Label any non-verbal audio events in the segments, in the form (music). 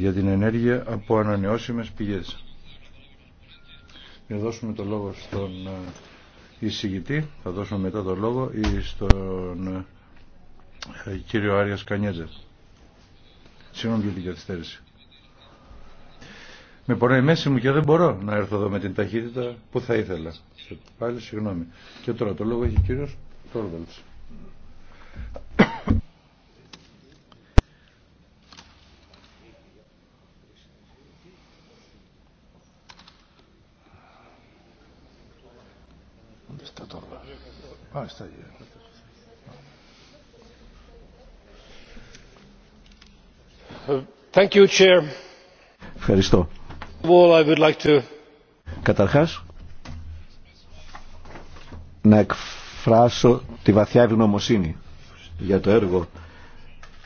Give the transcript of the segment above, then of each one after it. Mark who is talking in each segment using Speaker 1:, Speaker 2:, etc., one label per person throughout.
Speaker 1: για την ενέργεια από ανανεώσιμες πηγές. Θα δώσουμε το λόγο στον ε, εισηγητή, θα δώσουμε μετά το λόγο ή στον ε, κύριο Άρια Κανιέτζε. Συγγνώμη για την καθυστέρηση. Με πονάει μέση μου και δεν μπορώ να έρθω εδώ με την ταχύτητα που θα ήθελα. Πάλι συγγνώμη. Και τώρα το λόγο έχει ο κύριος Τόρβελτς.
Speaker 2: Ευχαριστώ. Καταρχάς, να εκφράσω τη βαθιά ευγνωμοσύνη για το έργο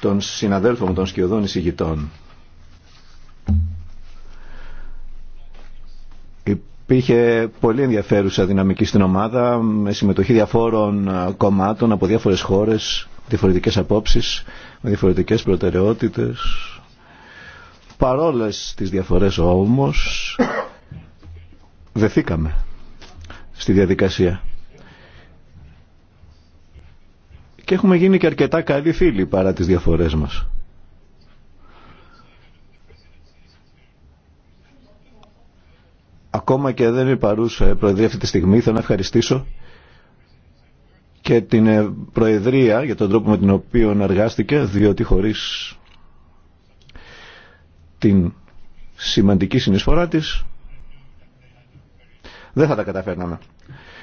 Speaker 2: των συναδέλφων των σκιωδών εισηγητών. Υπήρχε πολύ ενδιαφέρουσα δυναμική στην ομάδα με συμμετοχή διαφόρων κομμάτων από διάφορες χώρες, διαφορετικές απόψεις, με διαφορετικές προτεραιότητες. Παρόλες τις διαφορές όμως δεθήκαμε στη διαδικασία. Και έχουμε γίνει και αρκετά καλοί φίλοι παρά τις διαφορές μας. Ακόμα και δεν είναι παρούσα προεδρία αυτή τη στιγμή, θέλω να ευχαριστήσω και την Προεδρία για τον τρόπο με τον οποίο εργάστηκε, διότι χωρίς την σημαντική συνεισφορά της, δεν θα τα καταφέρναμε.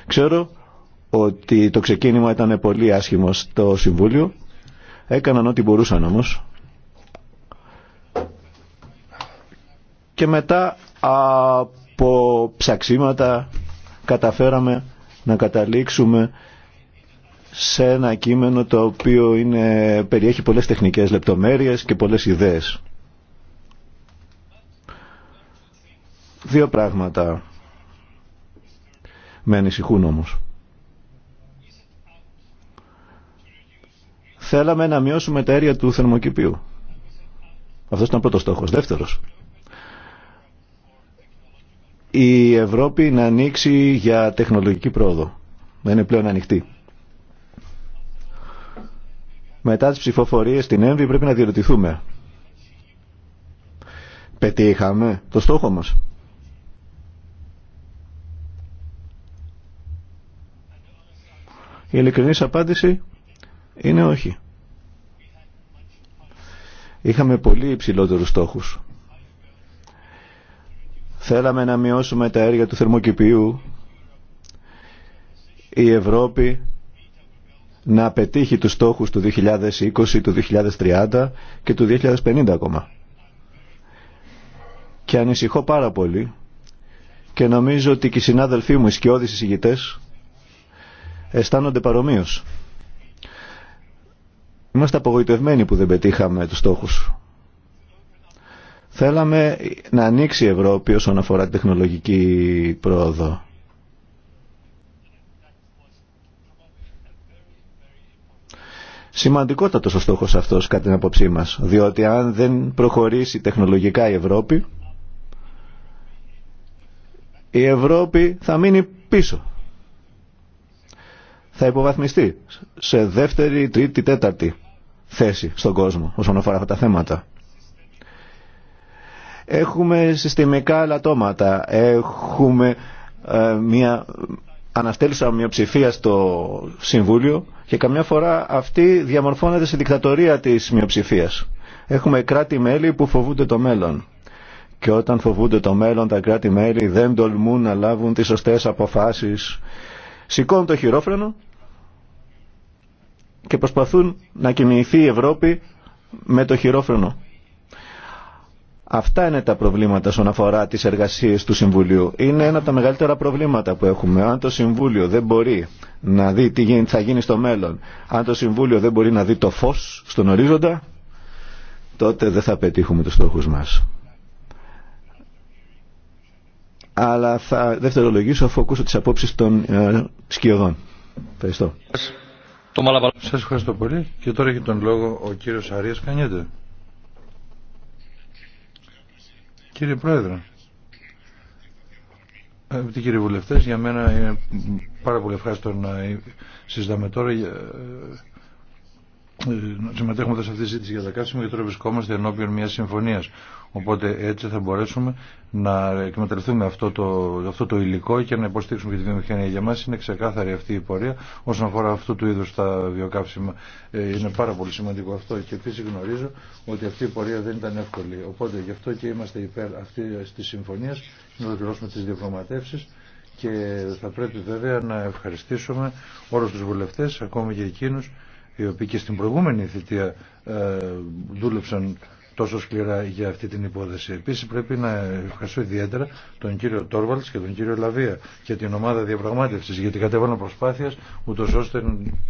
Speaker 2: Ξέρω ότι το ξεκίνημα ήταν πολύ άσχημο στο Συμβούλιο. Έκαναν ό,τι μπορούσαν όμως. Και μετά από ψαξίματα καταφέραμε να καταλήξουμε σε ένα κείμενο το οποίο είναι, περιέχει πολλές τεχνικές λεπτομέρειες και πολλές ιδέες. Δύο πράγματα με ανησυχούν όμως. Θέλαμε να μειώσουμε τα αέρια του θερμοκηπίου. Αυτός ήταν ο πρώτος στόχος. Δεύτερος, η Ευρώπη να ανοίξει για τεχνολογική πρόοδο. Δεν είναι πλέον ανοιχτή. Μετά τις ψηφοφορίες στην ΕΜΒΗ πρέπει να διερωτηθούμε. Πετύχαμε το στόχο μας. Η ειλικρινής απάντηση είναι όχι. Είχαμε πολύ υψηλότερους στόχους. Θέλαμε να μειώσουμε τα έργα του θερμοκηπίου. Η Ευρώπη να πετύχει τους στόχους του 2020, του 2030 και του 2050 ακόμα. Και ανησυχώ πάρα πολύ και νομίζω ότι και οι συνάδελφοί μου, οι σκιώδεις εισηγητές, αισθάνονται παρομοίως. Είμαστε απογοητευμένοι που δεν πετύχαμε τους στόχους. Θέλαμε να ανοίξει η Ευρώπη όσον αφορά τη τεχνολογική πρόοδο. Σημαντικότατος ο στόχος αυτός κατά την απόψή μας, διότι αν δεν προχωρήσει τεχνολογικά η Ευρώπη, η Ευρώπη θα μείνει πίσω θα υποβαθμιστεί σε δεύτερη, τρίτη, τέταρτη θέση στον κόσμο όσον αφορά αυτά τα θέματα. Έχουμε συστημικά λατώματα, έχουμε ε, μια αναστέλουσα μειοψηφία στο Συμβούλιο και καμιά φορά αυτή διαμορφώνεται στη δικτατορία της μειοψηφίας. Έχουμε κράτη-μέλη που φοβούνται το μέλλον. Και όταν φοβούνται το μέλλον τα κράτη-μέλη δεν τολμούν να λάβουν τις σωστές αποφάσεις σηκώνουν το χειρόφρενο και προσπαθούν να κινηθεί η Ευρώπη με το χειρόφρενο. Αυτά είναι τα προβλήματα όσον αφορά τις εργασίες του Συμβουλίου. Είναι ένα από τα μεγαλύτερα προβλήματα που έχουμε. Αν το Συμβούλιο δεν μπορεί να δει τι θα γίνει στο μέλλον, αν το Συμβούλιο δεν μπορεί να δει το φως στον ορίζοντα, τότε δεν θα πετύχουμε τους στόχους μας αλλά θα δευτερολογήσω αφού ακούσω τις απόψεις των ε, σκιωδών. Ευχαριστώ.
Speaker 3: Σας ευχαριστώ
Speaker 1: πολύ και τώρα έχει τον λόγο ο κύριος Αρίας Κανιέντε. Κύριε Πρόεδρε, Αγαπητοί κύριοι βουλευτές, για μένα είναι πάρα πολύ ευχάριστο να συζητάμε τώρα. Ε, να συμμετέχουμε σε αυτή τη συζήτηση για τα κάψιμα και τώρα βρισκόμαστε ενώπιον μια συμφωνία Οπότε έτσι θα μπορέσουμε να εκμεταλλευτούμε αυτό το, αυτό το υλικό και να υποστήριξουμε και τη βιομηχανία. Για μα είναι ξεκάθαρη αυτή η πορεία όσον αφορά αυτού του είδου τα βιοκαύσιμα. Ε, είναι πάρα πολύ σημαντικό αυτό και επίση γνωρίζω ότι αυτή η πορεία δεν ήταν εύκολη. Οπότε γι' αυτό και είμαστε υπέρ αυτή τη συμφωνία να ολοκληρώσουμε τι διαπραγματεύσει και θα πρέπει βέβαια να ευχαριστήσουμε όλους τους βουλευτές, ακόμη και εκείνους οι οποίοι και στην προηγούμενη θητεία ε, δούλεψαν τόσο σκληρά για αυτή την υπόθεση. Επίσης πρέπει να ευχαριστώ ιδιαίτερα τον κύριο Τόρβαλτ και τον κύριο Λαβία και την ομάδα διαπραγματεύση γιατί κατέβαλαν προσπάθειε ούτω ώστε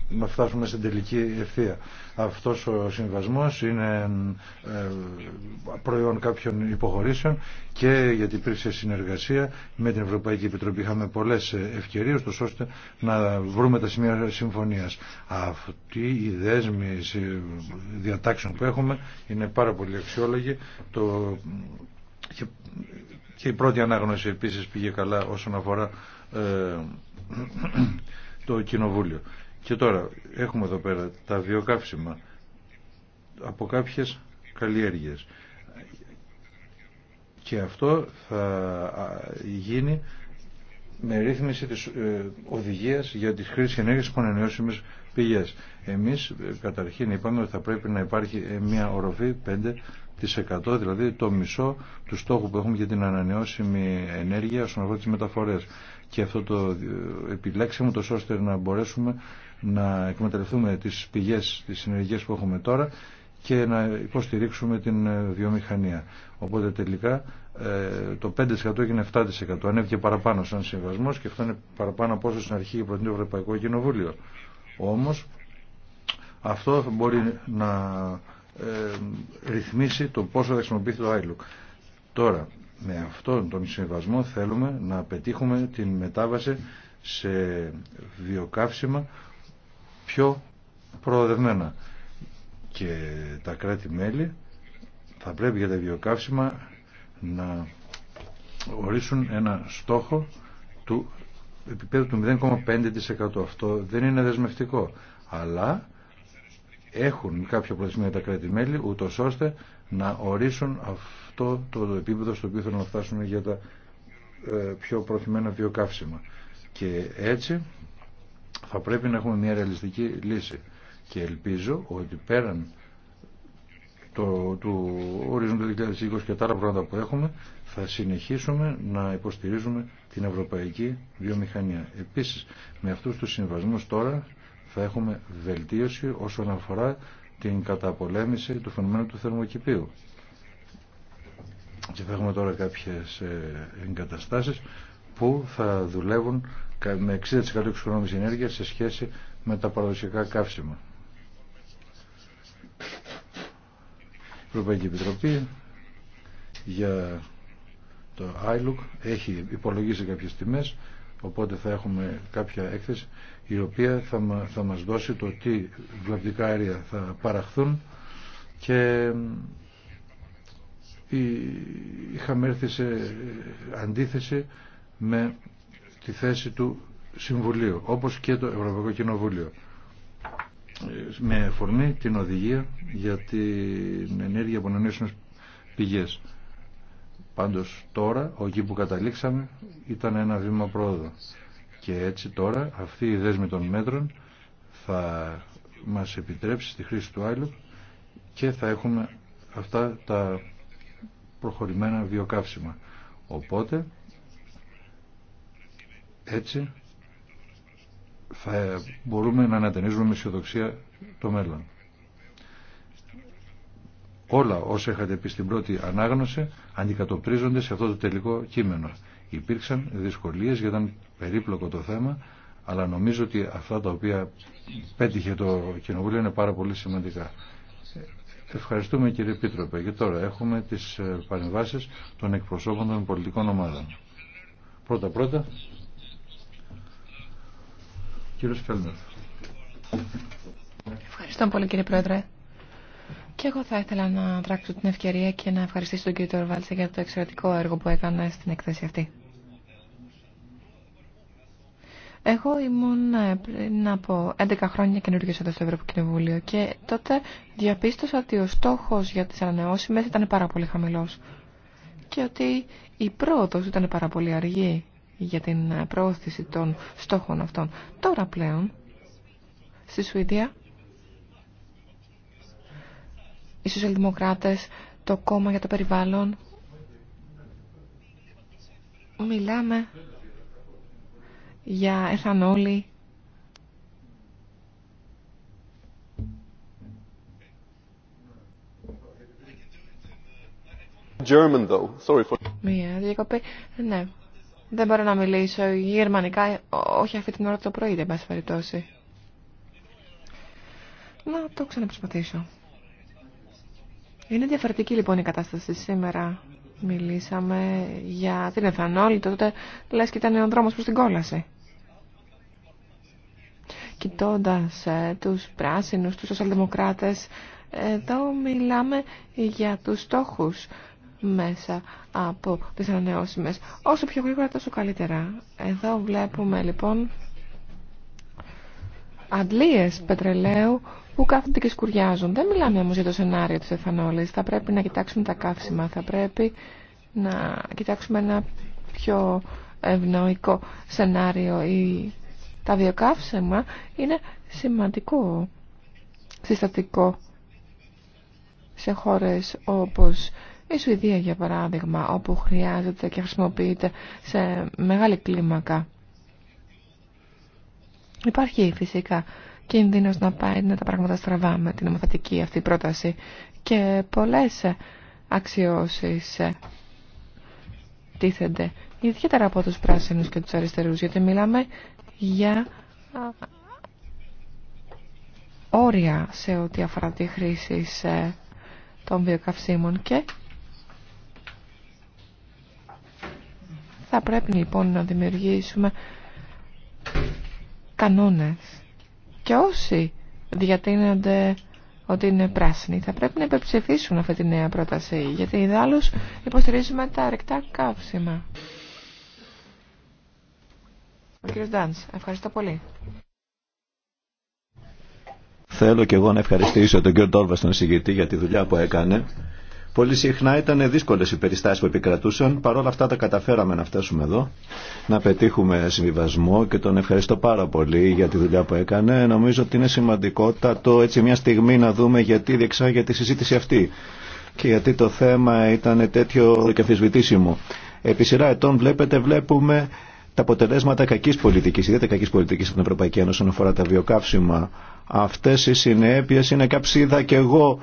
Speaker 1: να φτάσουμε στην τελική ευθεία. Αυτός ο συμβασμός είναι ε, προϊόν κάποιων υποχωρήσεων και γιατί υπήρξε συνεργασία με την Ευρωπαϊκή Επιτροπή. Είχαμε πολλές ε, ευκαιρίες ώστε να βρούμε τα σημεία συμφωνίας. Αυτή η δέσμη διατάξεων που έχουμε είναι πάρα πολύ αξιόλογη. Το... Και η πρώτη ανάγνωση επίσης πήγε καλά όσον αφορά ε, (clears throat) το Κοινοβούλιο. Και τώρα έχουμε εδώ πέρα τα βιοκαύσιμα από κάποιες καλλιέργειες. Και αυτό θα γίνει με ρύθμιση της ε, οδηγίας για τις χρήση ενέργειας από ανανεώσιμες πηγές. Εμείς ε, καταρχήν είπαμε ότι θα πρέπει να υπάρχει ε, μια οροφή 5% δηλαδή το μισό του στόχου που έχουμε για την ανανεώσιμη ενέργεια στον αφορά τις μεταφορές. Και αυτό το επιλέξαμε τόσο ώστε να μπορέσουμε να εκμεταλλευτούμε τις πηγές, τις συνεργέ που έχουμε τώρα και να υποστηρίξουμε την ε, βιομηχανία. Οπότε τελικά ε, το 5% έγινε 7%. Ανέβηκε παραπάνω σαν συμβασμός και αυτό είναι παραπάνω από όσο στην αρχή προτείνει το Ευρωπαϊκό Κοινοβούλιο. Όμως αυτό μπορεί να ε, ρυθμίσει το πόσο θα χρησιμοποιηθεί το iLook. Τώρα, με αυτόν τον συμβασμό θέλουμε να πετύχουμε την μετάβαση σε βιοκαύσιμα πιο προοδευμένα. Και τα κράτη-μέλη θα πρέπει για τα βιοκαύσιμα να ορίσουν ένα στόχο του επίπεδου του 0,5%. Αυτό δεν είναι δεσμευτικό, αλλά έχουν κάποιο προορισμό τα κράτη-μέλη, ούτω ώστε να ορίσουν αυτό το επίπεδο στο οποίο θέλουν να φτάσουν για τα ε, πιο προθυμένα βιοκαύσιμα. Και έτσι θα πρέπει να έχουμε μια ρεαλιστική λύση. Και ελπίζω ότι πέραν το, του ορίζοντα 2020 και τα άλλα πράγματα που έχουμε, θα συνεχίσουμε να υποστηρίζουμε την ευρωπαϊκή βιομηχανία. Επίσης, με αυτούς τους συμβασμούς τώρα θα έχουμε βελτίωση όσον αφορά την καταπολέμηση του φαινομένου του θερμοκηπίου. Και θα έχουμε τώρα κάποιες ε, εγκαταστάσεις που θα δουλεύουν με 60% εξοικονόμηση ενέργεια σε σχέση με τα παραδοσιακά καύσιμα. Η Ευρωπαϊκή Επιτροπή για το iLook έχει υπολογίσει κάποιες τιμές οπότε θα έχουμε κάποια έκθεση η οποία θα, θα μας δώσει το τι βλαπτικά αέρια θα παραχθούν και ε, είχαμε έρθει σε ε, αντίθεση με τη θέση του Συμβουλίου, όπως και το Ευρωπαϊκό Κοινοβούλιο. Με εφορμή την οδηγία για την ενέργεια από πηγές. Πάντως τώρα, εκεί που καταλήξαμε, ήταν ένα βήμα πρόοδο. Και έτσι τώρα, αυτή η δέσμη των μέτρων θα μας επιτρέψει στη χρήση του άλλου και θα έχουμε αυτά τα προχωρημένα βιοκαύσιμα. Οπότε έτσι θα μπορούμε να ανατενίζουμε με αισιοδοξία το μέλλον. Όλα όσα είχατε πει στην πρώτη ανάγνωση αντικατοπτρίζονται σε αυτό το τελικό κείμενο. Υπήρξαν δυσκολίες γιατί ήταν περίπλοκο το θέμα, αλλά νομίζω ότι αυτά τα οποία πέτυχε το Κοινοβούλιο είναι πάρα πολύ σημαντικά. Ευχαριστούμε κύριε πίτροπε Και τώρα έχουμε τις ε, παρεμβάσεις των εκπροσώπων των πολιτικών ομάδων. Πρώτα-πρώτα
Speaker 3: Ευχαριστώ
Speaker 4: πολύ κύριε Πρόεδρε. Και εγώ θα ήθελα να τράξω την ευκαιρία και να ευχαριστήσω τον κύριο Τορβάλτσα για το εξαιρετικό έργο που έκανε στην εκθέση αυτή. Εγώ ήμουν ε, πριν από 11 χρόνια καινούργιος εδώ στο Ευρωπαϊκό Κοινοβούλιο και τότε διαπίστωσα ότι ο στόχος για τις ανανεώσιμε ήταν πάρα πολύ χαμηλός και ότι η πρόοδος ήταν πάρα πολύ αργή για την προώθηση των στόχων αυτών. Τώρα πλέον, στη Σουηδία, οι σοσιαλδημοκράτες, το κόμμα για το περιβάλλον, μιλάμε για εθανόλη,
Speaker 2: German, though. Sorry for...
Speaker 4: Μία διακοπή. Ναι, δεν μπορώ να μιλήσω γερμανικά, όχι αυτή την ώρα το πρωί, δεν πάση περιπτώσει. Να το ξαναπροσπαθήσω. Είναι διαφορετική λοιπόν η κατάσταση σήμερα. Μιλήσαμε για την εθανόλη, τότε λες και ήταν ο δρόμος προς την κόλαση. Κοιτώντας ε, τους πράσινους, τους σοσιαλδημοκράτες, εδώ μιλάμε για τους στόχους μέσα από τις ανανεώσιμες. Όσο πιο γρήγορα τόσο καλύτερα. Εδώ βλέπουμε λοιπόν αντλίες πετρελαίου που κάθονται και σκουριάζουν. Δεν μιλάμε όμως για το σενάριο της εθανόλης. Θα πρέπει να κοιτάξουμε τα καύσιμα. Θα πρέπει να κοιτάξουμε ένα πιο ευνοϊκό σενάριο. Η... Τα βιοκαύσιμα είναι σημαντικό συστατικό σε χώρες όπως η Σουηδία, για παράδειγμα, όπου χρειάζεται και χρησιμοποιείται σε μεγάλη κλίμακα. Υπάρχει φυσικά κίνδυνος να πάει να τα πράγματα στραβά με την νομοθετική αυτή πρόταση και πολλές αξιώσεις ε, τίθενται, ιδιαίτερα από τους πράσινους και τους αριστερούς, γιατί μιλάμε για όρια σε ό,τι αφορά τη χρήση ε, των βιοκαυσίμων και Θα πρέπει λοιπόν να δημιουργήσουμε κανόνες και όσοι διατείνονται ότι είναι πράσινοι θα πρέπει να υπερψηφίσουν αυτή τη νέα πρόταση γιατί ιδάλλως υποστηρίζουμε τα ρεκτά καύσιμα. Ο κύριος Ντάνς, ευχαριστώ πολύ.
Speaker 2: Θέλω και εγώ να ευχαριστήσω τον κύριο Τόρβα στον συγκεκριτή για τη δουλειά που έκανε. Πολύ συχνά ήταν δύσκολε οι περιστάσει που επικρατούσαν. Παρ' όλα αυτά τα καταφέραμε να φτάσουμε εδώ, να πετύχουμε συμβιβασμό και τον ευχαριστώ πάρα πολύ για τη δουλειά που έκανε. Νομίζω ότι είναι σημαντικότατο έτσι μια στιγμή να δούμε γιατί διεξάγεται τη συζήτηση αυτή και γιατί το θέμα ήταν τέτοιο και αμφισβητήσιμο. Επί σειρά ετών βλέπετε, βλέπουμε τα αποτελέσματα κακής πολιτικής, ιδιαίτερα κακής πολιτικής από την Ευρωπαϊκή Ένωση όσον αφορά τα βιοκαύσιμα. Αυτές οι συνέπειε είναι καψίδα και εγώ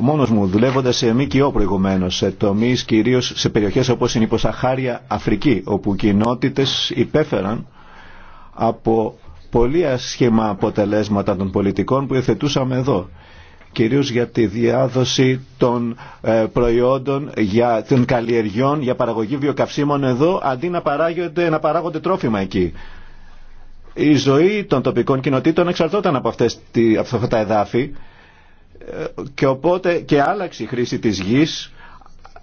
Speaker 2: μόνος μου δουλεύοντας σε ΜΚΟ προηγουμένως, σε τομείς κυρίως σε περιοχές όπως είναι η Ποσαχάρια Αφρική, όπου κοινότητες υπέφεραν από πολύ ασχήμα αποτελέσματα των πολιτικών που εθετούσαμε εδώ κυρίως για τη διάδοση των ε, προϊόντων, για των καλλιεργιών, για παραγωγή βιοκαυσίμων εδώ, αντί να, παράγονται, να παράγονται τρόφιμα εκεί. Η ζωή των τοπικών κοινοτήτων εξαρτώταν από, αυτές, από αυτά τα εδάφη και οπότε και άλλαξε η χρήση της γης,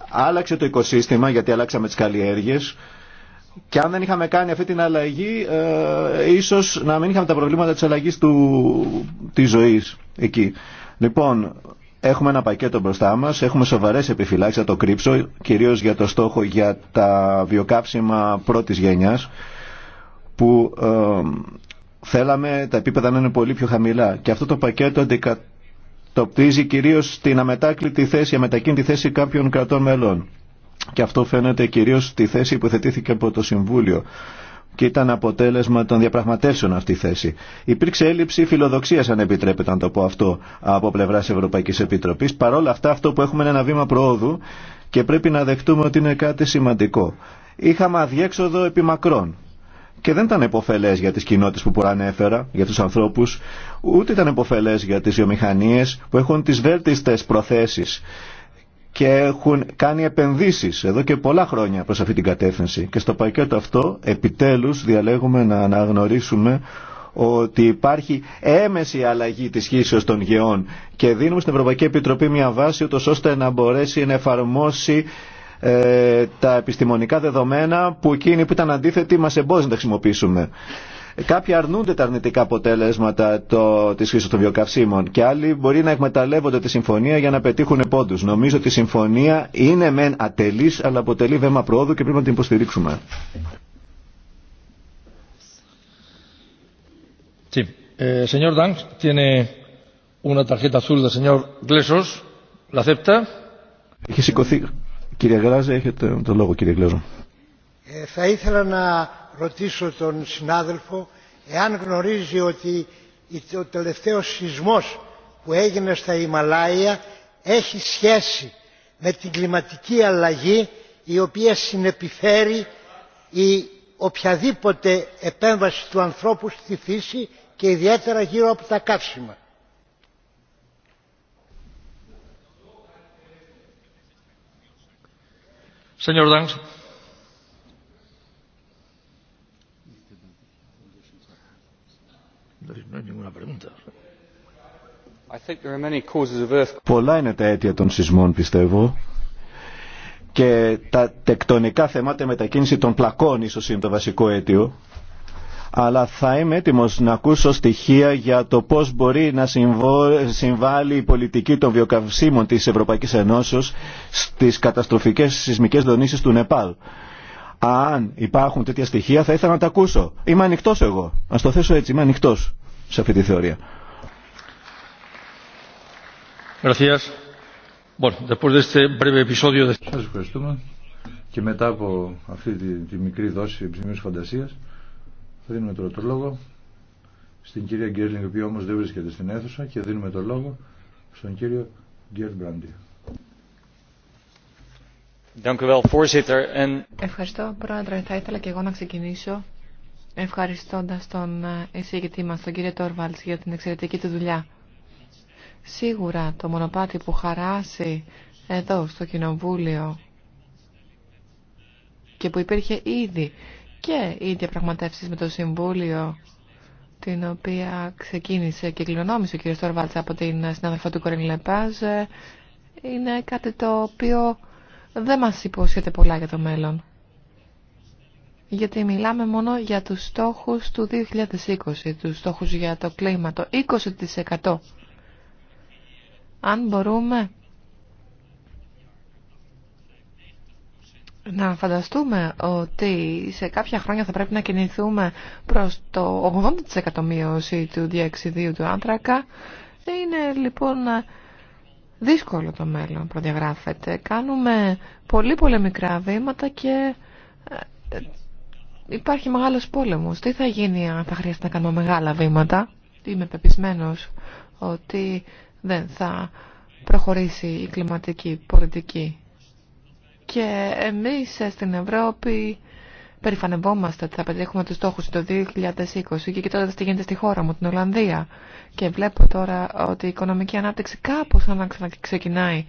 Speaker 2: άλλαξε το οικοσύστημα γιατί αλλάξαμε τις καλλιέργειες και αν δεν είχαμε κάνει αυτή την αλλαγή ε, ίσως να μην είχαμε τα προβλήματα της αλλαγής του, της ζωής εκεί. Λοιπόν, έχουμε ένα πακέτο μπροστά μας, έχουμε σοβαρές επιφυλάξεις, θα το κρύψω, κυρίως για το στόχο για τα βιοκάψιμα πρώτης γενιάς που ε, θέλαμε τα επίπεδα να είναι πολύ πιο χαμηλά και αυτό το πακέτο αντικα το τοπτίζει κυρίως την αμετάκλητη θέση, αμετακίνητη θέση κάποιων κρατών μελών. Και αυτό φαίνεται κυρίως στη θέση που θετήθηκε από το Συμβούλιο και ήταν αποτέλεσμα των διαπραγματεύσεων αυτή η θέση. Υπήρξε έλλειψη φιλοδοξίας, αν επιτρέπεται να το πω αυτό, από πλευράς Ευρωπαϊκής Επιτροπής. παρόλα αυτά, αυτό που έχουμε είναι ένα βήμα προόδου και πρέπει να δεχτούμε ότι είναι κάτι σημαντικό. Είχαμε αδιέξοδο επί μακρών και δεν ήταν επωφελές για τις κοινότητες που προανέφερα, για τους ανθρώπους, ούτε ήταν επωφελές για τις βιομηχανίες που έχουν τις βέλτιστες προθέσεις και έχουν κάνει επενδύσεις εδώ και πολλά χρόνια προς αυτή την κατεύθυνση. Και στο πακέτο αυτό επιτέλους διαλέγουμε να αναγνωρίσουμε ότι υπάρχει έμεση αλλαγή της χύσεως των γεών και δίνουμε στην Ευρωπαϊκή Επιτροπή μια βάση ώστε να μπορέσει να εφαρμόσει ε, τα επιστημονικά δεδομένα που εκείνοι που ήταν αντίθετοι μας εμπόζουν να τα χρησιμοποιήσουμε. Κάποιοι αρνούνται τα αρνητικά αποτέλεσματα το, της χρήσης των βιοκαυσίμων και άλλοι μπορεί να εκμεταλλεύονται τη συμφωνία για να πετύχουν πόντους. Νομίζω ότι η συμφωνία είναι μεν ατελής αλλά αποτελεί βέμα πρόοδου και πρέπει να την υποστηρίξουμε.
Speaker 3: Sí. Eh, señor Dank, tiene una tarjeta azul del señor Glesos. ¿La acepta?
Speaker 2: Έχει σηκωθεί Κύριε έχετε λόγο, κύριε
Speaker 5: ε, θα ήθελα να ρωτήσω τον συνάδελφο εάν γνωρίζει ότι ο τελευταίος σεισμός που έγινε στα Ιμαλάια έχει σχέση με την κλιματική αλλαγή η οποία συνεπιφέρει η οποιαδήποτε επέμβαση του ανθρώπου στη φύση και ιδιαίτερα γύρω από τα καύσιμα.
Speaker 2: Πολλά είναι τα αίτια των σεισμών, πιστεύω. Και τα τεκτονικά θέματα μετακίνηση των πλακών ίσως είναι το βασικό αίτιο αλλά θα είμαι έτοιμος να ακούσω στοιχεία για το πώς μπορεί να συμβάλλει η πολιτική των βιοκαυσίμων της Ευρωπαϊκής Ενώσεως στις καταστροφικές σεισμικές δονήσεις του Νεπάλ. Αν υπάρχουν τέτοια στοιχεία θα ήθελα να τα ακούσω. Είμαι ανοιχτό εγώ. Α το θέσω έτσι. Είμαι ανοιχτό σε αυτή τη θεωρία.
Speaker 3: Σα ευχαριστούμε.
Speaker 1: Και μετά από αυτή τη, μικρή δόση επιστημίου φαντασία, δίνουμε τώρα το λόγο στην κυρία Γκέρλινγκ, η οποία όμως δεν βρίσκεται στην αίθουσα και δίνουμε το λόγο στον κύριο Γκέρ Μπράντι.
Speaker 4: Ευχαριστώ, Πρόεδρε. Θα ήθελα και εγώ να ξεκινήσω ευχαριστώντας τον ε, εισηγητή μας, τον κύριο Τόρβαλτς, για την εξαιρετική του δουλειά. Σίγουρα το μονοπάτι που χαράσει εδώ στο Κοινοβούλιο και που υπήρχε ήδη και οι διαπραγματεύσει με το Συμβούλιο την οποία ξεκίνησε και κληρονόμησε ο κ. Στορβάλτς από την συνάδελφα του Κορίν Λεπάζ, είναι κάτι το οποίο δεν μας υπόσχεται πολλά για το μέλλον. Γιατί μιλάμε μόνο για τους στόχους του 2020, τους στόχους για το κλίμα, το 20%. Αν μπορούμε Να φανταστούμε ότι σε κάποια χρόνια θα πρέπει να κινηθούμε προς το 80% μείωση του διεξιδίου του άνθρακα. Είναι λοιπόν δύσκολο το μέλλον, προδιαγράφεται. Κάνουμε πολύ πολύ μικρά βήματα και ε, υπάρχει μεγάλος πόλεμος. Τι θα γίνει αν θα χρειαστεί να κάνουμε μεγάλα βήματα. Είμαι πεπισμένος ότι δεν θα προχωρήσει η κλιματική πολιτική και εμείς στην Ευρώπη περηφανευόμαστε ότι θα πετύχουμε τους στόχους το 2020 και κοιτώντας τι γίνεται στη χώρα μου, την Ολλανδία. Και βλέπω τώρα ότι η οικονομική ανάπτυξη κάπως ξεκινάει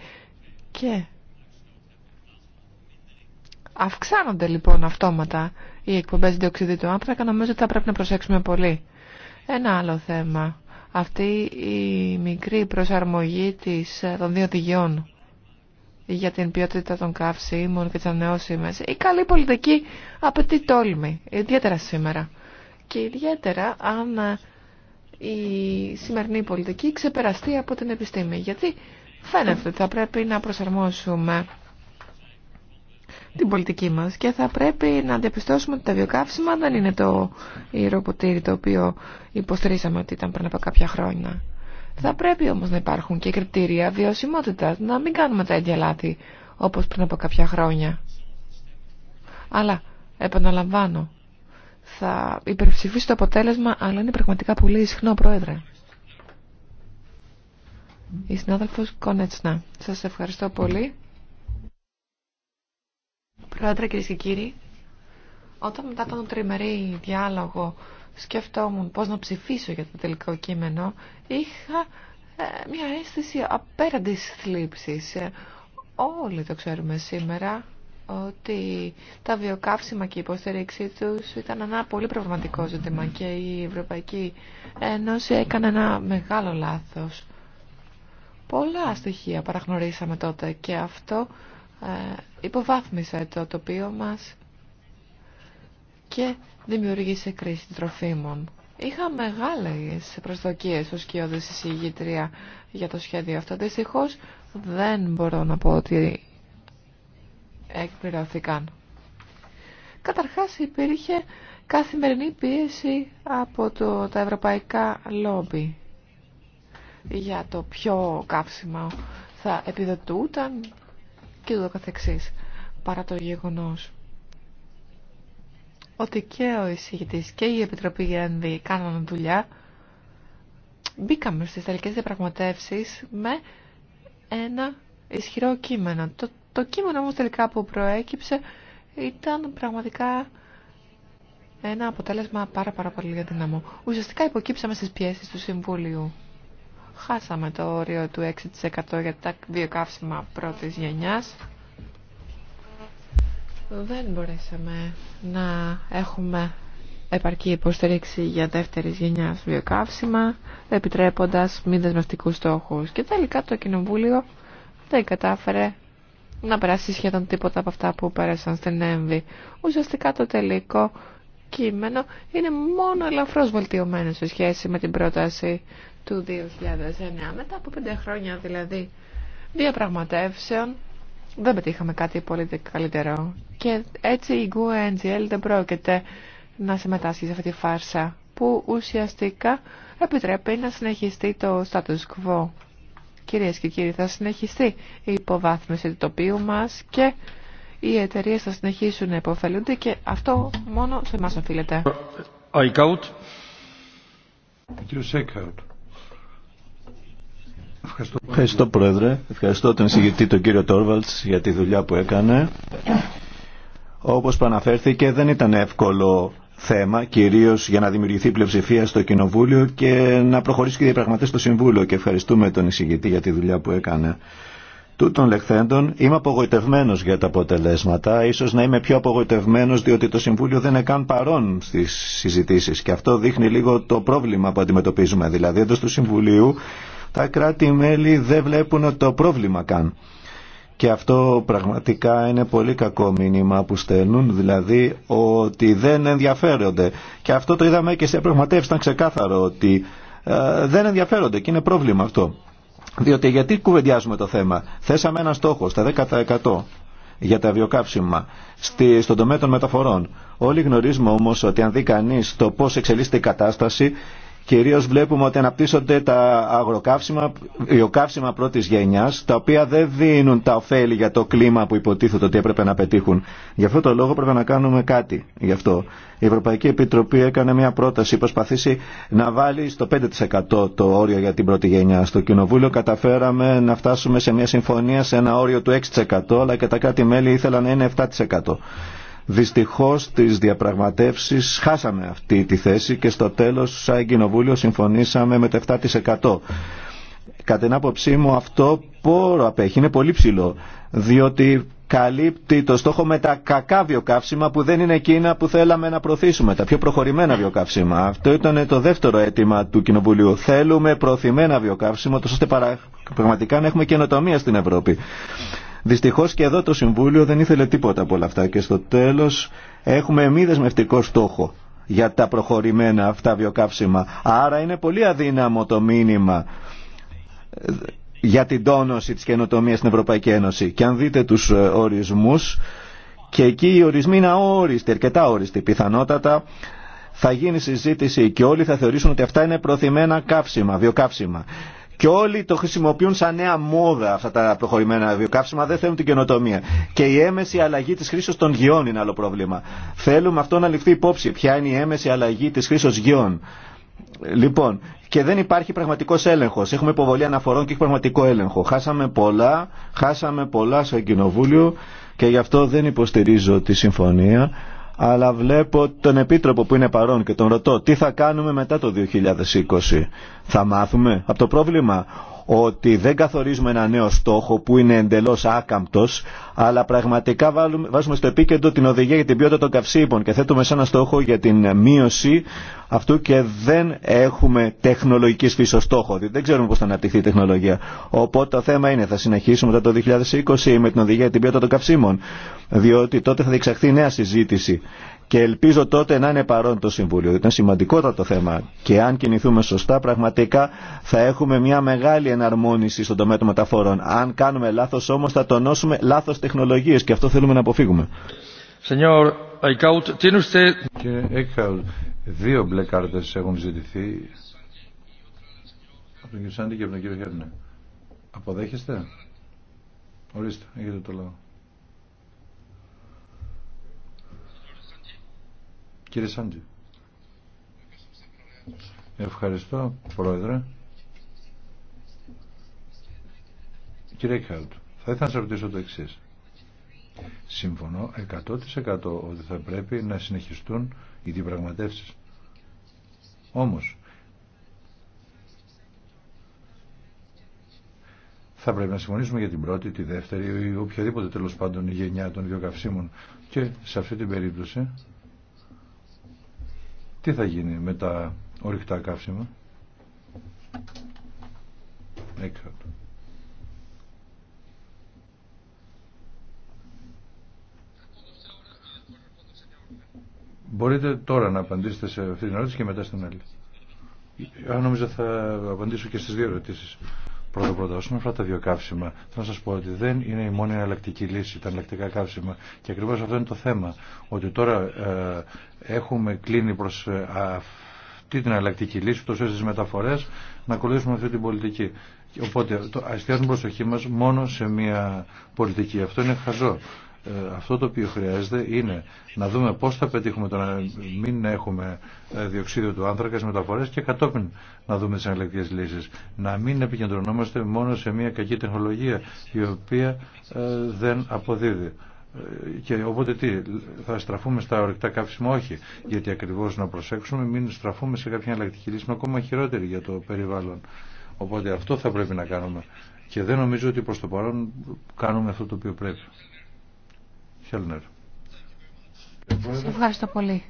Speaker 4: Και αυξάνονται λοιπόν αυτόματα οι εκπομπές διοξιδίου του άνθρακα. Νομίζω ότι θα πρέπει να προσέξουμε πολύ. Ένα άλλο θέμα. Αυτή η μικρή προσαρμογή των δύο οδηγιών για την ποιότητα των καυσίμων και τι ανανεώσιμε. Η καλή πολιτική απαιτεί τόλμη, ιδιαίτερα σήμερα. Και ιδιαίτερα αν ε, η σημερινή πολιτική ξεπεραστεί από την επιστήμη. Γιατί φαίνεται ότι θα πρέπει να προσαρμόσουμε την πολιτική μας και θα πρέπει να διαπιστώσουμε ότι τα βιοκαύσιμα δεν είναι το ιεροποτήρι το οποίο υποστηρίζαμε ότι ήταν πριν από κάποια χρόνια. Θα πρέπει όμως να υπάρχουν και κριτήρια βιωσιμότητας, να μην κάνουμε τα ίδια λάθη όπως πριν από κάποια χρόνια. Αλλά, επαναλαμβάνω, θα υπερψηφίσω το αποτέλεσμα, αλλά είναι πραγματικά πολύ συχνό, Πρόεδρε. Η συνάδελφος Κονέτσνα. Σας ευχαριστώ πολύ. Πρόεδρε, κυρίε. και κύριοι, όταν μετά τον τριμερή διάλογο σκεφτόμουν πώς να ψηφίσω για το τελικό κείμενο, είχα ε, μια αίσθηση απέραντης θλίψης. Ε, όλοι το ξέρουμε σήμερα ότι τα βιοκαύσιμα και η υποστήριξή τους ήταν ένα πολύ προβληματικό ζήτημα και η Ευρωπαϊκή Ένωση έκανε ένα μεγάλο λάθος. Πολλά στοιχεία παραγνωρίσαμε τότε και αυτό ε, υποβάθμισε το τοπίο μας και δημιούργησε κρίση τροφίμων. Είχα μεγάλες προσδοκίες ως κοιόδης εισηγήτρια για το σχέδιο αυτό. Δυστυχώ δεν μπορώ να πω ότι εκπληρωθήκαν. Καταρχάς υπήρχε καθημερινή πίεση από το, τα ευρωπαϊκά λόμπι για το ποιο καύσιμα θα επιδοτούταν και το καθεξής παρά το γεγονός ότι και ο εισηγητής και η Επιτροπή ΕΝΒΗ κάναμε δουλειά. Μπήκαμε στις τελικές διαπραγματεύσεις με ένα ισχυρό κείμενο. Το, το κείμενο όμως τελικά που προέκυψε ήταν πραγματικά ένα αποτέλεσμα πάρα πάρα πολύ δυναμό. Ουσιαστικά υποκύψαμε στις πιέσεις του Συμβουλίου. Χάσαμε το όριο του 6% για τα βιοκαύσιμα πρώτης γενιάς. Δεν μπορέσαμε να έχουμε επαρκή υποστήριξη για δεύτερη γενιάς βιοκαύσιμα, επιτρέποντας μη δεσμευτικούς στόχους. Και τελικά το Κοινοβούλιο δεν κατάφερε να περάσει σχεδόν τίποτα από αυτά που πέρασαν στην ΕΜΒΗ. Ουσιαστικά το τελικό κείμενο είναι μόνο ελαφρώς βελτιωμένο σε σχέση με την πρόταση του 2009, μετά από πέντε χρόνια δηλαδή διαπραγματεύσεων δεν πετύχαμε κάτι πολύ καλύτερο. Και έτσι η Γκουέντζιέλ δεν πρόκειται να συμμετάσχει σε αυτή τη φάρσα που ουσιαστικά επιτρέπει να συνεχιστεί το status quo. Κυρίες και κύριοι, θα συνεχιστεί η υποβάθμιση του τοπίου μας και οι εταιρείε θα συνεχίσουν να υποφελούνται και αυτό μόνο σε εμάς οφείλεται.
Speaker 3: Κύριο
Speaker 2: Ευχαριστώ, Ευχαριστώ Πρόεδρε. Ευχαριστώ τον εισηγητή τον κύριο Τόρβαλτς για τη δουλειά που έκανε. Όπως προαναφέρθηκε δεν ήταν εύκολο θέμα, κυρίως για να δημιουργηθεί πλειοψηφία στο Κοινοβούλιο και να προχωρήσει και διαπραγματεύσει στο Συμβούλιο και ευχαριστούμε τον εισηγητή για τη δουλειά που έκανε. Τούτων λεχθέντων είμαι απογοητευμένο για τα αποτελέσματα. σω να είμαι πιο απογοητευμένο διότι το Συμβούλιο δεν είναι καν παρόν στι συζητήσει. Και αυτό δείχνει λίγο το πρόβλημα που αντιμετωπίζουμε. Δηλαδή, εντό του Συμβουλίου τα κράτη-μέλη δεν βλέπουν το πρόβλημα καν. Και αυτό πραγματικά είναι πολύ κακό μήνυμα που στέλνουν, δηλαδή ότι δεν ενδιαφέρονται. Και αυτό το είδαμε και σε πραγματεύσεις, ήταν ξεκάθαρο ότι ε, δεν ενδιαφέρονται και είναι πρόβλημα αυτό. Διότι γιατί κουβεντιάζουμε το θέμα. Θέσαμε ένα στόχο στα 10% για τα βιοκάψιμα στη, στον τομέα των μεταφορών. Όλοι γνωρίζουμε όμως ότι αν δει κανείς το πώς εξελίσσεται η κατάσταση Κυρίως βλέπουμε ότι αναπτύσσονται τα αγροκαύσιμα, βιοκαύσιμα πρώτης γενιάς, τα οποία δεν δίνουν τα ωφέλη για το κλίμα που υποτίθεται ότι έπρεπε να πετύχουν. Γι' αυτό το λόγο πρέπει να κάνουμε κάτι γι' αυτό. Η Ευρωπαϊκή Επιτροπή έκανε μια πρόταση, προσπαθήσει να βάλει στο 5% το όριο για την πρώτη γενιά. Στο Κοινοβούλιο καταφέραμε να φτάσουμε σε μια συμφωνία σε ένα όριο του 6%, αλλά και τα κράτη-μέλη ήθελαν να είναι 7%. Δυστυχώς τις διαπραγματεύσεις χάσαμε αυτή τη θέση και στο τέλος σαν κοινοβούλιο συμφωνήσαμε με το 7%. Κατά την άποψή μου αυτό πόρο απέχει, είναι πολύ ψηλό, διότι καλύπτει το στόχο με τα κακά βιοκαύσιμα που δεν είναι εκείνα που θέλαμε να προωθήσουμε, τα πιο προχωρημένα βιοκαύσιμα. Αυτό ήταν το δεύτερο αίτημα του Κοινοβουλίου. Θέλουμε προωθημένα βιοκαύσιμα, τόσο ώστε πραγματικά να έχουμε καινοτομία στην Ευρώπη. Δυστυχώς και εδώ το Συμβούλιο δεν ήθελε τίποτα από όλα αυτά και στο τέλος έχουμε μη δεσμευτικό στόχο για τα προχωρημένα αυτά βιοκαύσιμα. Άρα είναι πολύ αδύναμο το μήνυμα ε, για την τόνωση της καινοτομίας στην Ευρωπαϊκή Ένωση. Και αν δείτε τους ε, ορισμούς, και εκεί οι ορισμοί είναι αόριστοι, αρκετά αόριστοι. Πιθανότατα θα γίνει συζήτηση και όλοι θα θεωρήσουν ότι αυτά είναι προθυμένα καύσιμα, βιοκαύσιμα. Και όλοι το χρησιμοποιούν σαν νέα μόδα αυτά τα προχωρημένα βιοκαύσιμα, δεν θέλουν την καινοτομία. Και η έμεση αλλαγή τη χρήση των γιών είναι άλλο πρόβλημα. Θέλουμε αυτό να ληφθεί υπόψη. Ποια είναι η έμεση αλλαγή τη χρήση γιών. Λοιπόν, και δεν υπάρχει πραγματικό έλεγχο. Έχουμε υποβολή αναφορών και έχει πραγματικό έλεγχο. Χάσαμε πολλά, χάσαμε πολλά σαν κοινοβούλιο και γι' αυτό δεν υποστηρίζω τη συμφωνία αλλά βλέπω τον Επίτροπο που είναι παρόν και τον ρωτώ τι θα κάνουμε μετά το 2020. Θα μάθουμε από το πρόβλημα ότι δεν καθορίζουμε ένα νέο στόχο που είναι εντελώς άκαμπτος, αλλά πραγματικά βάλουμε, βάζουμε στο επίκεντρο την οδηγία για την ποιότητα των καυσίμων και θέτουμε σαν ένα στόχο για την μείωση αυτού και δεν έχουμε τεχνολογική φύση στόχο, διότι δεν ξέρουμε πώς θα αναπτυχθεί η τεχνολογία. Οπότε το θέμα είναι, θα συνεχίσουμε μετά το 2020 με την οδηγία για την ποιότητα των καυσίμων, διότι τότε θα διεξαχθεί νέα συζήτηση και ελπίζω τότε να είναι παρόν το Συμβούλιο. Ήταν σημαντικότατο θέμα. Και αν κινηθούμε σωστά, πραγματικά θα έχουμε μια μεγάλη εναρμόνιση στον τομέα των μεταφορών. Αν κάνουμε λάθο όμω, θα τονώσουμε λάθο τεχνολογίε και αυτό θέλουμε να αποφύγουμε.
Speaker 3: Κύριε Αϊκάουτ, δύο μπλε
Speaker 1: κάρτε έχουν ζητηθεί από τον Αποδέχεστε? Ορίστε, έχετε το λόγο. Κύριε Σάντζη. Ευχαριστώ, Πρόεδρε. Κύριε Κάλτ, θα ήθελα να σα ρωτήσω το εξή. Συμφωνώ 100% ότι θα πρέπει να συνεχιστούν οι διαπραγματεύσει. Όμως, θα πρέπει να συμφωνήσουμε για την πρώτη, τη δεύτερη ή οποιαδήποτε τέλος πάντων η οποιαδηποτε τέλο παντων η γενια των καυσίμων. και σε αυτή την περίπτωση τι θα γίνει με τα ορυκτά καύσιμα. Μπορείτε τώρα να απαντήσετε σε αυτή την ερώτηση και μετά στην άλλη. Αν ε, νομίζω θα απαντήσω και στις δύο ερωτήσεις. Πρώτα πρώτα, όσον αφορά τα βιοκαύσιμα, θέλω να σα πω ότι δεν είναι η μόνη εναλλακτική λύση τα εναλλακτικά καύσιμα. Και ακριβώ αυτό είναι το θέμα. Ότι τώρα ε, έχουμε κλείνει προ ε, αυτή την εναλλακτική λύση, τόσο στι μεταφορέ, να ακολουθήσουμε αυτή την πολιτική. Οπότε, το, εστιάζουμε προσοχή μα μόνο σε μια πολιτική. Αυτό είναι χαζό. Ε, αυτό το οποίο χρειάζεται είναι να δούμε πώς θα πετύχουμε το να μην έχουμε ε, διοξίδιο του άνθρακα μεταφορές και κατόπιν να δούμε τις ανελεκτικές λύσεις. Να μην επικεντρωνόμαστε μόνο σε μια κακή τεχνολογία η οποία ε, δεν αποδίδει. Και οπότε τι, θα στραφούμε στα ορυκτά καύσιμα, όχι. Γιατί ακριβώ να προσέξουμε, μην στραφούμε σε κάποια εναλλακτική λύση ακόμα χειρότερη για το περιβάλλον. Οπότε αυτό θα πρέπει να κάνουμε. Και δεν νομίζω ότι προς το παρόν κάνουμε αυτό το οποίο πρέπει. Χέλνερ.
Speaker 4: ευχαριστώ πολύ.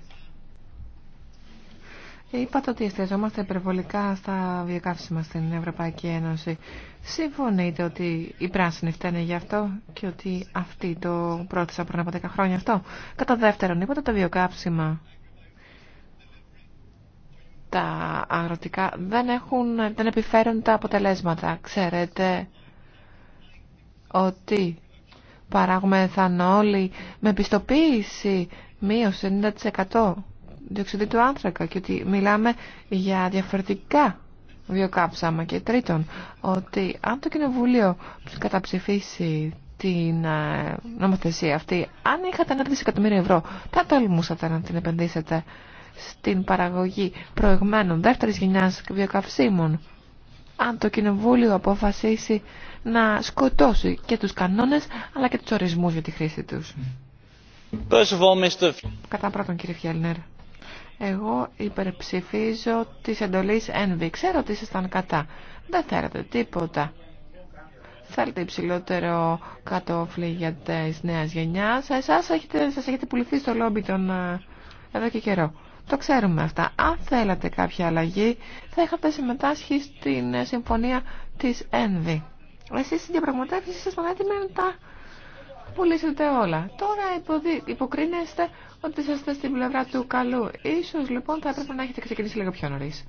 Speaker 4: Είπατε ότι εστιαζόμαστε υπερβολικά στα βιοκαύσιμα στην Ευρωπαϊκή Ένωση. Συμφωνείτε ότι οι πράσινοι φταίνε γι' αυτό και ότι αυτή το πρόθεσαν πριν από 10 χρόνια αυτό. Κατά δεύτερον, είπατε τα βιοκαύσιμα. Τα αγροτικά δεν, έχουν, δεν επιφέρουν τα αποτελέσματα. Ξέρετε ότι Παράγουμε εθανόλη με πιστοποίηση μείωση 90% διοξιδί του άνθρακα και ότι μιλάμε για διαφορετικά βιοκάψαμα και τρίτον ότι αν το Κοινοβούλιο καταψηφίσει την ε, νομοθεσία αυτή αν είχατε ένα δισεκατομμύριο ευρώ θα τολμούσατε να την επενδύσετε στην παραγωγή προηγμένων δεύτερης γενιάς βιοκαυσίμων αν το Κοινοβούλιο αποφασίσει να σκοτώσει και τους κανόνες αλλά και τους ορισμούς για τη χρήση τους. Κατά πρώτον κύριε Φιέλνερ, εγώ υπερψηφίζω της εντολής ΕΝΒΗ. Ξέρω ότι ήσασταν κατά. Δεν θέλετε τίποτα. Θέλετε υψηλότερο κατόφλι για τις νέας γενιάς. Εσάς έχετε, σας έχετε πουληθεί στο λόμπι των, ε, εδώ και καιρό. Το ξέρουμε αυτά. Αν θέλατε κάποια αλλαγή, θα είχατε συμμετάσχει στην ε, συμφωνία της ΕΝΒΗ. Εσείς στην διαπραγματεύσεις σας με τα πουλήσετε όλα. Τώρα υποκρίνεστε ότι είστε στην πλευρά του καλού. Ίσως λοιπόν θα έπρεπε να έχετε ξεκινήσει λίγο πιο νωρίς.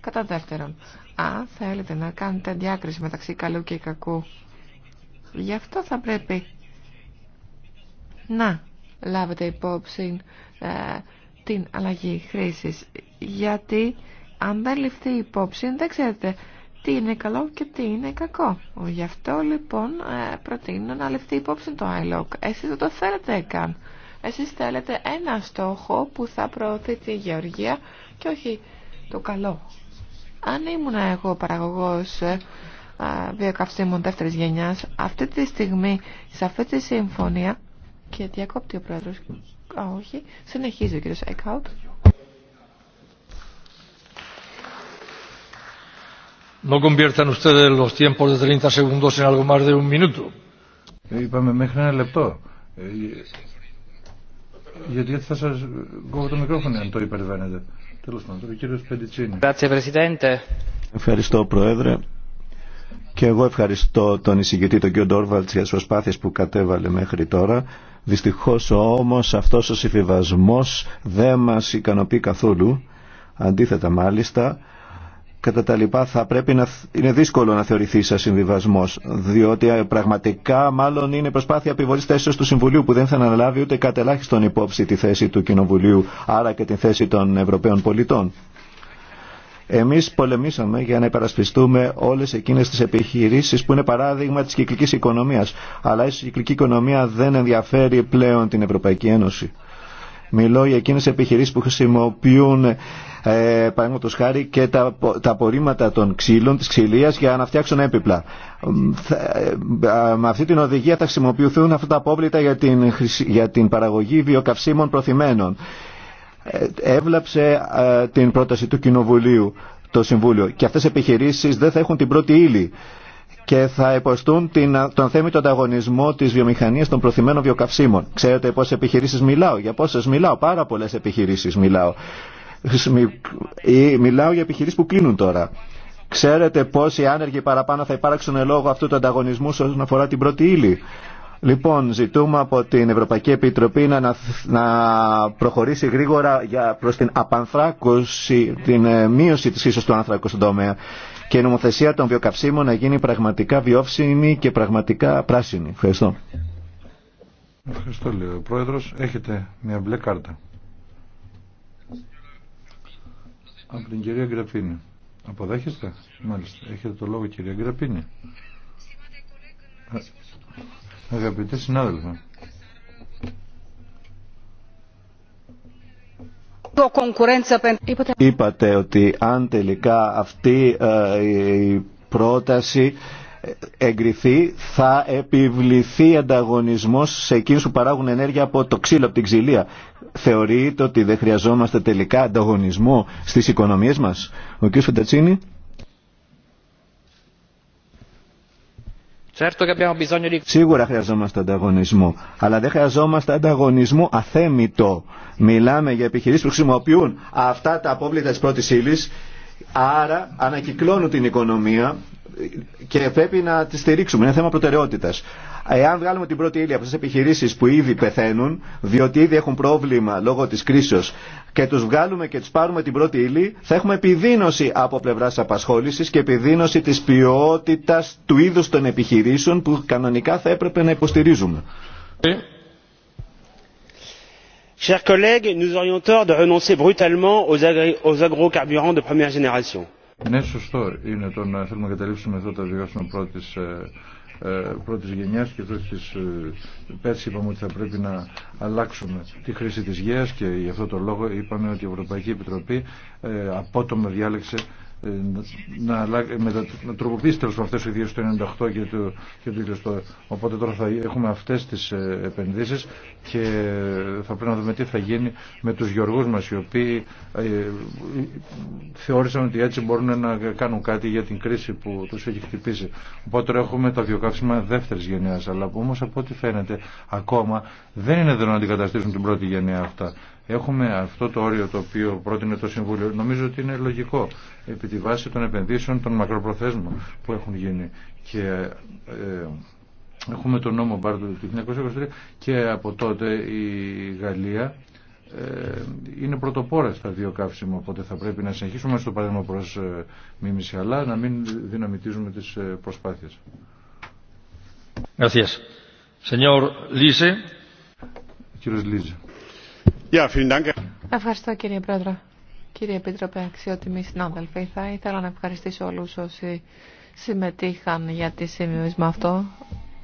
Speaker 4: Κατά δεύτερον, αν θέλετε να κάνετε διάκριση μεταξύ καλού και κακού, γι' αυτό θα πρέπει να λάβετε υπόψη ε, την αλλαγή χρήσης. Γιατί αν δεν ληφθεί υπόψη, δεν ξέρετε τι είναι καλό και τι είναι κακό. Γι' αυτό λοιπόν ε, προτείνω να ληφθεί υπόψη το iLog. Εσείς δεν το θέλετε καν. Εσείς θέλετε ένα στόχο που θα προωθεί τη γεωργία και όχι το καλό. Αν ήμουν εγώ παραγωγός ε, βιοκαυσίμων δεύτερης γενιάς, αυτή τη στιγμή σε αυτή τη συμφωνία και διακόπτει ο πρόεδρος, όχι, συνεχίζει ο κύριο Εκάουτ.
Speaker 3: Είπαμε μέχρι ένα λεπτό. Ε, ε,
Speaker 1: γιατί θα σα κόβω το μικρόφωνο αν το υπερβαίνετε. Τέλος πάντων, ο κύριος Πεντιτσίνη.
Speaker 2: Ευχαριστώ Πρόεδρε. Και εγώ ευχαριστώ τον εισηγητή τον κύριο Ντόρβαλτ για τι προσπάθειε που κατέβαλε μέχρι τώρα. Δυστυχώ όμω αυτό ο συμφιβασμό δεν μα ικανοποιεί καθόλου. Αντίθετα μάλιστα κατά τα λοιπά θα πρέπει να είναι δύσκολο να θεωρηθεί σαν συμβιβασμό. Διότι ε, πραγματικά μάλλον είναι προσπάθεια επιβολή θέσεω του Συμβουλίου που δεν θα αναλάβει ούτε κατ' ελάχιστον υπόψη τη θέση του Κοινοβουλίου, άρα και τη θέση των Ευρωπαίων πολιτών. Εμείς πολεμήσαμε για να υπερασπιστούμε όλες εκείνες τις επιχειρήσεις που είναι παράδειγμα της κυκλικής οικονομίας. Αλλά η κυκλική οικονομία δεν ενδιαφέρει πλέον την Ευρωπαϊκή Ένωση. Μιλώ για εκείνες επιχειρήσεις που χρησιμοποιούν ε, το χάρη και τα, τα απορρίμματα των ξύλων, της ξυλίας για να φτιάξουν έπιπλα. Ε, με αυτή την οδηγία θα χρησιμοποιηθούν αυτά τα απόβλητα για την, για την παραγωγή βιοκαυσίμων προθυμένων. Ε, έβλαψε ε, την πρόταση του Κοινοβουλίου το Συμβούλιο και αυτές οι επιχειρήσεις δεν θα έχουν την πρώτη ύλη και θα υποστούν την, τον του ανταγωνισμό τη βιομηχανία των προθυμένων βιοκαυσίμων. Ξέρετε πόσε επιχειρήσει μιλάω, για πόσε μιλάω, πάρα πολλέ επιχειρήσει μιλάω. Μιλάω για επιχειρήσει που κλείνουν τώρα. Ξέρετε πόσοι άνεργοι παραπάνω θα υπάρξουν λόγω αυτού του ανταγωνισμού όσον αφορά την πρώτη ύλη. Λοιπόν, ζητούμε από την Ευρωπαϊκή Επιτροπή να, να προχωρήσει γρήγορα για, προς την απανθράκωση, την ε, μείωση της ίσως του άνθρακου στον τομέα και η νομοθεσία των βιοκαυσίμων να γίνει πραγματικά βιώσιμη και πραγματικά πράσινη. Ευχαριστώ.
Speaker 1: Ευχαριστώ λέει ο Πρόεδρος. Έχετε μια μπλε κάρτα. Από την κυρία Γκραπίνη. Αποδέχεστε. Μάλιστα. Έχετε το λόγο κυρία Γκραπίνη. Ε, Αγαπητέ συνάδελφοι.
Speaker 2: Είπατε ότι αν τελικά αυτή ε, η πρόταση εγκριθεί θα επιβληθεί ανταγωνισμός σε εκείνους που παράγουν ενέργεια από το ξύλο, από την ξυλία. Θεωρείτε ότι δεν χρειαζόμαστε τελικά ανταγωνισμό στις οικονομίες μας. Ο κ. Φεντατσίνη. Σίγουρα χρειαζόμαστε ανταγωνισμό, αλλά δεν χρειαζόμαστε ανταγωνισμό αθέμητο. Μιλάμε για επιχειρήσεις που χρησιμοποιούν αυτά τα απόβλητα της πρώτης ύλης, άρα ανακυκλώνουν την οικονομία και πρέπει να τη στηρίξουμε. Είναι θέμα προτεραιότητα. Εάν βγάλουμε την πρώτη ύλη από τι επιχειρήσει που ήδη πεθαίνουν, διότι ήδη έχουν πρόβλημα λόγω τη κρίσεω, και του βγάλουμε και του πάρουμε την πρώτη ύλη, θα έχουμε επιδείνωση από πλευρά απασχόληση και επιδείνωση τη ποιότητα του είδου των επιχειρήσεων που κανονικά θα έπρεπε να υποστηρίζουμε.
Speaker 6: Chers collègues, nous aurions tort de renoncer brutalement aux agrocarburants de première génération.
Speaker 1: Ναι, σωστό είναι το να θέλουμε να καταλήψουμε εδώ τα βιώσιμο πρώτης ε, ε, πρώτη γενιά και τότε της, ε, πέρσι είπαμε ότι θα πρέπει να αλλάξουμε τη χρήση της γέας και γι' αυτό το λόγο είπαμε ότι η Ευρωπαϊκή Επιτροπή απότομα διάλεξε ε, να, να, ε, να τροποποιήσει τέλος πάντων αυτές οι ιδέες του 1998 και του, και Οπότε τώρα θα έχουμε αυτές τις ε, επενδύσεις και θα πρέπει να δούμε τι θα γίνει με τους γεωργούς μας οι οποίοι θεώρησαν ότι έτσι μπορούν να κάνουν κάτι για την κρίση που τους έχει χτυπήσει. Οπότε τώρα έχουμε τα βιοκαύσιμα δεύτερης γενιάς αλλά που όμως από ό,τι φαίνεται ακόμα δεν είναι δυνατόν να αντικαταστήσουν την πρώτη γενιά αυτά. Έχουμε αυτό το όριο το οποίο πρότεινε το Συμβούλιο. Νομίζω ότι είναι λογικό επί τη βάση των επενδύσεων των μακροπροθέσμων που έχουν γίνει. Και, ε, έχουμε τον νόμο πάρτου του 1923 και από τότε η Γαλλία ε, είναι πρωτοπόρα στα δύο καύσιμα, οπότε θα πρέπει να συνεχίσουμε στο παράδειγμα προς ε, μίμηση, αλλά να μην δυναμητίζουμε τις προσπάθειε.
Speaker 3: Señor Lise. Λίζε.
Speaker 4: Ευχαριστώ κύριε Πρόεδρε. Κύριε Επίτροπε, αξιότιμοι συνάδελφοι, θα ήθελα να ευχαριστήσω όλους όσοι συμμετείχαν για τη συμβιβασμό αυτό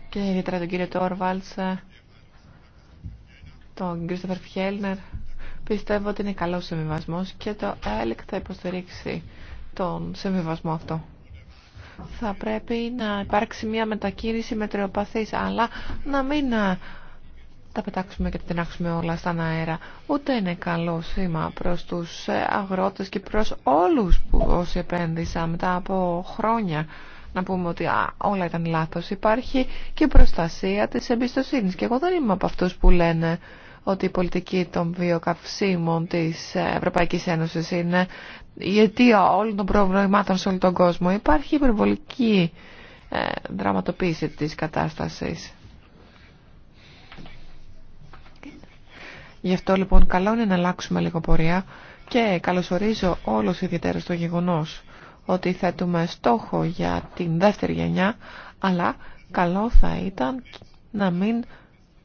Speaker 4: και ιδιαίτερα τον κύριο Τόρβαλτς, τον Κρίστοφερ Φιέλνερ. Πιστεύω ότι είναι καλός συμβιβασμό και το ΕΛΚ θα υποστηρίξει τον συμβιβασμό αυτό. Θα πρέπει να υπάρξει μια μετακίνηση μετριοπαθής, αλλά να μην τα πετάξουμε και τα τενάξουμε όλα στον αέρα. Ούτε είναι καλό σήμα προς τους ε, αγρότες και προς όλους που όσοι επένδυσαν μετά από χρόνια να πούμε ότι α, όλα ήταν λάθος. Υπάρχει και προστασία της εμπιστοσύνης. Και εγώ δεν είμαι από αυτούς που λένε ότι η πολιτική των βιοκαυσίμων της Ευρωπαϊκής Ένωσης είναι η αιτία όλων των προβλημάτων σε όλο τον κόσμο. Υπάρχει υπερβολική ε, δραματοποίηση της κατάστασης. Γι' αυτό λοιπόν καλό είναι να αλλάξουμε λίγο πορεία και καλωσορίζω όλους ιδιαίτερα στο γεγονός ότι θέτουμε στόχο για την δεύτερη γενιά, αλλά καλό θα ήταν να μην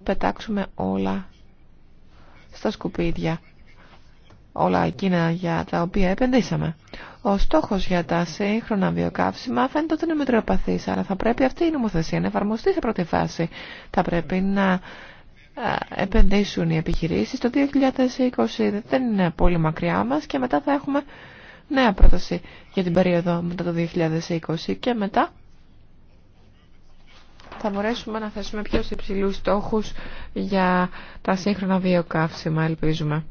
Speaker 4: πετάξουμε όλα στα σκουπίδια, όλα εκείνα για τα οποία επενδύσαμε. Ο στόχος για τα σύγχρονα βιοκαύσιμα φαίνεται ότι είναι μετριοπαθής, αλλά θα πρέπει αυτή η νομοθεσία να εφαρμοστεί σε πρώτη φάση. Θα πρέπει να επενδύσουν οι επιχειρήσεις. Το 2020 δεν είναι πολύ μακριά μας και μετά θα έχουμε νέα πρόταση για την περίοδο μετά το 2020 και μετά θα μπορέσουμε να θέσουμε πιο υψηλούς στόχους για τα σύγχρονα βιοκαύσιμα, ελπίζουμε.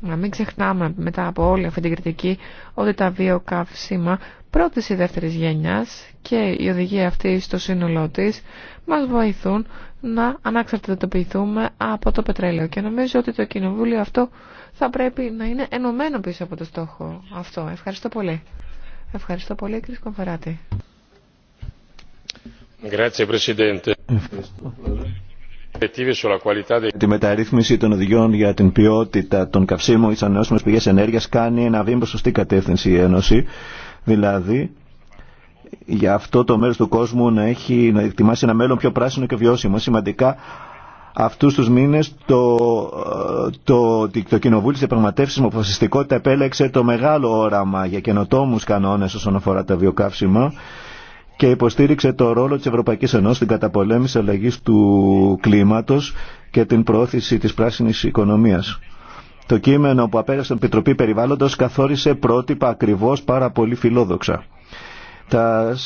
Speaker 4: Να μην ξεχνάμε μετά από όλη αυτή την κριτική ότι τα βιοκαύσιμα πρώτης ή δεύτερης γενιάς και η οδηγία αυτή στο σύνολό της μας βοηθούν να αναξαρτητοποιηθούμε από το πετρέλαιο. Και νομίζω ότι το κοινοβούλιο αυτό θα πρέπει να είναι ενωμένο πίσω από το στόχο αυτό. Ευχαριστώ πολύ. Ευχαριστώ πολύ κύριε Σκομφεράτη.
Speaker 3: Τη
Speaker 2: μεταρρύθμιση των οδηγιών για την ποιότητα των καυσίμων ή τι ανανεώσιμε πηγέ ενέργεια κάνει ένα βήμα προ σωστή κατεύθυνση η Ένωση. Δηλαδή, για αυτό το μέρος του κόσμου να έχει να ετοιμάσει ένα μέλλον πιο πράσινο και βιώσιμο. Σημαντικά αυτούς τους μήνες το, το, το, το Κοινοβούλιο της Πραγματεύσης με αποφασιστικότητα επέλεξε το μεγάλο όραμα για καινοτόμους κανόνες όσον αφορά τα βιοκαύσιμα και υποστήριξε το ρόλο της Ευρωπαϊκής Ενώσης στην καταπολέμηση αλλαγή του κλίματος και την προώθηση της πράσινης οικονομίας. Το κείμενο που απέρασε την Επιτροπή Περιβάλλοντος καθόρισε πρότυπα ακριβώς πάρα πολύ φιλόδοξα τα,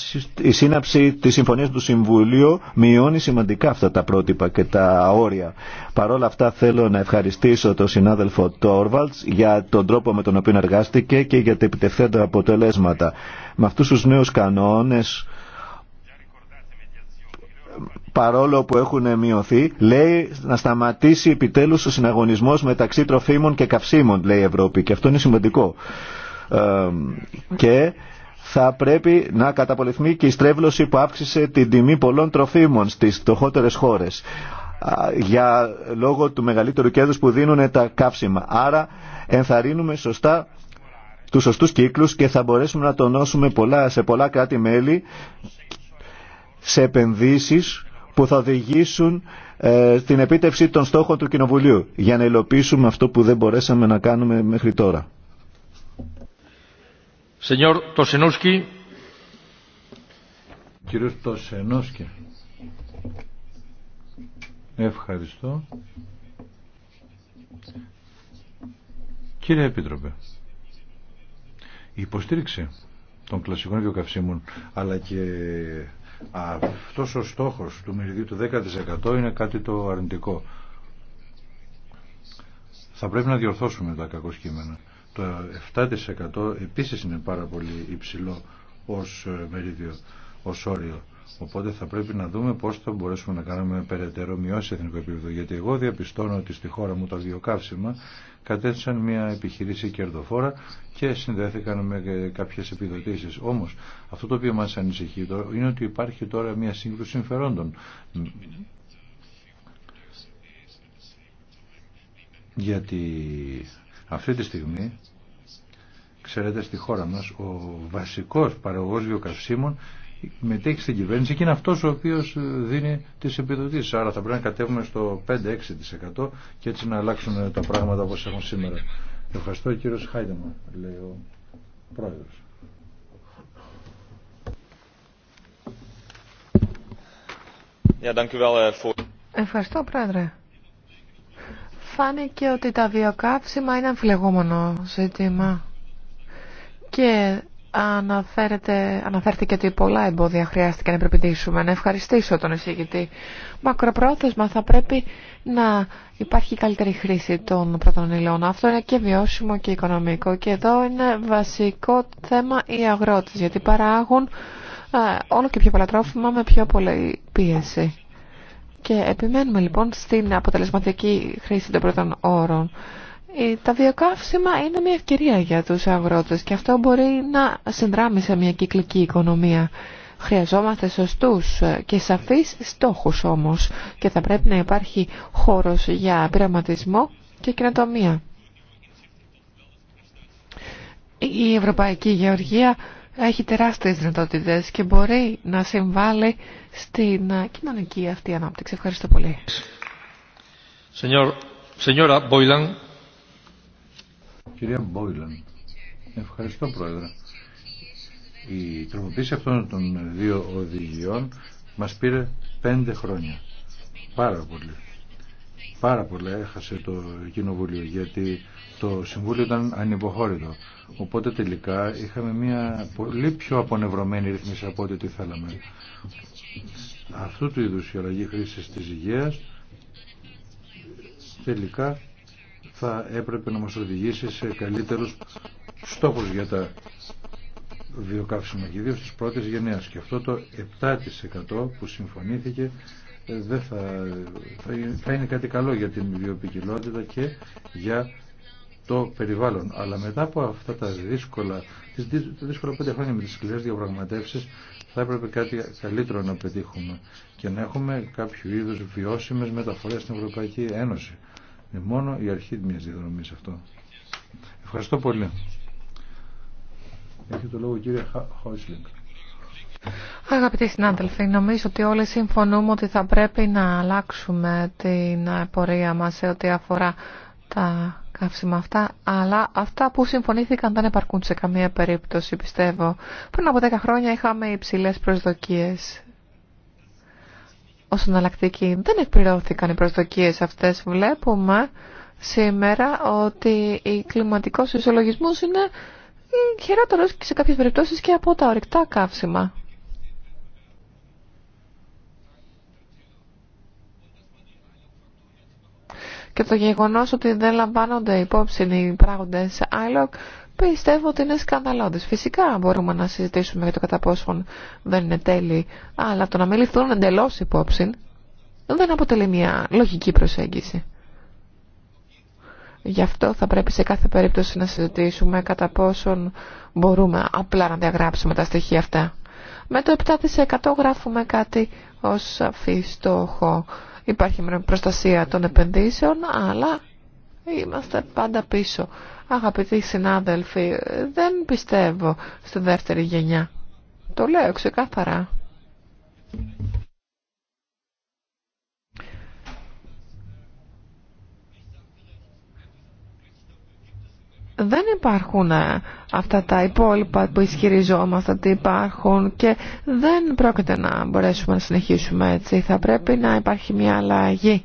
Speaker 2: η σύναψη της συμφωνίας του Συμβουλίου μειώνει σημαντικά αυτά τα πρότυπα και τα όρια. Παρ' όλα αυτά θέλω να ευχαριστήσω τον συνάδελφο Τόρβαλτς για τον τρόπο με τον οποίο εργάστηκε και για τα επιτευθέντα αποτελέσματα. Με αυτούς τους νέους κανόνες παρόλο που έχουν μειωθεί, λέει να σταματήσει επιτέλους ο συναγωνισμός μεταξύ τροφίμων και καυσίμων, λέει η Ευρώπη. Και αυτό είναι σημαντικό. Ε, και θα πρέπει να καταπολεθμεί και η στρέβλωση που αύξησε την τιμή πολλών τροφίμων στις φτωχότερες χώρες για λόγω του μεγαλύτερου κέρδους που δίνουν τα καύσιμα. Άρα ενθαρρύνουμε σωστά τους σωστούς κύκλους και θα μπορέσουμε να τονώσουμε πολλά, σε πολλά κράτη-μέλη σε επενδύσεις που θα οδηγήσουν την ε, στην επίτευξη των στόχων του Κοινοβουλίου για να υλοποιήσουμε αυτό που δεν μπορέσαμε να κάνουμε μέχρι τώρα.
Speaker 3: Señor Tosenowski. Κύριος Τοσενόσκι. Ευχαριστώ.
Speaker 1: Κύριε Επίτροπε, η υποστήριξη των κλασικών βιοκαυσίμων αλλά και αυτός ο στόχος του μεριδίου του 10% είναι κάτι το αρνητικό. Θα πρέπει να διορθώσουμε τα κακοσκήμενα. Το 7% επίσης είναι πάρα πολύ υψηλό ως ε, μερίδιο, ως όριο. Οπότε θα πρέπει να δούμε πώς θα μπορέσουμε να κάνουμε περαιτέρω μειώσει σε εθνικό επίπεδο. Γιατί εγώ διαπιστώνω ότι στη χώρα μου τα βιοκαύσιμα κατέστησαν μια επιχειρήση κερδοφόρα και συνδέθηκαν με ε, κάποιες επιδοτήσεις. Όμως αυτό το οποίο μας ανησυχεί είναι ότι υπάρχει τώρα μια σύγκρουση συμφερόντων. Γιατί αυτή τη στιγμή, ξέρετε, στη χώρα μας ο βασικός παραγωγός βιοκαυσίμων μετέχει στην κυβέρνηση και είναι αυτός ο οποίος ε, δίνει τις επιδοτήσεις. Άρα θα πρέπει να κατέβουμε στο 5-6% και έτσι να αλλάξουν ε, τα πράγματα όπως έχουν σήμερα. Ευχαριστώ κύριο Χάιντεμα, λέει ο
Speaker 3: πρόεδρος. Eh,
Speaker 4: Ευχαριστώ πρόεδρε φάνηκε ότι τα βιοκάψιμα είναι αμφιλεγόμενο ζήτημα και αναφέρθηκε ότι πολλά εμπόδια χρειάστηκε να επιπληκτήσουμε. Να ευχαριστήσω τον εισηγητή. Μακροπρόθεσμα θα πρέπει να υπάρχει καλύτερη χρήση των πρώτων υλών. Αυτό είναι και βιώσιμο και οικονομικό. Και εδώ είναι βασικό θέμα οι αγρότες, γιατί παράγουν ε, όλο και πιο πολλά τρόφιμα με πιο πολλή πίεση. Και επιμένουμε λοιπόν στην αποτελεσματική χρήση των πρώτων όρων. Τα βιοκαύσιμα είναι μια ευκαιρία για τους αγρότες και αυτό μπορεί να συνδράμει σε μια κυκλική οικονομία. Χρειαζόμαστε σωστούς και σαφείς στόχους όμως και θα πρέπει να υπάρχει χώρος για πειραματισμό και κοινοτομία. Η Ευρωπαϊκή Γεωργία έχει τεράστιες δυνατότητες και μπορεί να συμβάλλει στην ε, κοινωνική αυτή ανάπτυξη. Ευχαριστώ πολύ.
Speaker 3: Σενιόρα Μπόιλαν. Κυρία Μπόιλαν,
Speaker 1: ευχαριστώ Πρόεδρε. Η τροποποίηση αυτών των δύο οδηγιών μας πήρε πέντε χρόνια. Πάρα πολύ. Πάρα πολύ έχασε το Κοινοβούλιο γιατί το Συμβούλιο ήταν ανυποχώρητο. Οπότε τελικά είχαμε μια πολύ πιο απονευρωμένη ρύθμιση από ό,τι θέλαμε. Αυτού του είδους η αλλαγή χρήσης της υγείας τελικά θα έπρεπε να μας οδηγήσει σε καλύτερους στόχους για τα βιοκαύσιμα και ιδίως της πρώτης Και αυτό το 7% που συμφωνήθηκε ε, δεν θα, θα, είναι κάτι καλό για την βιοπικιλότητα και για το περιβάλλον. Αλλά μετά από αυτά τα δύσκολα, τις δύσκολα πέντε χρόνια με τις σκληρές διαπραγματεύσεις θα έπρεπε κάτι καλύτερο να πετύχουμε και να έχουμε κάποιο είδους βιώσιμες μεταφορές στην Ευρωπαϊκή Ένωση. Είναι μόνο η αρχή μιας διαδρομής αυτό. Ευχαριστώ πολύ. Έχει το λόγο κύριε Χόισλινγκ.
Speaker 4: Αγαπητοί συνάδελφοι, νομίζω ότι όλοι συμφωνούμε ότι θα πρέπει να αλλάξουμε την πορεία μας σε ό,τι αφορά τα καύσιμα αυτά, αλλά αυτά που συμφωνήθηκαν δεν επαρκούν σε καμία περίπτωση, πιστεύω. Πριν από 10 χρόνια είχαμε υψηλές προσδοκίες. Ως εναλλακτική δεν εκπληρώθηκαν οι προσδοκίες αυτές. Βλέπουμε σήμερα ότι ο κλιματικός ισολογισμός είναι χειρότερος και σε κάποιες περιπτώσεις και από τα ορυκτά καύσιμα. και το γεγονός ότι δεν λαμβάνονται υπόψη οι πράγοντες ILOC πιστεύω ότι είναι σκανδαλώδες. Φυσικά μπορούμε να συζητήσουμε για το κατά πόσον δεν είναι τέλειοι, αλλά το να μην ληφθούν εντελώς υπόψη δεν αποτελεί μια λογική προσέγγιση. Γι' αυτό θα πρέπει σε κάθε περίπτωση να συζητήσουμε κατά πόσον μπορούμε απλά να διαγράψουμε τα στοιχεία αυτά. Με το 7% γράφουμε κάτι ως αφή στόχο. Υπάρχει προστασία των επενδύσεων, αλλά είμαστε πάντα πίσω. Αγαπητοί συνάδελφοι, δεν πιστεύω στη δεύτερη γενιά. Το λέω ξεκάθαρα. δεν υπάρχουν ε, αυτά τα υπόλοιπα που ισχυριζόμαστε ότι υπάρχουν και δεν πρόκειται να μπορέσουμε να συνεχίσουμε έτσι. Θα πρέπει να υπάρχει μια αλλαγή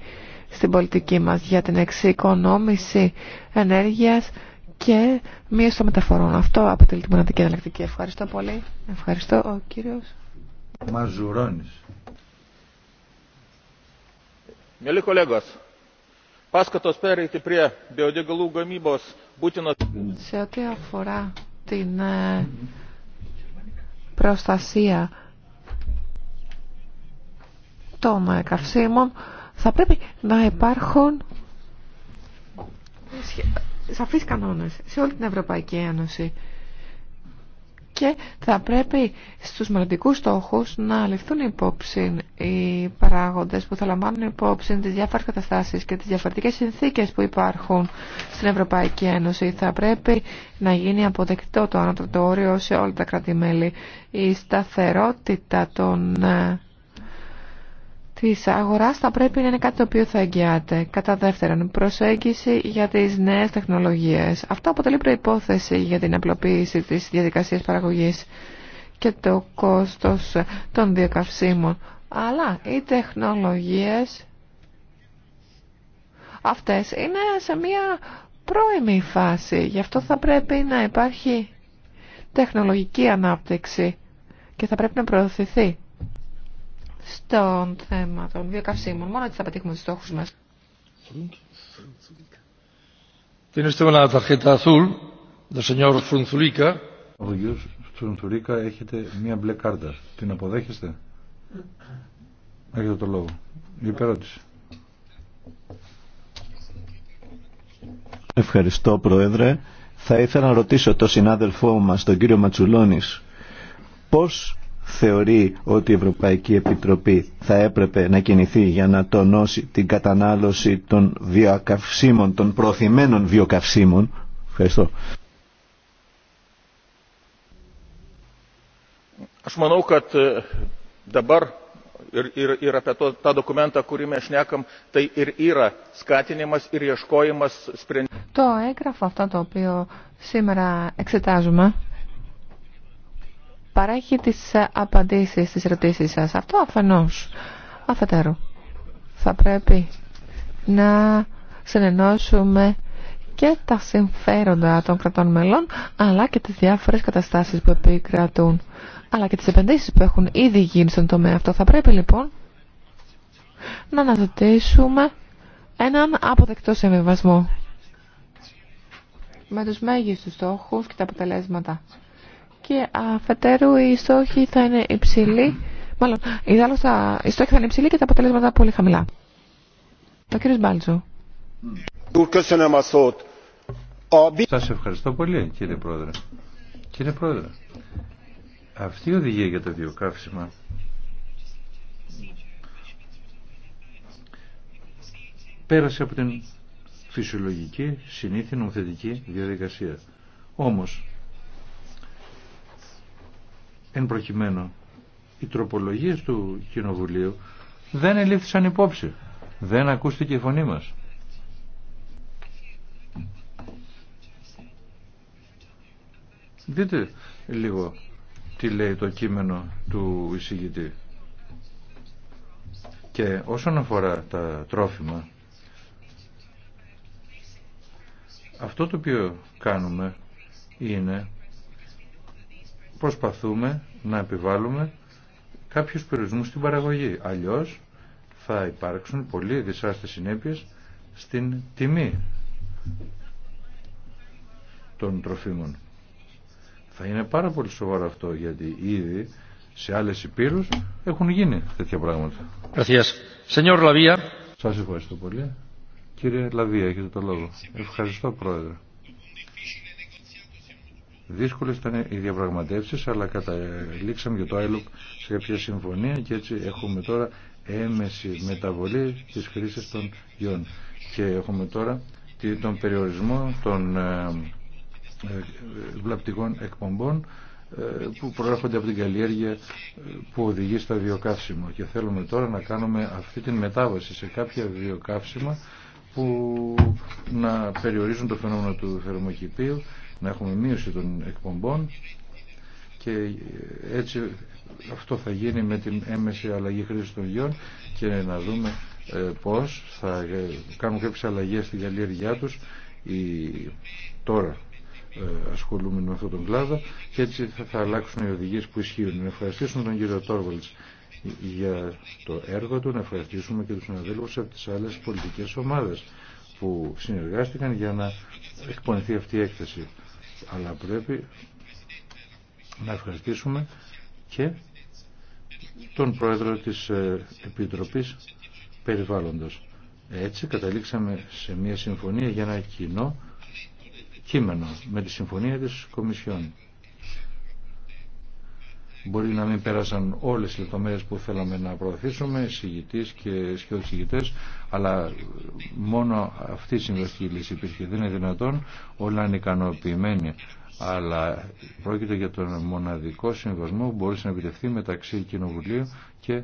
Speaker 4: στην πολιτική μας για την εξοικονόμηση ενέργειας και μείωση των μεταφορών. Αυτό αποτελεί τη μοναδική εναλλακτική. Ευχαριστώ πολύ. Ευχαριστώ ο
Speaker 3: κύριος
Speaker 1: Μαζουρώνης.
Speaker 4: Σε ό,τι αφορά την ε, προστασία των ε, καυσίμων, θα πρέπει να υπάρχουν σαφείς κανόνες σε όλη την Ευρωπαϊκή Ένωση και θα πρέπει στους μελλοντικούς στόχους να ληφθούν υπόψη οι παράγοντες που θα λαμβάνουν υπόψη τις διάφορες καταστάσεις και τις διαφορετικές συνθήκες που υπάρχουν στην Ευρωπαϊκή Ένωση. Θα πρέπει να γίνει αποδεκτό το άνατο σε όλα τα κράτη-μέλη. Η σταθερότητα των ε, της αγοράς θα πρέπει να είναι κάτι το οποίο θα εγγυάται. Κατά δεύτερον, προσέγγιση για τις νέες τεχνολογίες. Αυτό αποτελεί προϋπόθεση για την απλοποίηση της διαδικασίας παραγωγής και το κόστος των διακαυσίμων. Αλλά οι τεχνολογίες αυτές είναι σε μία πρώιμη φάση. Γι' αυτό θα πρέπει να υπάρχει τεχνολογική ανάπτυξη και θα πρέπει να προωθηθεί στο θέμα των βιοκαυσίμων. Μόνο έτσι θα πετύχουμε τους στόχους μας.
Speaker 3: Tiene usted una tarjeta azul del Σενιόρ Frunzulica.
Speaker 1: Ο γιος Φρουνθουλίκα έχετε μία μπλε κάρτα. Την αποδέχεστε. Έχετε το λόγο. Η υπερώτηση.
Speaker 2: Ευχαριστώ Πρόεδρε. Θα ήθελα να ρωτήσω τον συνάδελφό μας, τον κύριο Ματσουλόνης, πώς θεωρεί ότι η Ευρωπαϊκή Επιτροπή θα έπρεπε να κινηθεί για να τονώσει την κατανάλωση των βιοκαυσίμων, των προωθημένων βιοκαυσίμων. Ευχαριστώ.
Speaker 3: Aš manau, kad e, dabar ir, ir, ir apie to, tą dokumentą, kurį mes šnekam, tai ir yra skatinimas ir ieškojimas sprendimų.
Speaker 4: Το έγγραφο αυτό το οποίο σήμερα εξετάζουμε παρέχει τις ε, απαντήσεις στις ερωτήσεις σας. Αυτό αφενός, αφετέρου. Θα πρέπει να συνενώσουμε και τα συμφέροντα των κρατών μελών, αλλά και τις διάφορες καταστάσεις που επικρατούν, αλλά και τις επενδύσεις που έχουν ήδη γίνει στον τομέα αυτό. Θα πρέπει λοιπόν να αναζητήσουμε έναν αποδεκτό συμβιβασμό με τους μέγιστους στόχους και τα αποτελέσματα και αφετέρου οι στόχοι θα είναι υψηλοί. Μάλλον, οι θα είναι υψηλή και τα αποτελέσματα πολύ χαμηλά. Το κύριο Μπάλτζο.
Speaker 1: Σας ευχαριστώ πολύ κύριε Πρόεδρε. Κύριε Πρόεδρε, αυτή η οδηγία για το βιοκαύσιμα πέρασε από την φυσιολογική συνήθινη νομοθετική διαδικασία. Όμως Εν προκειμένου, οι τροπολογίες του Κοινοβουλίου δεν ελήφθησαν υπόψη. Δεν ακούστηκε η φωνή μας. Δείτε λίγο τι λέει το κείμενο του εισηγητή. Και όσον αφορά τα τρόφιμα, αυτό το οποίο κάνουμε είναι προσπαθούμε να επιβάλλουμε κάποιους περιορισμούς στην παραγωγή. Αλλιώς θα υπάρξουν πολλοί δυσάστες συνέπειες στην τιμή των τροφίμων. Θα είναι πάρα πολύ σοβαρό αυτό γιατί ήδη σε άλλες υπήρους έχουν γίνει
Speaker 3: τέτοια πράγματα. Σας ευχαριστώ πολύ. Κύριε Λαβία, έχετε το λόγο. Ευχαριστώ, Πρόεδρε. Δύσκολε
Speaker 1: ήταν οι διαπραγματεύσει, αλλά καταλήξαμε για το άλλο σε κάποια συμφωνία και έτσι έχουμε τώρα έμεση μεταβολή τη χρήση των γιών. Και έχουμε τώρα τον περιορισμό των ε, ε, βλαπτικών εκπομπών ε, που προέρχονται από την καλλιέργεια που οδηγεί στα βιοκαύσιμα. Και θέλουμε τώρα να κάνουμε αυτή την μετάβαση σε κάποια βιοκαύσιμα που να περιορίζουν το φαινόμενο του θερμοκηπίου να έχουμε μείωση των εκπομπών και έτσι αυτό θα γίνει με την έμεση αλλαγή χρήση των γιών και να δούμε ε, πώς θα ε, κάνουν κάποιες αλλαγές στην καλλιέργειά τους ή τώρα ε, ασχολούμενοι με αυτόν τον κλάδο και έτσι θα, αλλάξουν οι οδηγίες που ισχύουν. Να ευχαριστήσουμε τον κύριο Τόρβολτς για το έργο του, να ευχαριστήσουμε και τους συναδέλφους από τις άλλες πολιτικές ομάδες που συνεργάστηκαν για να εκπονηθεί αυτή η έκθεση αλλά πρέπει να ευχαριστήσουμε και τον Πρόεδρο της ε, Επιτροπής Περιβάλλοντος. Έτσι καταλήξαμε σε μια συμφωνία για ένα κοινό κείμενο με τη συμφωνία της Κομισιόν. Μπορεί να μην πέρασαν όλες οι λεπτομέρειες που θέλαμε να προωθήσουμε, συγητής και σχεδόν συγητές, αλλά μόνο αυτή η συμβαστική λύση υπήρχε. Δεν είναι δυνατόν, όλα είναι ικανοποιημένοι, αλλά πρόκειται για τον μοναδικό συμβασμό που μπορεί να επιτευχθεί μεταξύ Κοινοβουλίου και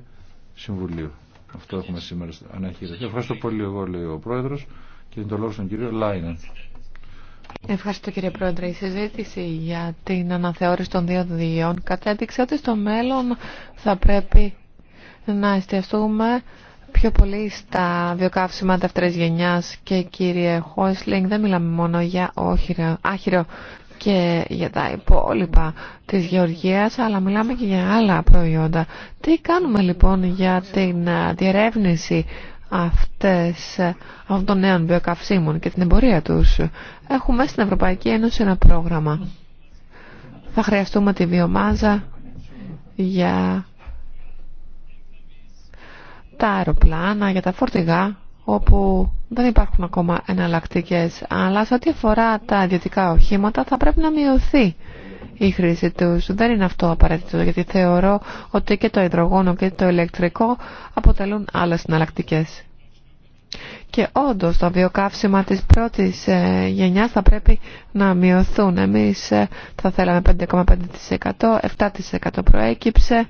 Speaker 1: Συμβουλίου. Αυτό έχουμε σήμερα αναχειριστεί. Ευχαριστώ πολύ εγώ, λέει ο Πρόεδρος, και το λόγο στον κύριο Λάινεν.
Speaker 4: Ευχαριστώ κύριε Πρόεδρε. Η συζήτηση για την αναθεώρηση των δύο διών κατέδειξε ότι στο μέλλον θα πρέπει να εστιαστούμε πιο πολύ στα βιοκαύσιμα δεύτερης γενιάς και κύριε Χόισλινγκ δεν μιλάμε μόνο για όχυρο, άχυρο και για τα υπόλοιπα της γεωργίας, αλλά μιλάμε και για άλλα προϊόντα. Τι κάνουμε λοιπόν για την διερεύνηση αυτές, αυτών των νέων βιοκαυσίμων και την εμπορία τους. Έχουμε στην Ευρωπαϊκή Ένωση ένα πρόγραμμα. Θα χρειαστούμε τη βιομάζα για τα αεροπλάνα, για τα φορτηγά, όπου δεν υπάρχουν ακόμα εναλλακτικές. Αλλά σε ό,τι αφορά τα ιδιωτικά οχήματα θα πρέπει να μειωθεί η χρήση τους. Δεν είναι αυτό απαραίτητο γιατί θεωρώ ότι και το υδρογόνο και το ηλεκτρικό αποτελούν άλλες συναλλακτικέ. Και όντως τα βιοκαύσιμα της πρώτης ε, γενιά θα πρέπει να μειωθούν. Εμείς ε, θα θέλαμε 5,5%, 7% προέκυψε.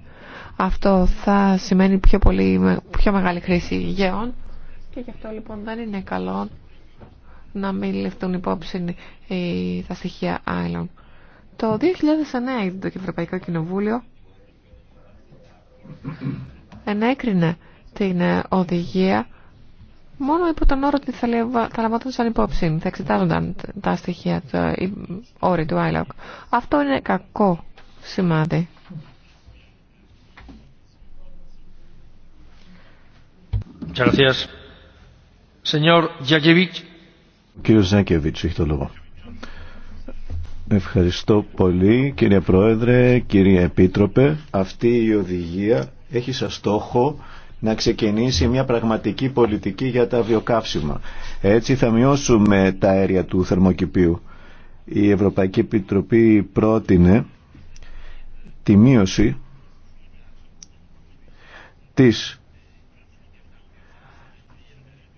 Speaker 4: Αυτό θα σημαίνει πιο, πολύ, πιο μεγάλη χρήση γεών. Και γι' αυτό λοιπόν δεν είναι καλό να μην ληφθούν υπόψη τα στοιχεία άλλων. Το 2009 το Ευρωπαϊκό Κοινοβούλιο ενέκρινε την ε, οδηγία μόνο υπό τον όρο ότι θα, λαμβάνονταν σαν υπόψη, θα εξετάζονταν τα στοιχεία, του όρη του ILOC. Αυτό είναι κακό σημάδι.
Speaker 2: Κύριε έχει το λόγο. Ευχαριστώ πολύ κύριε Πρόεδρε, κύριε Επίτροπε. Αυτή η οδηγία έχει σαν στόχο να ξεκινήσει μια πραγματική πολιτική για τα βιοκαύσιμα. Έτσι θα μειώσουμε τα αέρια του θερμοκηπίου. Η Ευρωπαϊκή Επιτροπή πρότεινε τη μείωση της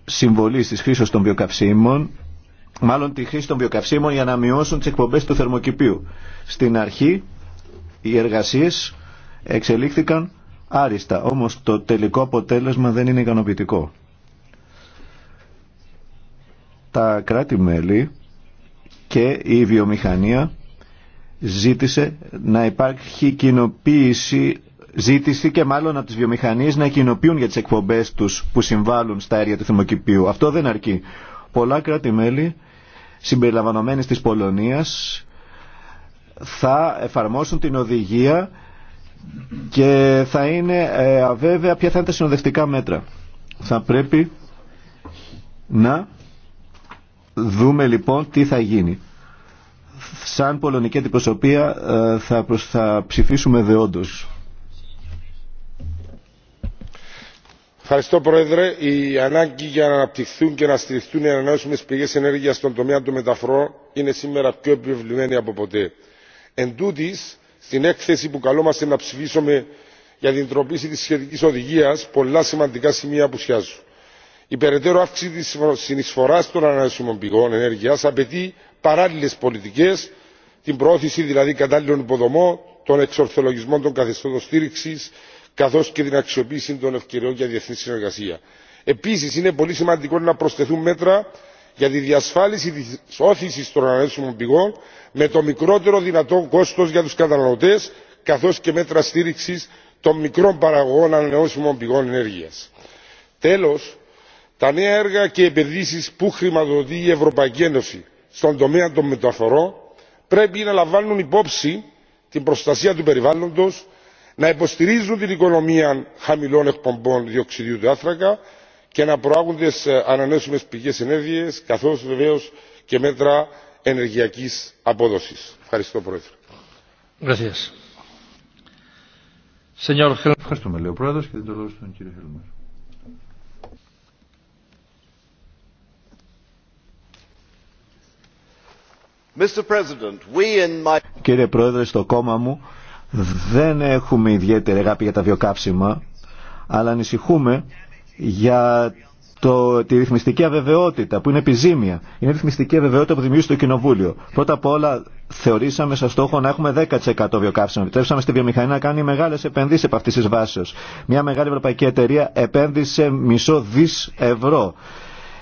Speaker 2: συμβολής της χρήσης των βιοκαυσίμων μάλλον τη χρήση των βιοκαυσίμων για να μειώσουν τις εκπομπές του θερμοκηπίου. Στην αρχή οι εργασίες εξελίχθηκαν άριστα, όμως το τελικό αποτέλεσμα δεν είναι ικανοποιητικό. Τα κράτη-μέλη και η βιομηχανία ζήτησε να υπάρχει κοινοποίηση ζήτηση και μάλλον από τις βιομηχανίες να κοινοποιούν για τις εκπομπές τους που συμβάλλουν στα αέρια του θερμοκηπίου. Αυτό δεν αρκεί. Πολλά κράτη-μέλη συμπεριλαμβανομένες της Πολωνίας θα εφαρμόσουν την οδηγία και θα είναι ε, αβέβαια ποια θα είναι τα συνοδευτικά μέτρα. Θα πρέπει να δούμε λοιπόν τι θα γίνει. Σαν πολωνική αντιπροσωπεία ε, θα, θα ψηφίσουμε δεόντως.
Speaker 6: Ευχαριστώ, Πρόεδρε. Η ανάγκη για να αναπτυχθούν και να στηριχθούν οι ανανεώσιμε πηγέ ενέργεια στον τομέα των μεταφορών είναι σήμερα πιο επιβεβλημένη από ποτέ. Εν τούτης, στην έκθεση που καλόμαστε να ψηφίσουμε για την τροπήση τη σχετική οδηγία, πολλά σημαντικά σημεία απουσιάζουν. Η περαιτέρω αύξηση τη συνεισφορά των ανανεώσιμων πηγών ενέργεια απαιτεί παράλληλε πολιτικέ, την προώθηση δηλαδή κατάλληλων υποδομών, των εξορθολογισμό των καθεστώτων στήριξη, καθώ και την αξιοποίηση των ευκαιριών για διεθνή συνεργασία. επίση είναι πολύ σημαντικό να προσθεθούν μέτρα για τη διασφάλιση τη όθηση των ανανεώσιμων πηγών με το μικρότερο δυνατό κόστο για του καταναλωτέ καθώ και μέτρα στήριξη των μικρών παραγωγών ανανεώσιμων πηγών ενέργεια. τέλο τα νέα έργα και επενδύσει που χρηματοδοτεί η ευρωπαϊκή ένωση στον τομέα των μεταφορών πρέπει να λαμβάνουν υπόψη την προστασία του περιβάλλοντος να υποστηρίζουν την οικονομία χαμηλών εκπομπών διοξιδίου του άνθρακα και να προάγουν τις ε, ανανεώσιμες πηγές ενέργειας καθώς βεβαίως και μέτρα ενεργειακής απόδοσης. Ευχαριστώ, Πρόεδρε.
Speaker 3: Ευχαριστούμε, Πρόεδρο και δεν
Speaker 2: στον Κύριε Πρόεδρε, στο κόμμα μου δεν έχουμε ιδιαίτερη αγάπη για τα βιοκάψιμα, αλλά ανησυχούμε για το, τη ρυθμιστική αβεβαιότητα που είναι επιζήμια. Είναι ρυθμιστική αβεβαιότητα που δημιούργησε το Κοινοβούλιο. Πρώτα απ' όλα θεωρήσαμε σαν στόχο να έχουμε 10% βιοκάψιμα. Επιτρέψαμε στη βιομηχανία να κάνει μεγάλε επενδύσει από αυτή τη βάσεω. Μια μεγάλη ευρωπαϊκή εταιρεία επένδυσε μισό δι ευρώ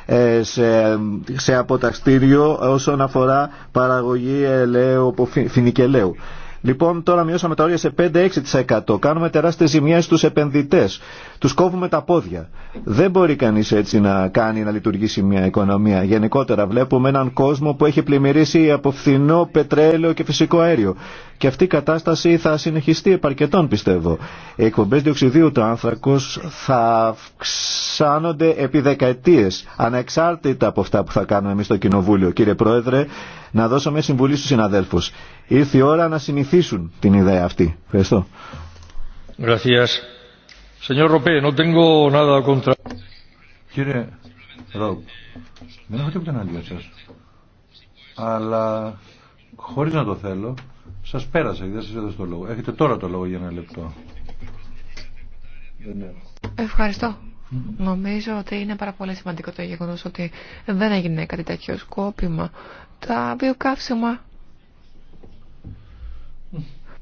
Speaker 2: ε, σε, σε αποταστήριο όσον αφορά παραγωγή ελαίου, φινικελαίου. Λοιπόν, τώρα μειώσαμε τα όρια σε 5-6%. Κάνουμε τεράστιε ζημιέ στου επενδυτέ. Του κόβουμε τα πόδια. Δεν μπορεί κανεί έτσι να κάνει να λειτουργήσει μια οικονομία. Γενικότερα βλέπουμε έναν κόσμο που έχει πλημμυρίσει από φθηνό πετρέλαιο και φυσικό αέριο. Και αυτή η κατάσταση θα συνεχιστεί επαρκετών πιστεύω. Οι εκπομπέ διοξιδίου του άνθρακο θα αυξάνονται επί δεκαετίε, ανεξάρτητα από αυτά που θα κάνουμε εμεί στο Κοινοβούλιο. Κύριε Πρόεδρε, να δώσω μια συμβουλή στου συναδέλφου. Ήρθε η ώρα να συνηθίσουν την ιδέα αυτή. Ευχαριστώ.
Speaker 3: Κύριε Ροπ, δεν έχω τίποτα να
Speaker 1: Αλλά χωρίς να το θέλω, σας πέρασα, δεν σας έδωσα το λόγο. Έχετε τώρα το λόγο για ένα λεπτό.
Speaker 4: Ευχαριστώ. Νομίζω ότι είναι πάρα πολύ σημαντικό το γεγονό ότι δεν έγινε κάτι τέτοιο σκόπιμα. Τα βιοκαύσιμα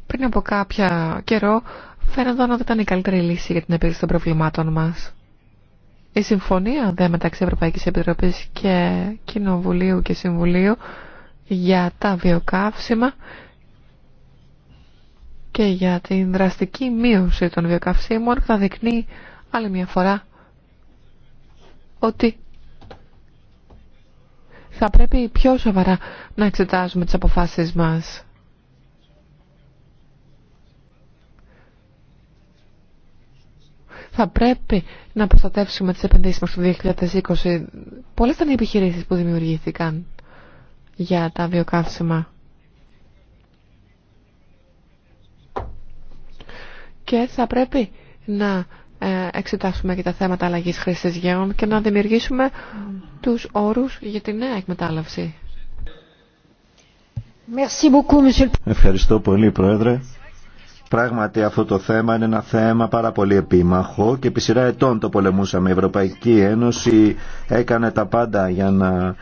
Speaker 4: πριν από κάποια καιρό φαίνονταν ότι ήταν η καλύτερη λύση για την επίλυση των προβλημάτων μας. Η συμφωνία δε μεταξύ Ευρωπαϊκής Επιτροπής και Κοινοβουλίου και Συμβουλίου για τα βιοκαύσιμα και για την δραστική μείωση των βιοκαυσίμων θα δεικνύει άλλη μια φορά ότι θα πρέπει πιο σοβαρά να εξετάζουμε τις αποφάσεις μας. Θα πρέπει να προστατεύσουμε τις επενδύσεις μας το 2020. Πολλές ήταν οι επιχειρήσεις που δημιουργήθηκαν για τα βιοκαύσιμα. και θα πρέπει να ε, εξετάσουμε και τα θέματα αλλαγής χρήσης γεών και να δημιουργήσουμε τους όρους για τη νέα εκμετάλλευση.
Speaker 2: Ευχαριστώ πολύ Πρόεδρε. Πράγματι αυτό το θέμα είναι ένα θέμα πάρα πολύ επίμαχο και επί σειρά ετών το πολεμούσαμε. Η Ευρωπαϊκή Ένωση έκανε τα πάντα για να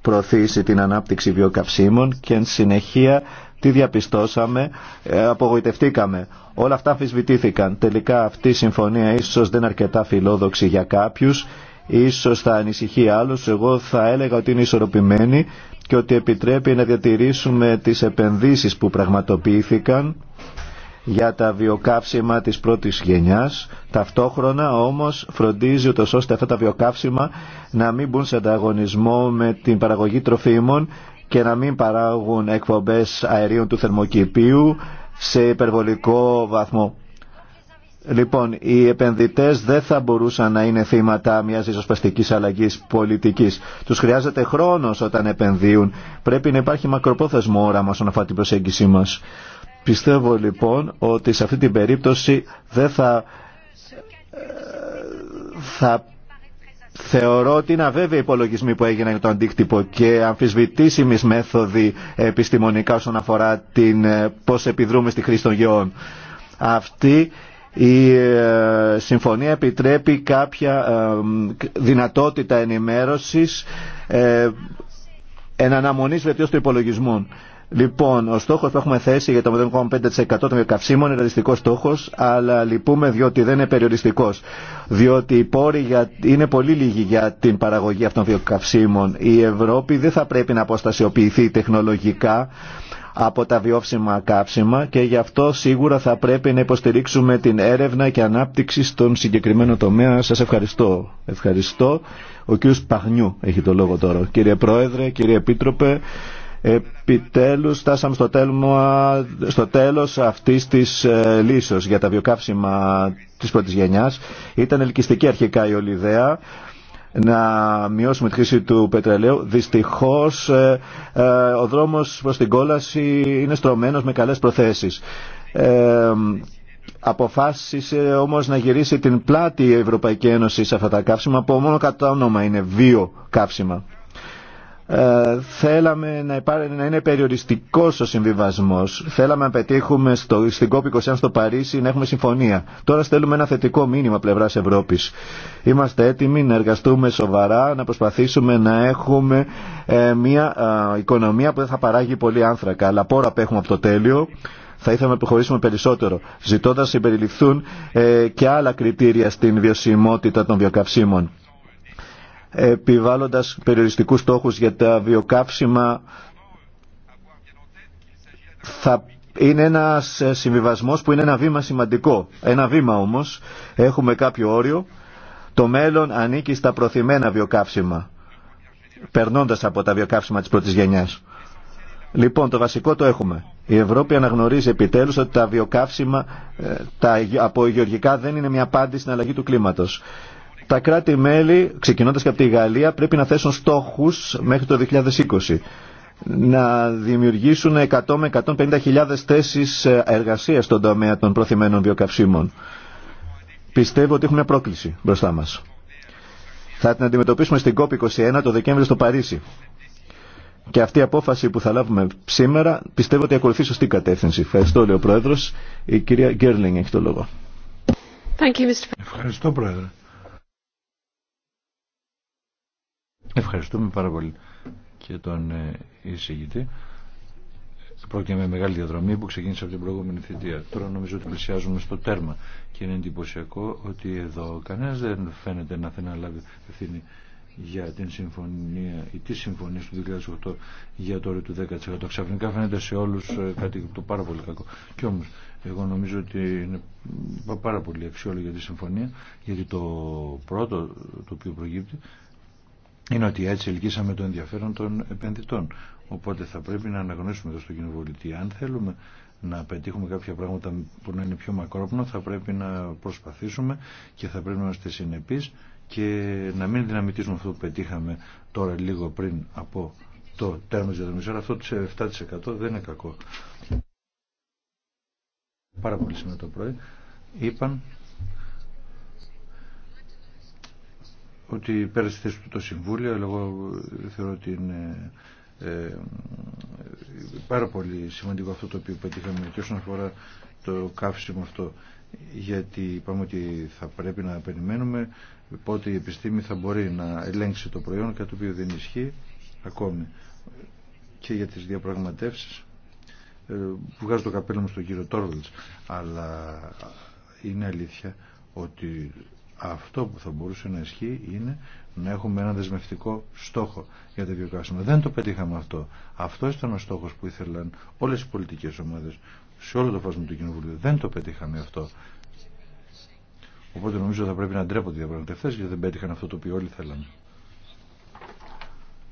Speaker 2: προωθήσει την ανάπτυξη βιοκαυσίμων και εν συνεχεία τι διαπιστώσαμε, ε, απογοητευτήκαμε. Όλα αυτά αμφισβητήθηκαν. Τελικά αυτή η συμφωνία ίσως δεν είναι αρκετά φιλόδοξη για κάποιους, ίσως θα ανησυχεί άλλους. Εγώ θα έλεγα ότι είναι ισορροπημένη και ότι επιτρέπει να διατηρήσουμε τις επενδύσεις που πραγματοποιήθηκαν για τα βιοκαύσιμα της πρώτης γενιάς. Ταυτόχρονα όμως φροντίζει ούτως ώστε αυτά τα βιοκαύσιμα να μην μπουν σε ανταγωνισμό με την παραγωγή τροφίμων και να μην παράγουν εκπομπές αερίων του θερμοκηπίου σε υπερβολικό βαθμό. Λοιπόν, οι επενδυτές δεν θα μπορούσαν να είναι θύματα μιας ισοσπαστικής αλλαγής πολιτικής. Τους χρειάζεται χρόνος όταν επενδύουν. Πρέπει να υπάρχει μακροπρόθεσμο όραμα στον αφορά την προσέγγιση μας. Πιστεύω λοιπόν ότι σε αυτή την περίπτωση δεν θα, ε, θα Θεωρώ ότι είναι αβέβαιοι υπολογισμοί που έγιναν για το αντίκτυπο και αμφισβητήσιμη μέθοδοι επιστημονικά όσον αφορά την, ε, πώς επιδρούμε στη χρήση των γεών. Αυτή η ε, συμφωνία επιτρέπει κάποια ε, δυνατότητα ενημέρωσης εν αναμονής βελτίωση των υπολογισμών. Λοιπόν, ο στόχο που έχουμε θέσει για το 0,5% των καυσίμων είναι ρεαλιστικό στόχο, αλλά λυπούμε διότι δεν είναι περιοριστικό. Διότι οι πόροι είναι πολύ λίγοι για την παραγωγή αυτών των καυσίμων. Η Ευρώπη δεν θα πρέπει να αποστασιοποιηθεί τεχνολογικά από τα βιώσιμα καύσιμα και γι' αυτό σίγουρα θα πρέπει να υποστηρίξουμε την έρευνα και ανάπτυξη στον συγκεκριμένο τομέα. Σα ευχαριστώ. Ευχαριστώ. Ο κ. Παχνιού έχει το λόγο τώρα. Κύριε Πρόεδρε, κύριε Επίτροπε, Επιτέλους στάσαμε στο, τέλμα, στο τέλος αυτής της ε, για τα βιοκαύσιμα της πρώτης γενιάς. Ήταν ελκυστική αρχικά η όλη να μειώσουμε τη χρήση του πετρελαίου. Δυστυχώς ε, ε, ο δρόμος προς την κόλαση είναι στρωμένος με καλές προθέσεις. Ε, αποφάσισε όμως να γυρίσει την πλάτη η Ευρωπαϊκή Ένωση σε αυτά τα καύσιμα που μόνο κατά όνομα είναι βίο ε, θέλαμε να, να είναι περιοριστικό ο συμβιβασμό. Θέλαμε να πετύχουμε στο, στην COP21 στο Παρίσι να έχουμε συμφωνία. Τώρα στέλνουμε ένα θετικό μήνυμα πλευρά Ευρώπη. Είμαστε έτοιμοι να εργαστούμε σοβαρά, να προσπαθήσουμε να έχουμε ε, μια οικονομία που δεν θα παράγει πολύ άνθρακα. Αλλά πόρα απέχουμε από το τέλειο θα ήθελα να προχωρήσουμε περισσότερο, ζητώντας να συμπεριληφθούν ε, και άλλα κριτήρια στην βιωσιμότητα των βιοκαυσίμων επιβάλλοντας περιοριστικούς στόχους για τα βιοκάψιμα θα είναι ένας συμβιβασμός που είναι ένα βήμα σημαντικό. Ένα βήμα όμως, έχουμε κάποιο όριο, το μέλλον ανήκει στα προθυμένα βιοκαύσιμα, περνώντας από τα βιοκαύσιμα της πρώτης γενιάς. Λοιπόν, το βασικό το έχουμε. Η Ευρώπη αναγνωρίζει επιτέλους ότι τα βιοκαύσιμα ε, τα, από υγειοργικά δεν είναι μια απάντηση στην αλλαγή του κλίματος. Τα κράτη-μέλη, ξεκινώντας και από τη Γαλλία, πρέπει να θέσουν στόχους μέχρι το 2020 να δημιουργήσουν 100 με 150.000 θέσεις εργασίας στον τομέα των προθυμένων βιοκαυσίμων. Πιστεύω ότι έχουμε πρόκληση μπροστά μας. Θα την αντιμετωπίσουμε στην COP21 το Δεκέμβριο στο Παρίσι. Και αυτή η απόφαση που θα λάβουμε σήμερα πιστεύω ότι ακολουθεί σωστή κατεύθυνση. Ευχαριστώ, λέει ο Πρόεδρος. Η κυρία Γκέρλινγκ έχει το λόγο. Ευχαριστώ, Πρόεδρε. Ευχαριστούμε πάρα πολύ
Speaker 1: και τον ε, εισηγητή. Πρόκειται με μεγάλη διαδρομή που ξεκίνησε από την προηγούμενη θητεία. Τώρα νομίζω ότι πλησιάζουμε στο τέρμα και είναι εντυπωσιακό ότι εδώ κανένα δεν φαίνεται να θέλει να λάβει ευθύνη για την συμφωνία ή τη συμφωνία του 2008 για το όριο του 10%. Ξαφνικά φαίνεται σε όλους ε, κάτι το πάρα πολύ κακό. Κι όμω. εγώ νομίζω ότι είναι πάρα πολύ αξιόλογη τη συμφωνία γιατί το πρώτο το οποίο προγύπτει είναι ότι έτσι ελκύσαμε το ενδιαφέρον των επενδυτών. Οπότε θα πρέπει να αναγνωρίσουμε εδώ στο Κοινοβούλιο αν θέλουμε να πετύχουμε κάποια πράγματα που να είναι πιο μακρόπνο θα πρέπει να προσπαθήσουμε και θα πρέπει να είμαστε συνεπείς και να μην δυναμητήσουμε αυτό που πετύχαμε τώρα λίγο πριν από το τέρμα τη διαδρομής. αυτό το 7% δεν είναι κακό. Πάρα πολύ σήμερα το πρωί είπαν ότι πέρασε θέση του το Συμβούλιο, εγώ θεωρώ ότι είναι ε, πάρα πολύ σημαντικό αυτό το οποίο πετύχαμε και όσον αφορά το καύσιμο αυτό γιατί είπαμε ότι θα πρέπει να περιμένουμε πότε η επιστήμη θα μπορεί να ελέγξει το προϊόν κάτι το οποίο δεν ισχύει ακόμη και για τις διαπραγματεύσεις ε, που βγάζω το καπέλο μου στον κύριο Τόρβελτς αλλά είναι αλήθεια ότι αυτό που θα μπορούσε να ισχύει είναι να έχουμε ένα δεσμευτικό στόχο για το βιοκαύσιμο. Δεν το πετύχαμε αυτό. Αυτό ήταν ο στόχο που ήθελαν όλε οι πολιτικέ ομάδες σε όλο το φάσμα του Κοινοβουλίου. Δεν το πετύχαμε αυτό. Οπότε νομίζω θα πρέπει να ντρέπονται οι διαπραγματευτέ γιατί δεν πέτυχαν αυτό το οποίο όλοι θέλαν.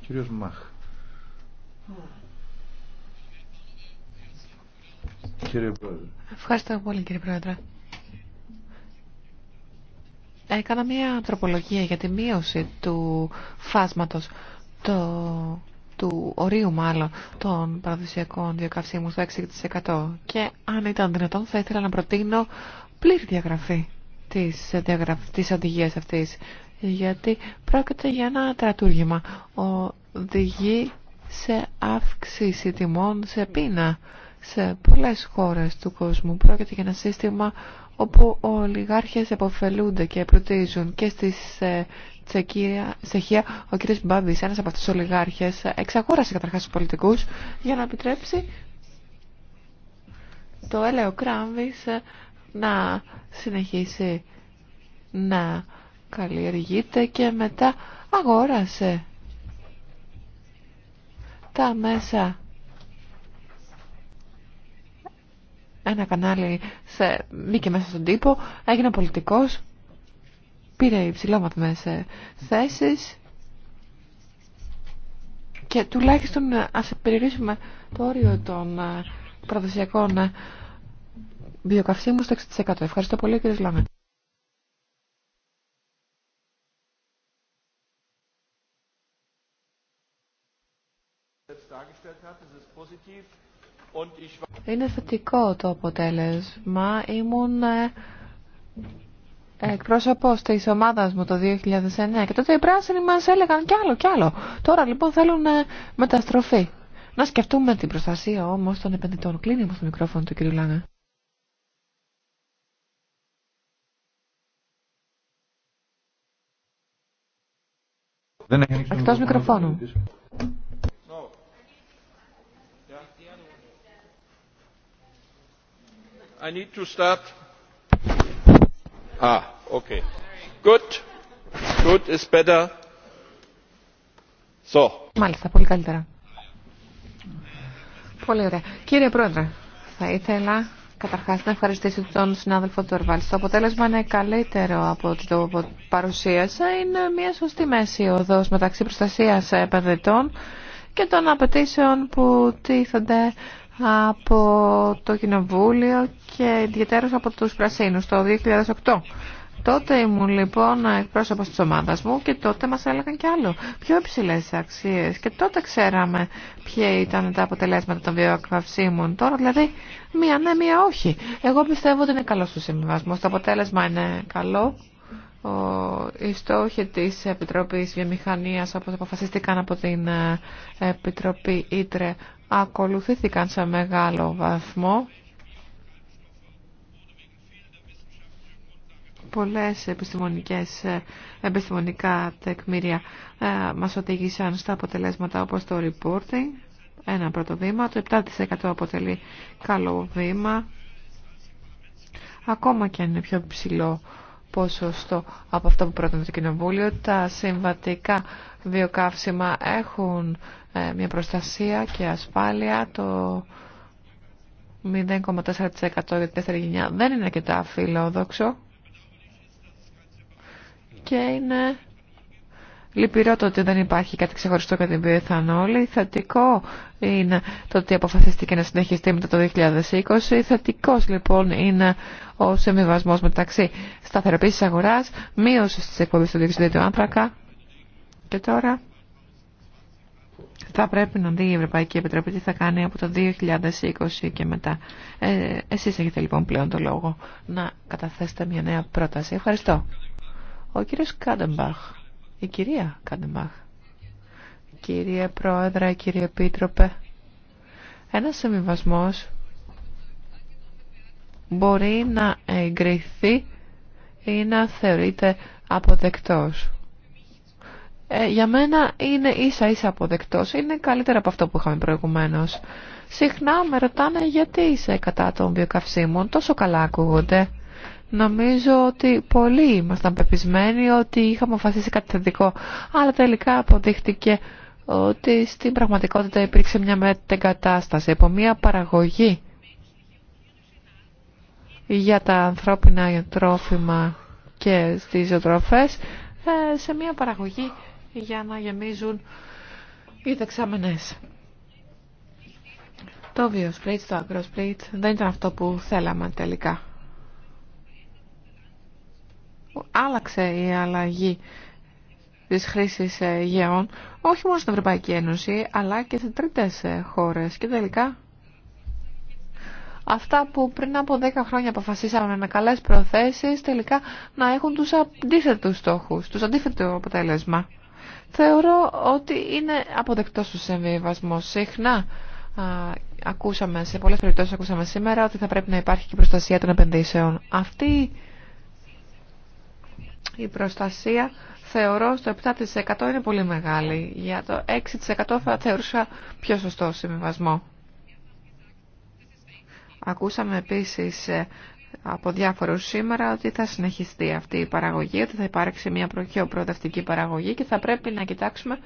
Speaker 1: Κύριο Μαχ.
Speaker 4: Ευχαριστώ πολύ κύριε Πρόεδρε. Ε, έκανα μια τροπολογία για τη μείωση του φάσματος το, του ορίου μάλλον των παραδοσιακών διακαυσίμων στο 6% και αν ήταν δυνατόν θα ήθελα να προτείνω πλήρη διαγραφή της, της οδηγίας αυτής γιατί πρόκειται για ένα τρατούργημα οδηγεί σε αύξηση τιμών σε πείνα σε πολλές χώρες του κόσμου πρόκειται για ένα σύστημα όπου ολιγάρχες επωφελούνται και προτίζουν και στη Τσεχία ο κ. Μπάμπης, ένας από αυτούς τους ολιγάρχες, εξαγόρασε καταρχάς τους πολιτικούς για να επιτρέψει το έλεο κράμβης να συνεχίσει να καλλιεργείται και μετά αγόρασε τα μέσα ένα κανάλι, σε, μπήκε μέσα στον τύπο, έγινε πολιτικός, πήρε υψηλόμαθμες θέσεις και τουλάχιστον ε, ας περιορίσουμε το όριο των ε, παραδοσιακών ε, βιοκαυσίμου στο 6%. Ευχαριστώ πολύ κύριε Λάμε. Είναι θετικό το αποτέλεσμα. Ήμουν ε, εκπρόσωπο τη ομάδα μου το 2009 και τότε οι πράσινοι μα έλεγαν κι άλλο κι άλλο. Τώρα λοιπόν θέλουν ε, μεταστροφή. Να σκεφτούμε την προστασία όμω των επενδυτών. Κλείνει όμω το μικρόφωνο του κ. Λάνα.
Speaker 3: Εκτό μικροφώνου. I need to start. Ah, Good. Good is better. So.
Speaker 4: Μάλιστα, πολύ καλύτερα. Πολύ ωραία. Κύριε Πρόεδρε, θα ήθελα καταρχά να ευχαριστήσω τον συνάδελφο του Το αποτέλεσμα είναι καλύτερο από ό,τι το παρουσίασα. Είναι μια σωστή μέση οδό μεταξύ προστασία επενδυτών και των απαιτήσεων που τίθενται από το Κοινοβούλιο και ιδιαίτερως από τους Πρασίνους το 2008. Τότε ήμουν λοιπόν εκπρόσωπο τη ομάδα μου και τότε μας έλεγαν κι άλλο. Πιο υψηλέ αξίες. Και τότε ξέραμε ποια ήταν τα αποτελέσματα των βιοκαυσίμων. Τώρα δηλαδή μία ναι, μία όχι. Εγώ πιστεύω ότι είναι καλό ο συμβιβασμό. Το αποτέλεσμα είναι καλό. Ο, οι στόχοι τη Επιτροπή Βιομηχανία, όπω αποφασίστηκαν από την ε, Επιτροπή Ήτρε, ακολουθήθηκαν σε μεγάλο βαθμό πολλές επιστημονικές, ε, επιστημονικά τεκμήρια ε, μας οδήγησαν στα αποτελέσματα όπως το reporting, ένα πρώτο βήμα, το 7% αποτελεί καλό βήμα, ακόμα και αν είναι πιο ψηλό ποσοστό από αυτό που πρότεινε το Κοινοβούλιο. Τα συμβατικά βιοκαύσιμα έχουν ε, μια προστασία και ασφάλεια. Το 0,4% για τη δεύτερη γενιά δεν είναι αρκετά φιλόδοξο και είναι Λυπηρό το ότι δεν υπάρχει κάτι ξεχωριστό κατά την όλοι. Θετικό είναι το ότι αποφασίστηκε να συνεχιστεί μετά το 2020. Θετικό λοιπόν είναι ο συμβιβασμό μεταξύ σταθεροποίηση αγορά, μείωση τη εκπομπή του διοξιδίου του άνθρακα. Και τώρα θα πρέπει να δει η Ευρωπαϊκή Επιτροπή τι θα κάνει από το 2020 και μετά. Ε, εσείς έχετε λοιπόν πλέον το λόγο να καταθέσετε μια νέα πρόταση. Ευχαριστώ. Ο κύριος Κάντεμπαχ. Η κυρία Καντεμπάχ. Κύριε Πρόεδρε, κύριε Επίτροπε, ένας συμβιβασμό μπορεί να εγκριθεί ή να θεωρείται αποδεκτός. Ε, για μένα είναι ίσα ίσα αποδεκτός, είναι καλύτερα από αυτό που είχαμε προηγουμένως. Συχνά με ρωτάνε γιατί είσαι κατά των βιοκαυσίμων, τόσο καλά ακούγονται. Νομίζω ότι πολλοί ήμασταν πεπισμένοι ότι είχαμε αποφασίσει κάτι θετικό, αλλά τελικά αποδείχτηκε ότι στην πραγματικότητα υπήρξε μια μετεγκατάσταση από μια παραγωγή για τα ανθρώπινα τρόφιμα και στις ζωοτροφές ε, σε μια παραγωγή για να γεμίζουν οι δεξαμενές. Το βιοσπρίτ, το αγροσπρίτ δεν ήταν αυτό που θέλαμε τελικά άλλαξε η αλλαγή της χρήσης ε, γεών, όχι μόνο στην Ευρωπαϊκή Ένωση, αλλά και σε τρίτες ε, χώρες. Και τελικά, αυτά που πριν από 10 χρόνια αποφασίσαμε με καλές προθέσεις, τελικά να έχουν τους αντίθετους στόχους, τους αντίθετο αποτέλεσμα. Θεωρώ ότι είναι αποδεκτός ο συμβιβασμός. Συχνά ακούσαμε, σε πολλές περιπτώσεις ακούσαμε σήμερα ότι θα πρέπει να υπάρχει και προστασία των επενδύσεων. Αυτή η προστασία θεωρώ στο 7% είναι πολύ μεγάλη. Για το 6% θα θεωρούσα πιο σωστό συμβιβασμό. Ακούσαμε επίσης ε, από διάφορους σήμερα ότι θα συνεχιστεί αυτή η παραγωγή, ότι θα υπάρξει μια πιο προοδευτική παραγωγή και θα πρέπει να κοιτάξουμε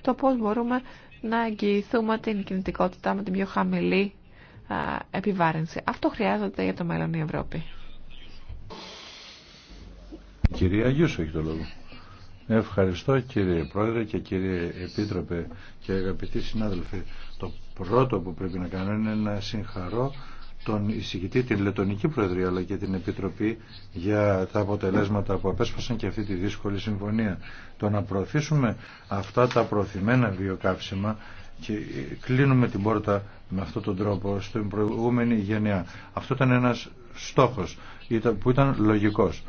Speaker 4: το πώς μπορούμε να εγγυηθούμε την κινητικότητα με την πιο χαμηλή επιβάρυνση. Αυτό χρειάζεται για το μέλλον η Ευρώπη.
Speaker 1: Κυρία Αγίου έχει το λόγο. Ευχαριστώ κύριε Πρόεδρε και κύριε Επίτροπε και αγαπητοί συνάδελφοι. Το πρώτο που πρέπει να κάνω είναι να συγχαρώ τον εισηγητή, την Λετωνική Προεδρία αλλά και την Επιτροπή για τα αποτελέσματα που απέσπασαν και αυτή τη δύσκολη συμφωνία. Το να προωθήσουμε αυτά τα προωθημένα βιοκάψιμα και κλείνουμε την πόρτα με αυτόν τον τρόπο στην προηγούμενη γενιά. Αυτό ήταν ένας στόχος που ήταν λογικός.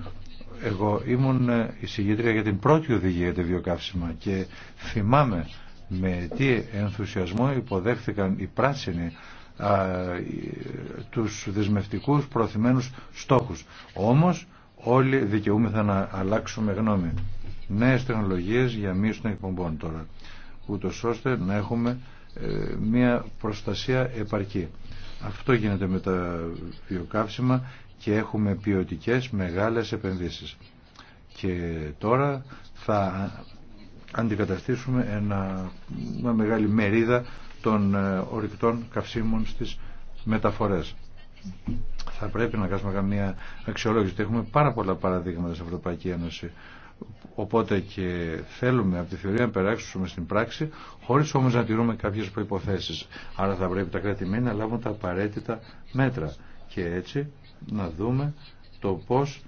Speaker 1: Εγώ ήμουν εισηγήτρια για την πρώτη οδηγία για βιοκαύσιμα και θυμάμαι με τι ενθουσιασμό υποδέχθηκαν οι πράσινοι α, τους δεσμευτικούς προωθημένους στόχους. Όμως όλοι δικαιούμεθα να αλλάξουμε γνώμη. Νέες τεχνολογίες για μείωση των εκπομπών τώρα, ούτως ώστε να έχουμε ε, μια προστασία επαρκή. Αυτό γίνεται με τα βιοκαύσιμα και έχουμε ποιοτικέ μεγάλες επενδύσεις. Και τώρα θα αντικαταστήσουμε ένα, μια μεγάλη μερίδα των ε, ορυκτών καυσίμων στις μεταφορές. Θα πρέπει να κάνουμε καμία αξιολόγηση. Έχουμε πάρα πολλά παραδείγματα στην Ευρωπαϊκή Ένωση. Οπότε και θέλουμε από τη θεωρία να περάσουμε στην πράξη, χωρίς όμως να τηρούμε κάποιες προϋποθέσεις. Άρα θα πρέπει τα κρατη να λάβουν τα απαραίτητα μέτρα. Και έτσι να δούμε το πώς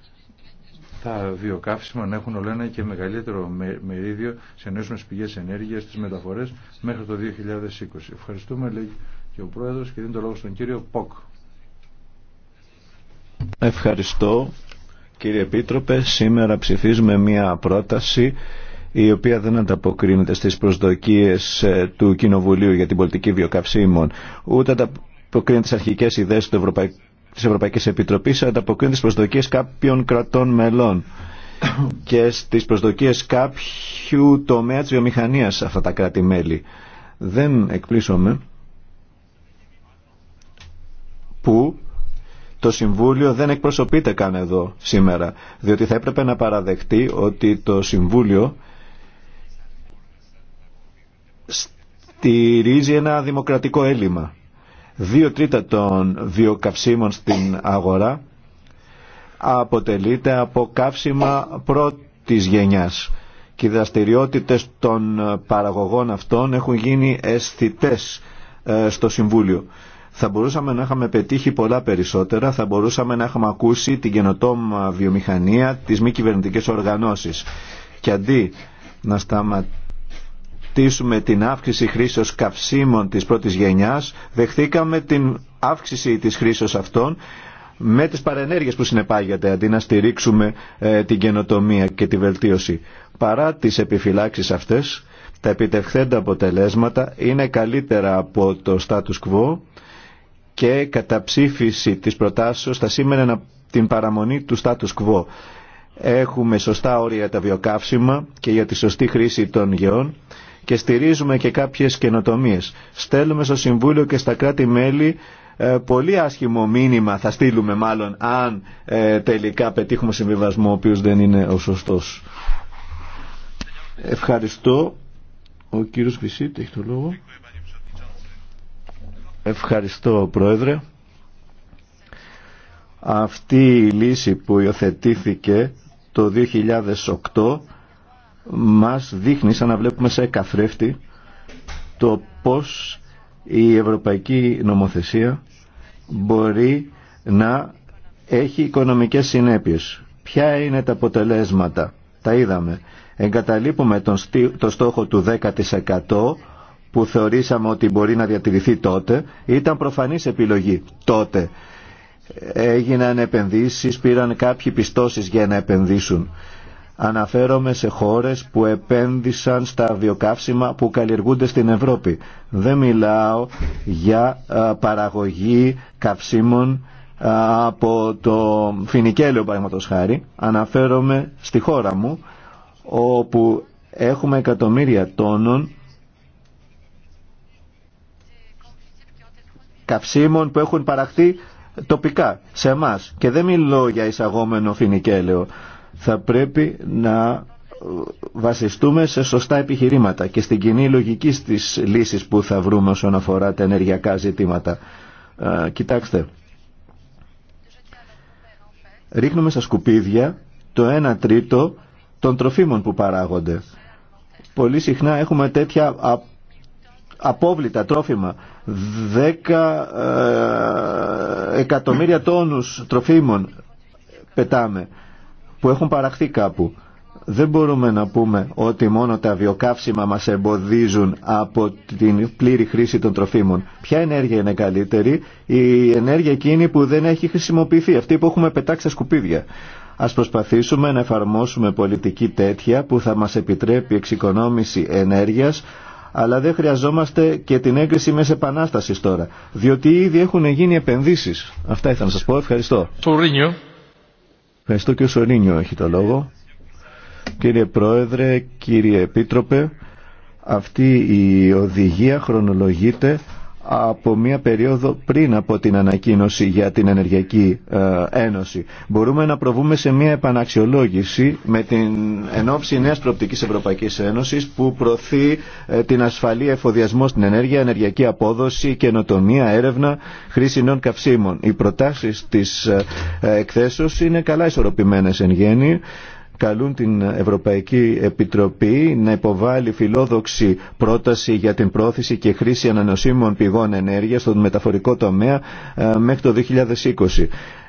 Speaker 1: τα βιοκαύσιμα να έχουν όλο ένα και μεγαλύτερο μερίδιο σε νέες πηγές ενέργειας στις μεταφορές μέχρι το 2020. Ευχαριστούμε λέει και ο Πρόεδρος και δίνει το λόγο στον κύριο Ποκ.
Speaker 2: Ευχαριστώ κύριε Επίτροπε. Σήμερα ψηφίζουμε μια πρόταση η οποία δεν ανταποκρίνεται στις προσδοκίες ε, του Κοινοβουλίου για την πολιτική βιοκαυσίμων, ούτε ανταποκρίνεται στις αρχικές ιδέες του Ευρωπαϊκού Τη Ευρωπαϊκή Επιτροπή ανταποκρίνονται τι προσδοκίες κάποιων κρατών μελών και στις προσδοκίες κάποιου τομέα της βιομηχανίας αυτά τα κράτη-μέλη. Δεν εκπλήσωμε που το Συμβούλιο δεν εκπροσωπείται καν εδώ σήμερα, διότι θα έπρεπε να παραδεχτεί ότι το Συμβούλιο στηρίζει ένα δημοκρατικό έλλειμμα. Δύο τρίτα των βιοκαυσίμων στην αγορά αποτελείται από καύσιμα πρώτης γενιάς και οι δραστηριότητες των παραγωγών αυτών έχουν γίνει αισθητέ ε, στο Συμβούλιο. Θα μπορούσαμε να είχαμε πετύχει πολλά περισσότερα, θα μπορούσαμε να είχαμε ακούσει την καινοτόμα βιομηχανία, τις μη κυβερνητικέ οργανώσεις. Και αντί να σταματήσουμε δεχτήσουμε την αύξηση χρήσεως καυσίμων της πρώτης γενιάς, δεχθήκαμε την αύξηση της χρήσεως αυτών με τις παρενέργειες που συνεπάγεται αντί να στηρίξουμε ε, την καινοτομία και τη βελτίωση. Παρά τις επιφυλάξεις αυτές, τα επιτευχθέντα αποτελέσματα είναι καλύτερα από το status quo και καταψήφιση της προτάσεως θα σήμαινε την παραμονή του status quo. Έχουμε σωστά όρια τα βιοκαύσιμα και για τη σωστή χρήση των γεών και στηρίζουμε και κάποιες καινοτομίες. Στέλνουμε στο Συμβούλιο και στα κράτη-μέλη ε, πολύ άσχημο μήνυμα θα στείλουμε μάλλον αν ε, τελικά πετύχουμε συμβιβασμό ο οποίος δεν είναι ο σωστός. Ευχαριστώ. Ο κύριος Βυσίτη έχει το λόγο. Ευχαριστώ Πρόεδρε. Αυτή η λύση που υιοθετήθηκε το 2008 μας δείχνει σαν να βλέπουμε σε καθρέφτη το πώς η ευρωπαϊκή νομοθεσία μπορεί να έχει οικονομικές συνέπειες. Ποια είναι τα αποτελέσματα. Τα είδαμε. Εγκαταλείπουμε τον το στόχο του 10% που θεωρήσαμε ότι μπορεί να διατηρηθεί τότε. Ήταν προφανής επιλογή τότε. Έγιναν επενδύσεις, πήραν κάποιοι πιστώσεις για να επενδύσουν. Αναφέρομαι σε χώρες που επένδυσαν στα βιοκαύσιμα που καλλιεργούνται στην Ευρώπη. Δεν μιλάω για παραγωγή καυσίμων από το φινικέλαιο παραδείγματος χάρη. Αναφέρομαι στη χώρα μου όπου έχουμε εκατομμύρια τόνων καυσίμων που έχουν παραχθεί τοπικά σε εμά. Και δεν μιλώ για εισαγόμενο φινικέλαιο θα πρέπει να βασιστούμε σε σωστά επιχειρήματα και στην κοινή λογική στις λύσεις που θα βρούμε όσον αφορά τα ενεργειακά ζητήματα. κοιτάξτε, ρίχνουμε στα σκουπίδια το 1 τρίτο των τροφίμων που παράγονται. Πολύ συχνά έχουμε τέτοια απόβλητα τρόφιμα. 10 ε, εκατομμύρια τόνους τροφίμων πετάμε που έχουν παραχθεί κάπου. Δεν μπορούμε να πούμε ότι μόνο τα βιοκαύσιμα μας εμποδίζουν από την πλήρη χρήση των τροφίμων. Ποια ενέργεια είναι καλύτερη, η ενέργεια εκείνη που δεν έχει χρησιμοποιηθεί, αυτή που έχουμε πετάξει στα σκουπίδια. Ας προσπαθήσουμε να εφαρμόσουμε πολιτική τέτοια που θα μας επιτρέπει εξοικονόμηση ενέργειας, αλλά δεν χρειαζόμαστε και την έγκριση μέσα επανάσταση τώρα, διότι ήδη έχουν γίνει επενδύσεις. Αυτά ήθελα να σας πω. Ευχαριστώ. Ευχαριστώ και ο Σωρίνιο έχει το λόγο. Κύριε Πρόεδρε, κύριε Επίτροπε, αυτή η οδηγία χρονολογείται από μια περίοδο πριν από την ανακοίνωση για την Ενεργειακή ε, Ένωση. Μπορούμε να προβούμε σε μια επαναξιολόγηση με την ενόψη νέας προοπτικής Ευρωπαϊκής Ένωσης που προωθεί ε, την ασφαλή εφοδιασμό στην ενέργεια, ενεργειακή απόδοση, καινοτομία, έρευνα, χρήση νέων καυσίμων. Οι προτάσεις της ε, εκθέσεως είναι καλά ισορροπημένες εν γέννη καλούν την Ευρωπαϊκή Επιτροπή να υποβάλει φιλόδοξη πρόταση για την πρόθεση και χρήση ανανοσίμων πηγών ενέργειας στον μεταφορικό τομέα ε, μέχρι το 2020.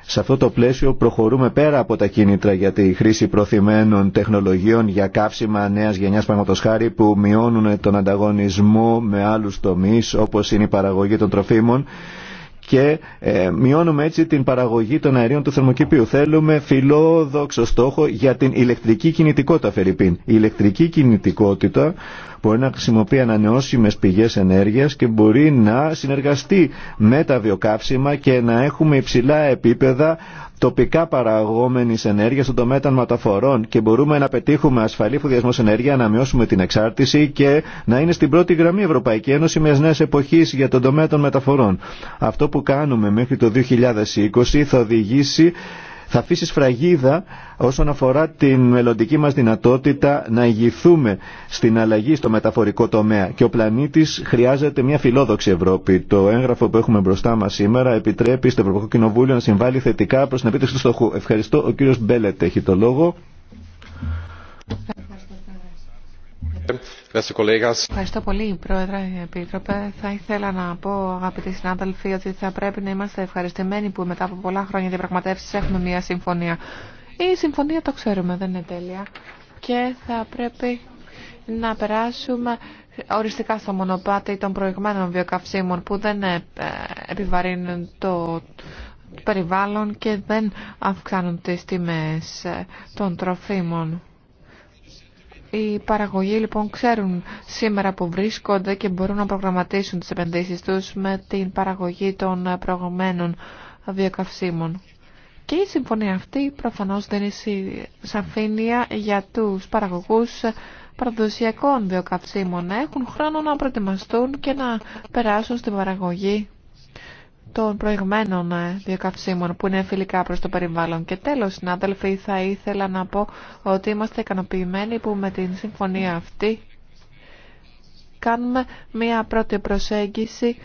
Speaker 2: Σε αυτό το πλαίσιο προχωρούμε πέρα από τα κίνητρα για τη χρήση προθυμένων τεχνολογίων για καύσιμα νέα γενιά χάρη που μειώνουν τον ανταγωνισμό με άλλου τομεί όπω είναι η παραγωγή των τροφίμων και ε, μειώνουμε έτσι την παραγωγή των αερίων του θερμοκηπίου. Θέλουμε φιλόδοξο στόχο για την ηλεκτρική κινητικότητα, Φερρυπίν. Η ηλεκτρική κινητικότητα μπορεί να χρησιμοποιεί ανανεώσιμες πηγές ενέργειας και μπορεί να συνεργαστεί με τα βιοκαύσιμα και να έχουμε υψηλά επίπεδα τοπικά παραγόμενης ενέργειας στον τομέα των μεταφορών και μπορούμε να πετύχουμε ασφαλή φουδιασμό ενέργεια, να μειώσουμε την εξάρτηση και να είναι στην πρώτη γραμμή Ευρωπαϊκή Ένωση με νέας εποχής για τον τομέα των μεταφορών. Αυτό που κάνουμε μέχρι το 2020 θα οδηγήσει θα αφήσει σφραγίδα όσον αφορά την μελλοντική μας δυνατότητα να ηγηθούμε στην αλλαγή στο μεταφορικό τομέα. Και ο πλανήτης χρειάζεται μια φιλόδοξη Ευρώπη. Το έγγραφο που έχουμε μπροστά μας σήμερα επιτρέπει στο Ευρωπαϊκό Κοινοβούλιο να συμβάλλει θετικά προς την επίτευξη του στόχου. Ευχαριστώ. Ο κύριος Μπέλετ έχει το λόγο.
Speaker 4: Ευχαριστώ πολύ, Πρόεδρε, Επίτροπε. Θα ήθελα να πω, αγαπητοί συνάδελφοι, ότι θα πρέπει να είμαστε ευχαριστημένοι που μετά από πολλά χρόνια διαπραγματεύσει έχουμε μια συμφωνία. Η συμφωνία το ξέρουμε, δεν είναι τέλεια. Και θα πρέπει να περάσουμε οριστικά στο μονοπάτι των προηγμένων βιοκαυσίμων που δεν ε, επιβαρύνουν το περιβάλλον και δεν αυξάνουν τις τιμές των τροφίμων. Οι παραγωγοί λοιπόν ξέρουν σήμερα που βρίσκονται και μπορούν να προγραμματίσουν τις επενδύσεις τους με την παραγωγή των προηγουμένων βιοκαυσίμων. Και η συμφωνία αυτή προφανώς δεν είναι σαφήνεια για τους παραγωγούς παραδοσιακών βιοκαυσίμων. Έχουν χρόνο να προετοιμαστούν και να περάσουν στην παραγωγή των προηγμένων ε, διακαυσίμων που είναι φιλικά προς το περιβάλλον. Και τέλος, συνάδελφοι, θα ήθελα να πω ότι είμαστε ικανοποιημένοι που με την συμφωνία αυτή κάνουμε μία πρώτη προσέγγιση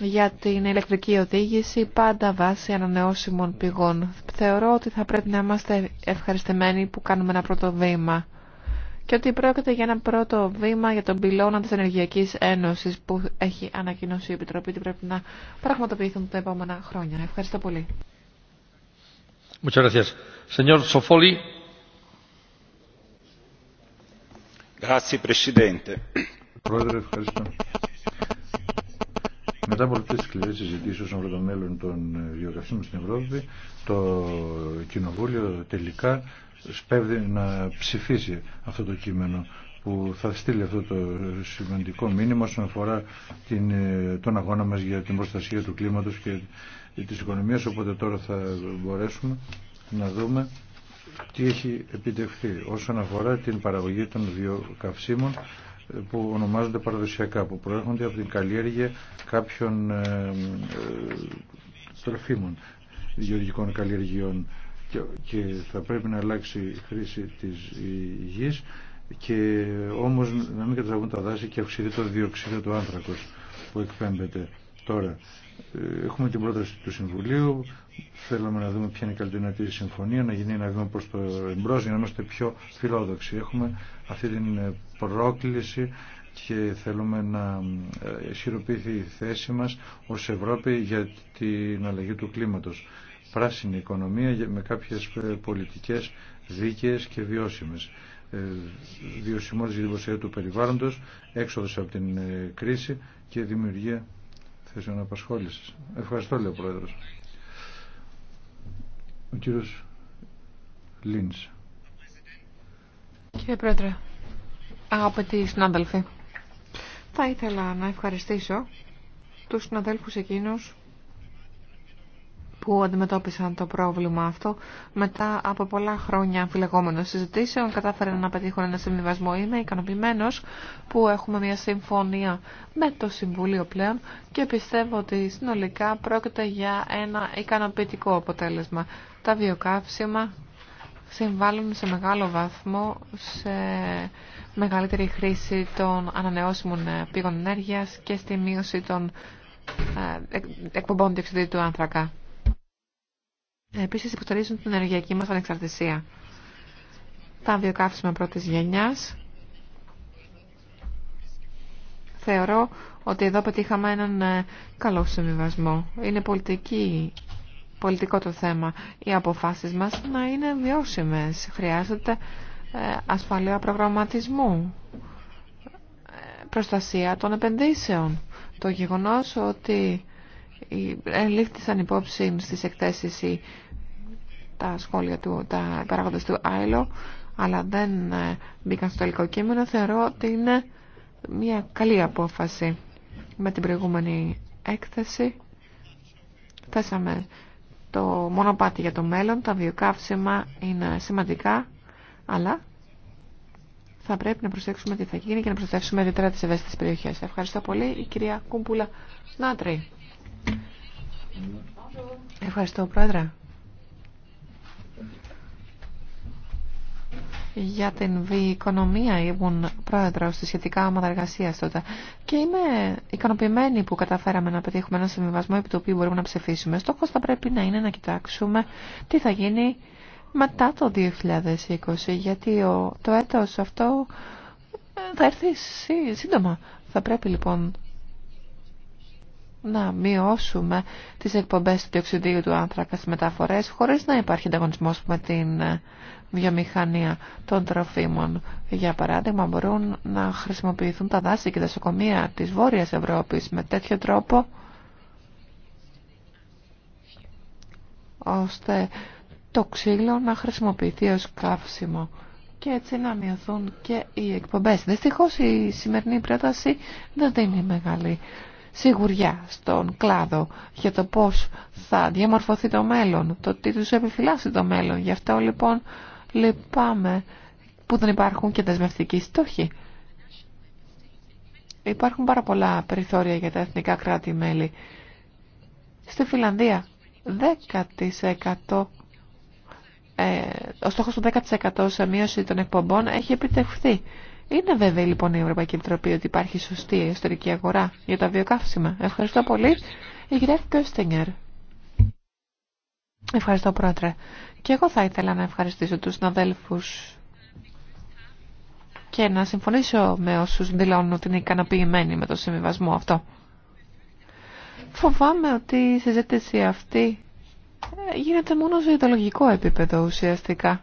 Speaker 4: για την ηλεκτρική οδήγηση πάντα βάσει ανανεώσιμων πηγών. Θεωρώ ότι θα πρέπει να είμαστε ευχαριστημένοι που κάνουμε ένα πρώτο βήμα και ότι πρόκειται για ένα πρώτο βήμα για τον πυλώνα της Ενεργειακής Ένωσης που έχει ανακοινώσει η Επιτροπή ότι πρέπει να πραγματοποιηθούν τα επόμενα χρόνια. Ευχαριστώ πολύ.
Speaker 1: Πρόεδρε, ευχαριστώ. Μετά από αυτέ τι σκληρέ συζητήσει όσον αφορά το μέλλον των ε, βιοκαυσίμων στην Ευρώπη, το Κοινοβούλιο τελικά σπέβδει να ψηφίσει αυτό το κείμενο που θα στείλει αυτό το σημαντικό μήνυμα όσον αφορά την, ε, τον αγώνα μας για την προστασία του κλίματος και της οικονομίας οπότε τώρα θα μπορέσουμε να δούμε τι έχει επιτευχθεί όσον αφορά την παραγωγή των βιοκαυσίμων ε, που ονομάζονται παραδοσιακά, που προέρχονται από την καλλιέργεια κάποιων ε, τροφίμων γεωργικών καλλιεργειών και θα πρέπει να αλλάξει η χρήση της γης και όμως να μην καταλαβούν τα δάση και αυξηθεί το διοξείδιο του άνθρακος που εκπέμπεται τώρα. Ε, έχουμε την πρόταση του Συμβουλίου, θέλαμε να δούμε ποια είναι η καλύτερη συμφωνία, να γίνει ένα βήμα προς το εμπρός για να είμαστε πιο φιλόδοξοι. Έχουμε αυτή την ε, πρόκληση και θέλουμε να ε, ισχυροποιηθεί η θέση μας ως Ευρώπη για την αλλαγή του κλίματος πράσινη οικονομία με κάποιες ε, πολιτικές δίκαιες και βιώσιμες. Ε, Βιωσιμότητα για την προστασία του περιβάλλοντος, έξοδος από την ε, κρίση και δημιουργία θέσεων απασχόλησης. Ευχαριστώ, λέει ο Πρόεδρος. Ο κύριος Λίνς.
Speaker 4: Κύριε Πρόεδρε, αγαπητοί συνάδελφοι, θα ήθελα να ευχαριστήσω τους συναδέλφους εκείνους που αντιμετώπισαν το πρόβλημα αυτό μετά από πολλά χρόνια αμφιλεγόμενων συζητήσεων κατάφεραν να πετύχουν ένα συμβιβασμό. Είμαι ικανοποιημένο που έχουμε μια συμφωνία με το Συμβούλιο πλέον και πιστεύω ότι συνολικά πρόκειται για ένα ικανοποιητικό αποτέλεσμα. Τα βιοκαύσιμα συμβάλλουν σε μεγάλο βαθμό σε μεγαλύτερη χρήση των ανανεώσιμων ε, πηγών ενέργειας και στη μείωση των ε, εκπομπών διοξιδίου του άνθρακα. Ε, Επίση υποστηρίζουν την ενεργειακή μας ανεξαρτησία. Τα βιοκαύσιμα πρώτη γενιά. Θεωρώ ότι εδώ πετύχαμε έναν ε, καλό συμβιβασμό. Είναι πολιτική, πολιτικό το θέμα. Οι αποφάσεις μας να είναι βιώσιμες. Χρειάζεται ε, ασφαλεία προγραμματισμού, προστασία των επενδύσεων. Το γεγονός ότι Ελήφθησαν υπόψη στις εκθέσεις τα σχόλια του, τα παράγοντες του Άιλο, αλλά δεν ε, μπήκαν στο τελικό κείμενο. Θεωρώ ότι είναι μια καλή απόφαση με την προηγούμενη έκθεση. Θέσαμε το μονοπάτι για το μέλλον, τα βιοκαύσιμα είναι σημαντικά, αλλά θα πρέπει να προσέξουμε τι θα γίνει και να προσθέσουμε ιδιαίτερα τις ευαίσθητες περιοχές. Ευχαριστώ πολύ, η κυρία Κούμπουλα Νάτρη. Ευχαριστώ, Πρόεδρε. Για την βιοοικονομία ήμουν πρόεδρος στη σχετικά ομάδα εργασία τότε και είμαι ικανοποιημένη που καταφέραμε να πετύχουμε ένα συμβιβασμό επί του οποίο μπορούμε να ψηφίσουμε. Στόχο θα πρέπει να είναι να κοιτάξουμε τι θα γίνει μετά το 2020 γιατί το έτος αυτό θα έρθει σύντομα. Θα πρέπει λοιπόν να μειώσουμε τις εκπομπές του διοξιδίου του άνθρακα στις μεταφορές χωρίς να υπάρχει ανταγωνισμός με την ε, βιομηχανία των τροφίμων. Για παράδειγμα μπορούν να χρησιμοποιηθούν τα δάση και τα σοκομεία της Βόρειας Ευρώπης με τέτοιο τρόπο ώστε το ξύλο να χρησιμοποιηθεί ως καύσιμο και έτσι να μειωθούν και οι εκπομπές. Δυστυχώς η σημερινή πρόταση δεν δίνει μεγάλη σιγουριά στον κλάδο για το πώς θα διαμορφωθεί το μέλλον, το τι τους επιφυλάσσει το μέλλον. Γι' αυτό λοιπόν λυπάμαι που δεν υπάρχουν και δεσμευτικοί στόχοι. Υπάρχουν πάρα πολλά περιθώρια για τα εθνικά κράτη-μέλη. Στη Φιλανδία 10% ε, ο στόχος του 10% σε μείωση των εκπομπών έχει επιτευχθεί. Είναι βέβαιη λοιπόν η Ευρωπαϊκή Επιτροπή ότι υπάρχει σωστή ιστορική αγορά για τα βιοκαύσιμα. Ευχαριστώ πολύ. Η κυρία Κιόστινγκερ. Ευχαριστώ πρόεδρε. Και εγώ θα ήθελα να ευχαριστήσω τους συναδέλφους και να συμφωνήσω με όσους δηλώνουν ότι είναι ικανοποιημένοι με το συμβιβασμό αυτό. Φοβάμαι ότι η συζήτηση αυτή γίνεται μόνο σε ιδεολογικό επίπεδο ουσιαστικά.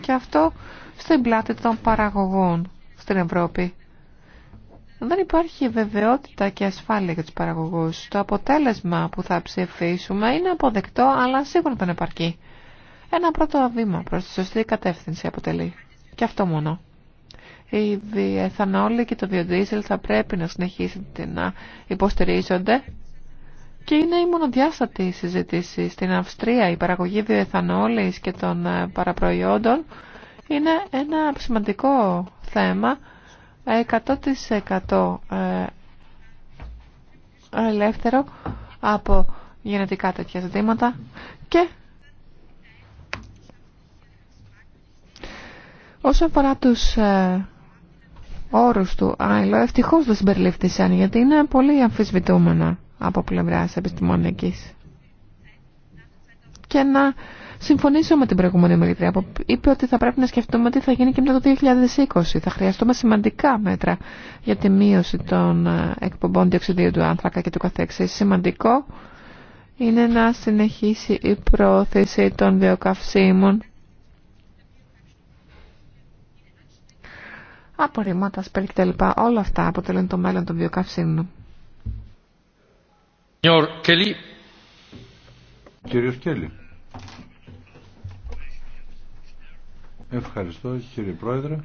Speaker 4: Και αυτό στην πλάτη των παραγωγών στην Ευρώπη. Δεν υπάρχει βεβαιότητα και ασφάλεια για τους παραγωγούς. Το αποτέλεσμα που θα ψηφίσουμε είναι αποδεκτό, αλλά σίγουρα δεν επαρκεί. Ένα πρώτο βήμα προς τη σωστή κατεύθυνση αποτελεί. Και αυτό μόνο. Η βιεθανόλη και το βιοδίζελ θα πρέπει να συνεχίσουν να υποστηρίζονται. Και είναι η μονοδιάστατη συζήτηση. Στην Αυστρία η παραγωγή βιοεθανόλης και των παραπροϊόντων είναι ένα σημαντικό θέμα 100% ε, ελεύθερο από γενετικά τέτοια ζητήματα και όσον αφορά τους ε, όρους του Άιλο ευτυχώς δεν συμπεριλήφθησαν γιατί είναι πολύ αμφισβητούμενα από πλευράς επιστημονικής και να συμφωνήσω με την προηγούμενη μιλήτρια που είπε ότι θα πρέπει να σκεφτούμε τι θα γίνει και μετά το 2020. Θα χρειαστούμε σημαντικά μέτρα για τη μείωση των ε, εκπομπών διοξιδίου του άνθρακα και του καθεξής. Σημαντικό είναι να συνεχίσει η πρόθεση των βιοκαυσίμων απορρίμματα, σπέρι κτλ. Όλα αυτά αποτελούν το μέλλον των βιοκαυσίμων.
Speaker 3: Κύριε Κέλλη.
Speaker 1: Ευχαριστώ κύριε Πρόεδρε,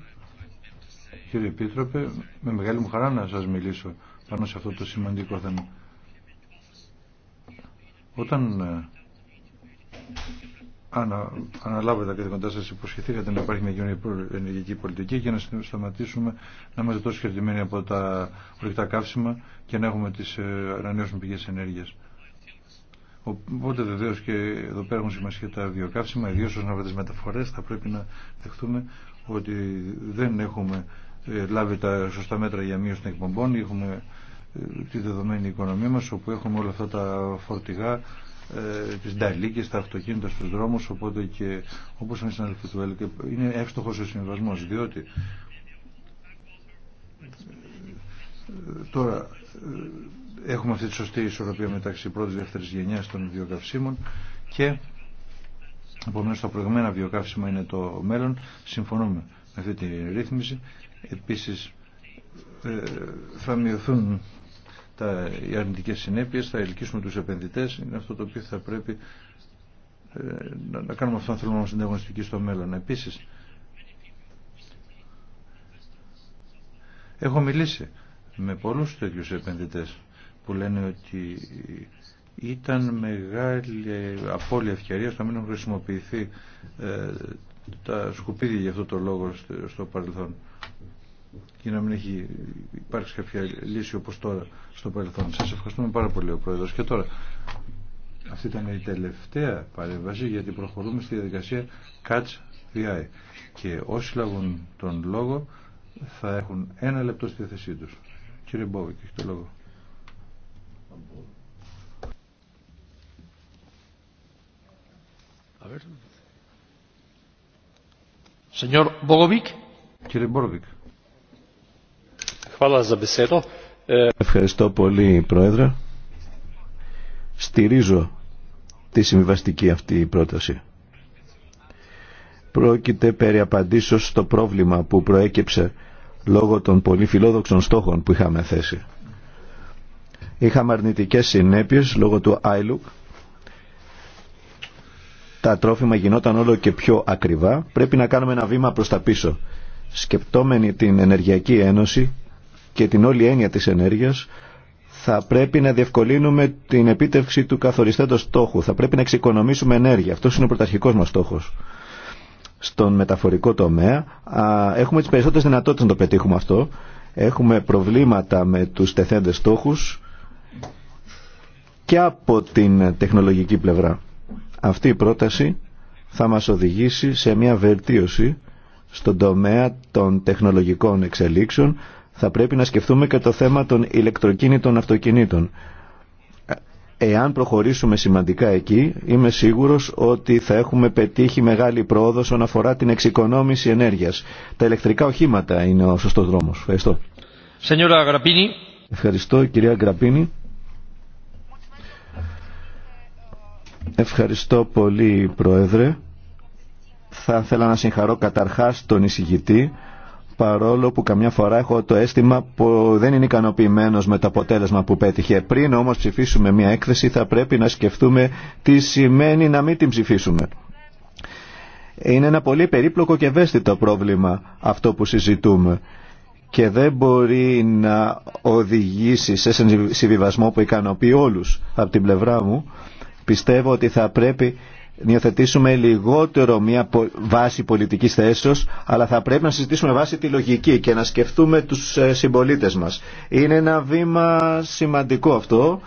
Speaker 1: κύριε Επίτροπε. Με μεγάλη μου χαρά να σας μιλήσω πάνω σε αυτό το σημαντικό θέμα. Όταν ε, ανα, αναλάβετε τα καθηγοντά σας υποσχεθήκατε να υπάρχει μια γενική πολιτική για να σταματήσουμε να είμαστε τόσο χαιρετημένοι από τα ορυκτά καύσιμα και να έχουμε τις ε, ανανεώσιμες πηγές ενέργειας. Οπότε βεβαίω και εδώ πέρα έχουν σημασία τα βιοκαύσιμα, ιδίω όσον αφορά τι μεταφορέ. Θα πρέπει να δεχτούμε ότι δεν έχουμε ε, λάβει τα σωστά μέτρα για μείωση των εκπομπών. Έχουμε ε, τη δεδομένη οικονομία μα, όπου έχουμε όλα αυτά τα φορτηγά, ε, τι νταλίκε, τα αυτοκίνητα στου δρόμου. Οπότε και όπω είναι του είναι εύστοχο ο συμβασμό, διότι τώρα έχουμε αυτή τη σωστή ισορροπία μεταξύ πρώτης και δεύτερης γενιάς των βιοκαυσίμων και επομένως τα προηγμένα βιοκαύσιμα είναι το μέλλον. Συμφωνούμε με αυτή τη ρύθμιση. Επίσης ε, θα μειωθούν τα, οι αρνητικέ συνέπειες, θα ελκύσουμε τους επενδυτές. Είναι αυτό το οποίο θα πρέπει ε, να, κάνουμε αυτό αν θέλουμε να είμαστε ανταγωνιστικοί στο μέλλον. Επίση, έχω μιλήσει με πολλούς τέτοιους επενδυτές που λένε ότι ήταν μεγάλη απώλεια ευκαιρία στο να μην χρησιμοποιηθεί ε, τα σκουπίδια για αυτό το λόγο στο παρελθόν και να μην έχει υπάρξει κάποια λύση όπως τώρα στο παρελθόν. Σας ευχαριστούμε πάρα πολύ ο Πρόεδρος. Και τώρα, αυτή ήταν η τελευταία παρέμβαση γιατί προχωρούμε στη διαδικασία Catch VI και όσοι λάβουν τον λόγο θα έχουν ένα λεπτό στη θέση τους. Κύριε Μπόβικ, έχει το λόγο.
Speaker 3: E,
Speaker 2: Ευχαριστώ πολύ, Πρόεδρε. Στηρίζω τη συμβιβαστική αυτή η πρόταση. Πρόκειται περί απαντήσεως στο πρόβλημα που προέκυψε λόγω των πολύ φιλόδοξων στόχων που είχαμε θέσει. Είχαμε αρνητικές συνέπειες λόγω του ILUC. Τα τρόφιμα γινόταν όλο και πιο ακριβά. Πρέπει να κάνουμε ένα βήμα προς τα πίσω. Σκεπτόμενοι την Ενεργειακή Ένωση και την όλη έννοια της ενέργειας, θα πρέπει να διευκολύνουμε την επίτευξη του καθοριστέντος στόχου. Θα πρέπει να εξοικονομήσουμε ενέργεια. Αυτό είναι ο πρωταρχικός μας στόχος. Στον μεταφορικό τομέα έχουμε τις περισσότερες δυνατότητες να το πετύχουμε αυτό. Έχουμε προβλήματα με τους τεθέντε στόχους και από την τεχνολογική πλευρά. Αυτή η πρόταση θα μας οδηγήσει σε μια βελτίωση στον τομέα των τεχνολογικών εξελίξεων. Θα πρέπει να σκεφτούμε και το θέμα των ηλεκτροκίνητων αυτοκινήτων. Εάν προχωρήσουμε σημαντικά εκεί, είμαι σίγουρος ότι θα έχουμε πετύχει μεγάλη πρόοδο όσον αφορά την εξοικονόμηση ενέργειας. Τα ηλεκτρικά οχήματα είναι ο σωστός δρόμος. Ευχαριστώ. Ευχαριστώ κυρία Ευχαριστώ πολύ, Πρόεδρε. Θα ήθελα να συγχαρώ καταρχάς τον εισηγητή, παρόλο που καμιά φορά έχω το αίσθημα που δεν είναι ικανοποιημένο με το αποτέλεσμα που πέτυχε. Πριν όμως ψηφίσουμε μια έκθεση θα πρέπει να σκεφτούμε τι σημαίνει να μην την ψηφίσουμε. Είναι ένα πολύ περίπλοκο και ευαίσθητο πρόβλημα αυτό που συζητούμε και δεν μπορεί να οδηγήσει σε συμβιβασμό που ικανοποιεί όλους από την πλευρά μου πιστεύω ότι θα πρέπει να υιοθετήσουμε λιγότερο μια βάση πολιτικής θέσεως, αλλά θα πρέπει να συζητήσουμε βάση τη λογική και να σκεφτούμε τους ε, συμπολίτες μας. Είναι ένα βήμα σημαντικό αυτό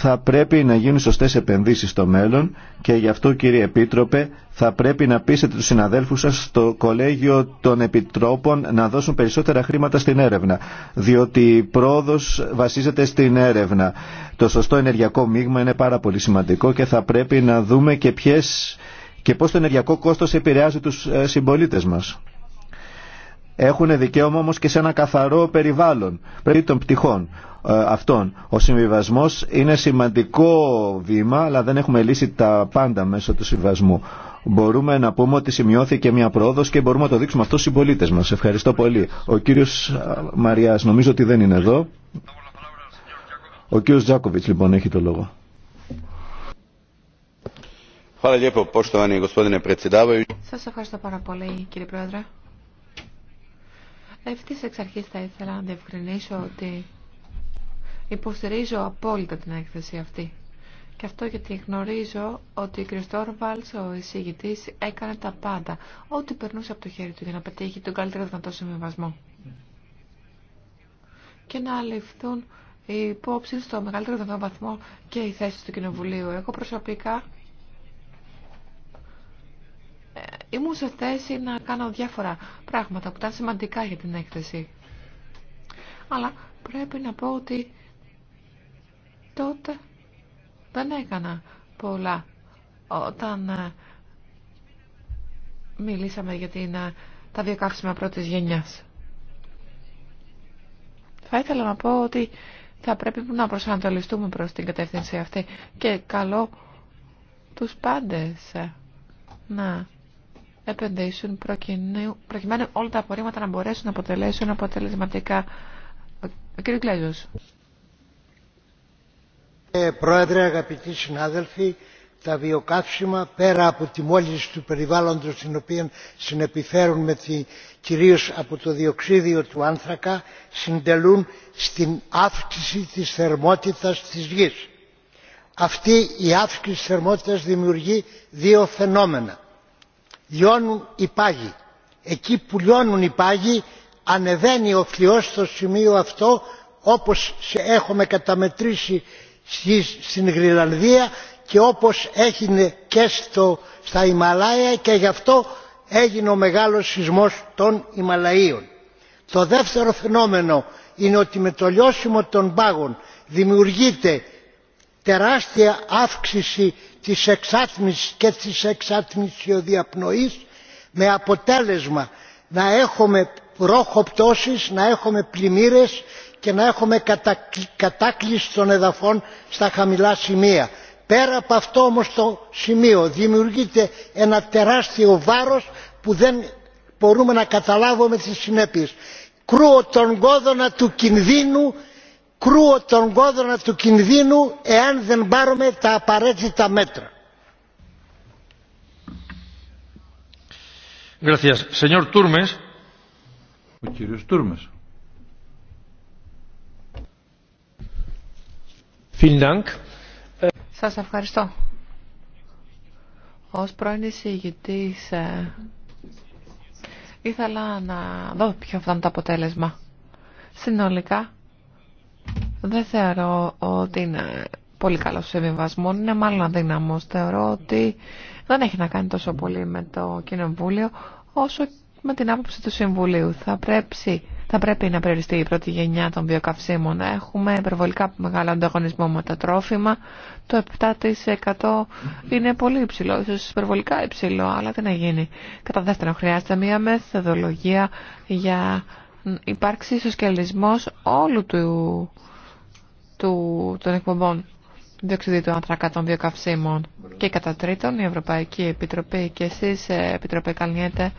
Speaker 2: θα πρέπει να γίνουν σωστές επενδύσεις στο μέλλον και γι' αυτό κύριε Επίτροπε θα πρέπει να πείσετε τους συναδέλφους σας στο Κολέγιο των Επιτρόπων να δώσουν περισσότερα χρήματα στην έρευνα διότι η πρόοδος βασίζεται στην έρευνα. Το σωστό ενεργειακό μείγμα είναι πάρα πολύ σημαντικό και θα πρέπει να δούμε και, ποιες, και πώς το ενεργειακό κόστος επηρεάζει τους ε, συμπολίτες μας. Έχουν δικαίωμα όμως και σε ένα καθαρό περιβάλλον, πρέπει των πτυχών. Ε, αυτών. Ο συμβιβασμό είναι σημαντικό βήμα, αλλά δεν έχουμε λύσει τα πάντα μέσω του συμβιβασμού. Μπορούμε να πούμε ότι σημειώθηκε μια πρόοδο και μπορούμε να το δείξουμε αυτό στου συμπολίτε μα. Ευχαριστώ πολύ. Ο κύριο Μαριά νομίζω ότι δεν είναι εδώ. Ο κύριος Τζάκοβιτς λοιπόν έχει το λόγο.
Speaker 4: Σας ευχαριστώ πάρα πολύ κύριε Πρόεδρε. Ευτή εξ αρχής θα ήθελα να διευκρινίσω ότι Υποστηρίζω απόλυτα την έκθεση αυτή. Και αυτό γιατί γνωρίζω ότι ο Κριστόρ Βάλς, ο εισηγητής, έκανε τα πάντα, ό,τι περνούσε από το χέρι του για να πετύχει τον καλύτερο δυνατό συμβιβασμό. Και να ληφθούν οι υπόψεις στο μεγαλύτερο δυνατό βαθμό και οι θέσεις του Κοινοβουλίου. Εγώ προσωπικά ε, ήμουν σε θέση να κάνω διάφορα πράγματα που ήταν σημαντικά για την έκθεση. Αλλά πρέπει να πω ότι τότε δεν έκανα πολλά όταν ε, μιλήσαμε για την, ε, τα δύο πρώτης γενιάς. Θα ήθελα να πω ότι θα πρέπει να προσανατολιστούμε προς την κατεύθυνση αυτή και καλό τους πάντες ε, να επενδύσουν προκειμένου όλα τα απορρίμματα να μπορέσουν να αποτελέσουν αποτελεσματικά. Ο κύριο
Speaker 5: Κλέζος. Ε, πρόεδρε, αγαπητοί συνάδελφοι, τα βιοκαύσιμα πέρα από τη μόλυνση του περιβάλλοντος την οποία συνεπιφέρουν με τη, κυρίως από το διοξίδιο του άνθρακα συντελούν στην αύξηση της θερμότητας της γης. Αυτή η αύξηση της θερμότητας δημιουργεί δύο φαινόμενα. Λιώνουν οι πάγοι. Εκεί που λιώνουν οι πάγοι ανεβαίνει ο φλοιός στο σημείο αυτό όπως έχουμε καταμετρήσει στην Γρυλανδία και όπως έγινε και στα Ιμαλάια και γι' αυτό έγινε ο μεγάλος σεισμός των Ιμαλαίων. Το δεύτερο φαινόμενο είναι ότι με το λιώσιμο των πάγων δημιουργείται τεράστια αύξηση της εξάτμισης και της εξάτμισης με αποτέλεσμα να έχουμε ρόχο να έχουμε πλημμύρες και να έχουμε κατάκληση των εδαφών στα χαμηλά σημεία. Πέρα από αυτό όμως το σημείο δημιουργείται ένα τεράστιο βάρος που δεν μπορούμε να καταλάβουμε τις συνέπειες. Κρούω τον κόδωνα του κινδύνου κρούω τον κόδωνα του κινδύνου εάν δεν πάρουμε τα απαραίτητα μέτρα.
Speaker 3: Ο κύριος Τούρμες.
Speaker 4: Σας ευχαριστώ. Ως πρώην εισηγητής ε, ήθελα να δω ποιο ήταν το αποτέλεσμα. Συνολικά δεν θεωρώ ότι είναι πολύ καλό συμβιβασμό. Είναι μάλλον αδύναμος. Θεωρώ ότι δεν έχει να κάνει τόσο πολύ με το Κοινοβούλιο όσο με την άποψη του Συμβουλίου. Θα πρέπει θα πρέπει να περιοριστεί η πρώτη γενιά των βιοκαυσίμων. Έχουμε υπερβολικά μεγάλο ανταγωνισμό με τα τρόφιμα. Το 7% είναι πολύ υψηλό, ίσω υπερβολικά υψηλό, αλλά τι να γίνει. Κατά δεύτερον, χρειάζεται μια μεθοδολογία για υπάρξει ισοσκελισμός όλου του, του, των εκπομπών διοξιδίου του ανθρακά των βιοκαυσίμων. Και κατά τρίτον, η Ευρωπαϊκή Επιτροπή και εσεί, ε, Επιτροπή Καλνιέτε,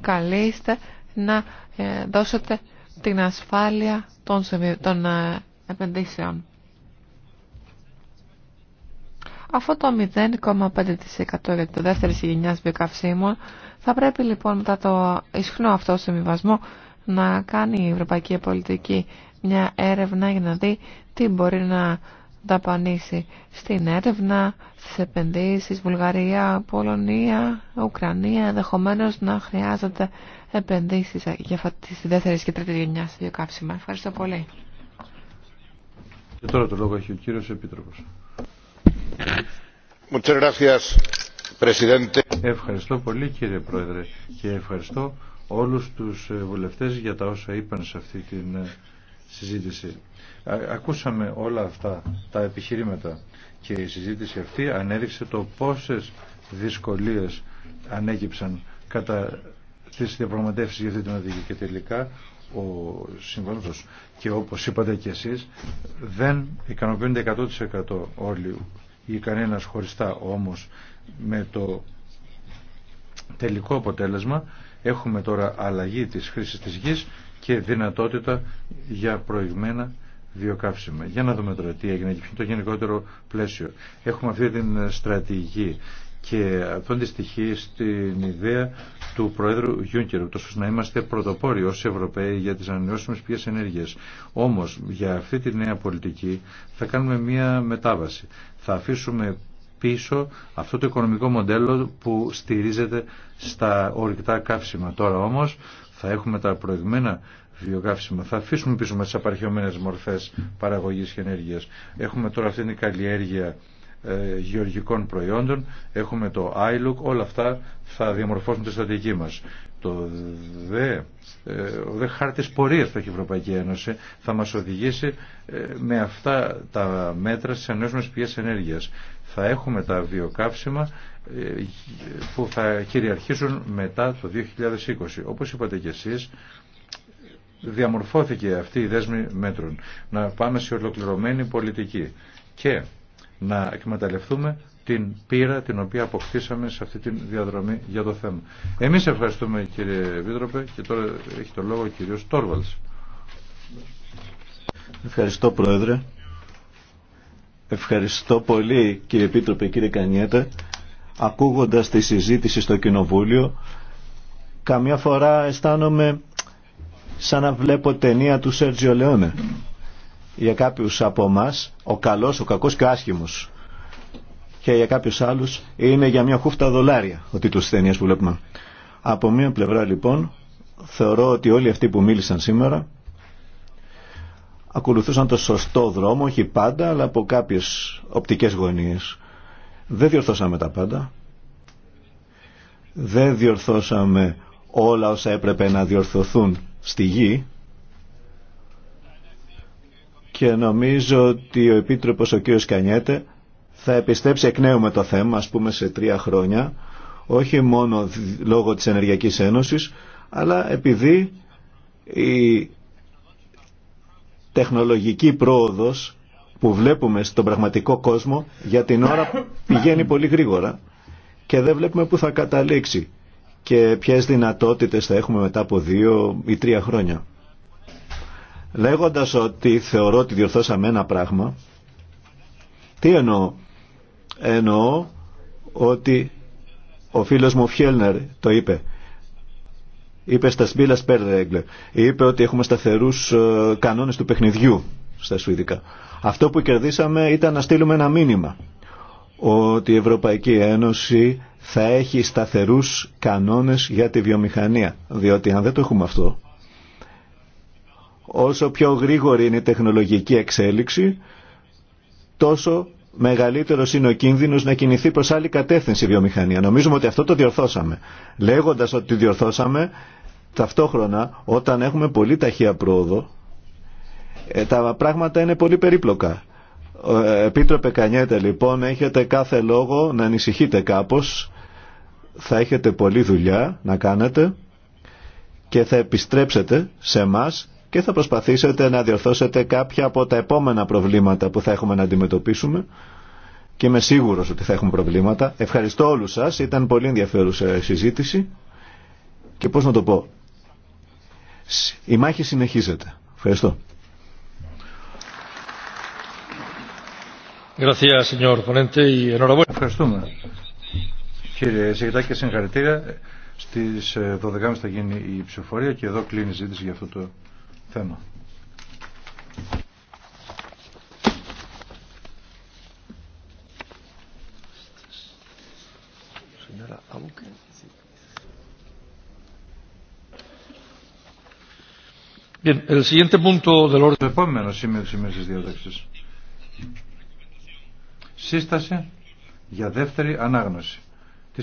Speaker 4: καλείστε να ε, δώσετε την ασφάλεια των ε, επενδύσεων. Αφού το 0,5% για το δεύτερη γενιά βιοκαυσίμων θα πρέπει λοιπόν μετά το ισχνό αυτό συμβιβασμό να κάνει η Ευρωπαϊκή Πολιτική μια έρευνα για να δει τι μπορεί να δαπανίσει στην έρευνα, στις επενδύσεις, Βουλγαρία, Πολωνία, Ουκρανία, ενδεχομένω να χρειάζονται επενδύσεις για αυτή τη δεύτερη και τρίτη γενιά βιοκαύσιμα. Ευχαριστώ πολύ.
Speaker 1: Και τώρα το λόγο έχει ο κύριος Επίτροπος. Ευχαριστώ πολύ κύριε Πρόεδρε και ευχαριστώ όλους τους ε, βουλευτές για τα όσα είπαν σε αυτή την ε, συζήτηση. Ακούσαμε όλα αυτά τα επιχειρήματα και η συζήτηση αυτή ανέδειξε το πόσες δυσκολίες ανέκυψαν κατά τις διαπραγματεύσεις για αυτή την οδηγία και τελικά ο συμβόλος και όπως είπατε και εσείς δεν ικανοποιούνται 100% όλοι ή κανένας χωριστά όμως με το τελικό αποτέλεσμα έχουμε τώρα αλλαγή της χρήσης της γης και δυνατότητα για προηγμένα βιοκαύσιμα. Για να δούμε τώρα τι έγινε και ποιο είναι το γενικότερο πλαίσιο. Έχουμε αυτή την ε, στρατηγική και αυτό αντιστοιχεί στην ιδέα του Προέδρου Γιούνκερ, ούτως ώστε να είμαστε πρωτοπόροι ως Ευρωπαίοι για τις ανανεώσιμες πηγές ενέργειας. Όμως, για αυτή τη νέα πολιτική θα κάνουμε μία μετάβαση. Θα αφήσουμε πίσω αυτό το οικονομικό μοντέλο που στηρίζεται στα ορυκτά καύσιμα. Τώρα όμως θα έχουμε τα προηγμένα θα αφήσουμε πίσω μα τις απαρχαιωμένε μορφές παραγωγής και ενέργεια. Έχουμε τώρα αυτή την καλλιέργεια ε, γεωργικών προϊόντων, έχουμε το iLook, όλα αυτά θα διαμορφώσουν τη στρατηγική μας. Το δε, ε, ο δε χάρτης πορείας που έχει η Ευρωπαϊκή Ένωση θα μα οδηγήσει ε, με αυτά τα μέτρα στι ανέσμε πηγέ ενέργεια. Θα έχουμε τα βιοκαύσιμα που θα κυριαρχήσουν μετά το 2020. Όπως είπατε και εσείς, διαμορφώθηκε αυτή η δέσμη μέτρων. Να πάμε σε ολοκληρωμένη πολιτική και να εκμεταλλευτούμε την πείρα την οποία αποκτήσαμε σε αυτή τη διαδρομή για το θέμα. Εμείς ευχαριστούμε κύριε Επίτροπε και τώρα έχει το λόγο ο κύριος Τόρβαλς.
Speaker 2: Ευχαριστώ Πρόεδρε. Ευχαριστώ πολύ κύριε Επίτροπε, κύριε Κανιέτα. Ακούγοντας τη συζήτηση στο Κοινοβούλιο, καμιά φορά αισθάνομαι σαν να βλέπω ταινία του Σέρτζιο Λεόνε. Για κάποιους από εμά, ο καλός, ο κακός και ο άσχημος. Και για κάποιους άλλους είναι για μια χούφτα δολάρια ο τίτλος της ταινίας που βλέπουμε. Από μια πλευρά λοιπόν θεωρώ ότι όλοι αυτοί που μίλησαν σήμερα ακολουθούσαν το σωστό δρόμο, όχι πάντα, αλλά από κάποιες οπτικές γωνίες. Δεν διορθώσαμε τα πάντα. Δεν διορθώσαμε όλα όσα έπρεπε να διορθωθούν στη γη και νομίζω ότι ο Επίτροπος ο κ. Κανιέτε θα επιστέψει εκ νέου με το θέμα, ας πούμε σε τρία χρόνια, όχι μόνο λόγω της Ενεργειακής Ένωσης, αλλά επειδή η τεχνολογική πρόοδος που βλέπουμε στον πραγματικό κόσμο για την ώρα πηγαίνει πολύ γρήγορα και δεν βλέπουμε πού θα καταλήξει και ποιες δυνατότητες θα έχουμε μετά από δύο ή τρία χρόνια. Λέγοντας ότι θεωρώ ότι διορθώσαμε ένα πράγμα, τι εννοώ. Εννοώ ότι ο φίλος μου Φιέλνερ το είπε. Είπε στα Σμπίλα Σπέρδεγκλε. Είπε ότι έχουμε σταθερούς ε, κανόνες του παιχνιδιού στα Σουηδικά. Αυτό που κερδίσαμε ήταν να στείλουμε ένα μήνυμα ότι η Ευρωπαϊκή Ένωση θα έχει σταθερούς κανόνες για τη βιομηχανία. Διότι αν δεν το έχουμε αυτό, όσο πιο γρήγορη είναι η τεχνολογική εξέλιξη, τόσο μεγαλύτερο είναι ο κίνδυνο να κινηθεί προ άλλη κατεύθυνση η βιομηχανία. Νομίζουμε ότι αυτό το διορθώσαμε. Λέγοντα ότι διορθώσαμε, ταυτόχρονα όταν έχουμε πολύ ταχεία πρόοδο, ε, τα πράγματα είναι πολύ περίπλοκα. Ε, Επίτροπε Κανιέτε, λοιπόν, έχετε κάθε λόγο να ανησυχείτε κάπως θα έχετε πολλή δουλειά να κάνετε και θα επιστρέψετε σε εμά και θα προσπαθήσετε να διορθώσετε κάποια από τα επόμενα προβλήματα που θα έχουμε να αντιμετωπίσουμε και είμαι σίγουρο ότι θα έχουμε προβλήματα. Ευχαριστώ όλους σας, ήταν πολύ ενδιαφέρουσα η συζήτηση και πώς να το πω, η μάχη συνεχίζεται. Ευχαριστώ.
Speaker 1: Κύριε Σιγητάκη, και συγχαρητήρια. Στις 12.30 ε, θα γίνει η ψηφοφορία και εδώ κλείνει η ζήτηση για αυτό το θέμα.
Speaker 3: Το επόμενο σημείο
Speaker 1: της ημέρας τη διάταξης. Σύσταση για δεύτερη ανάγνωση.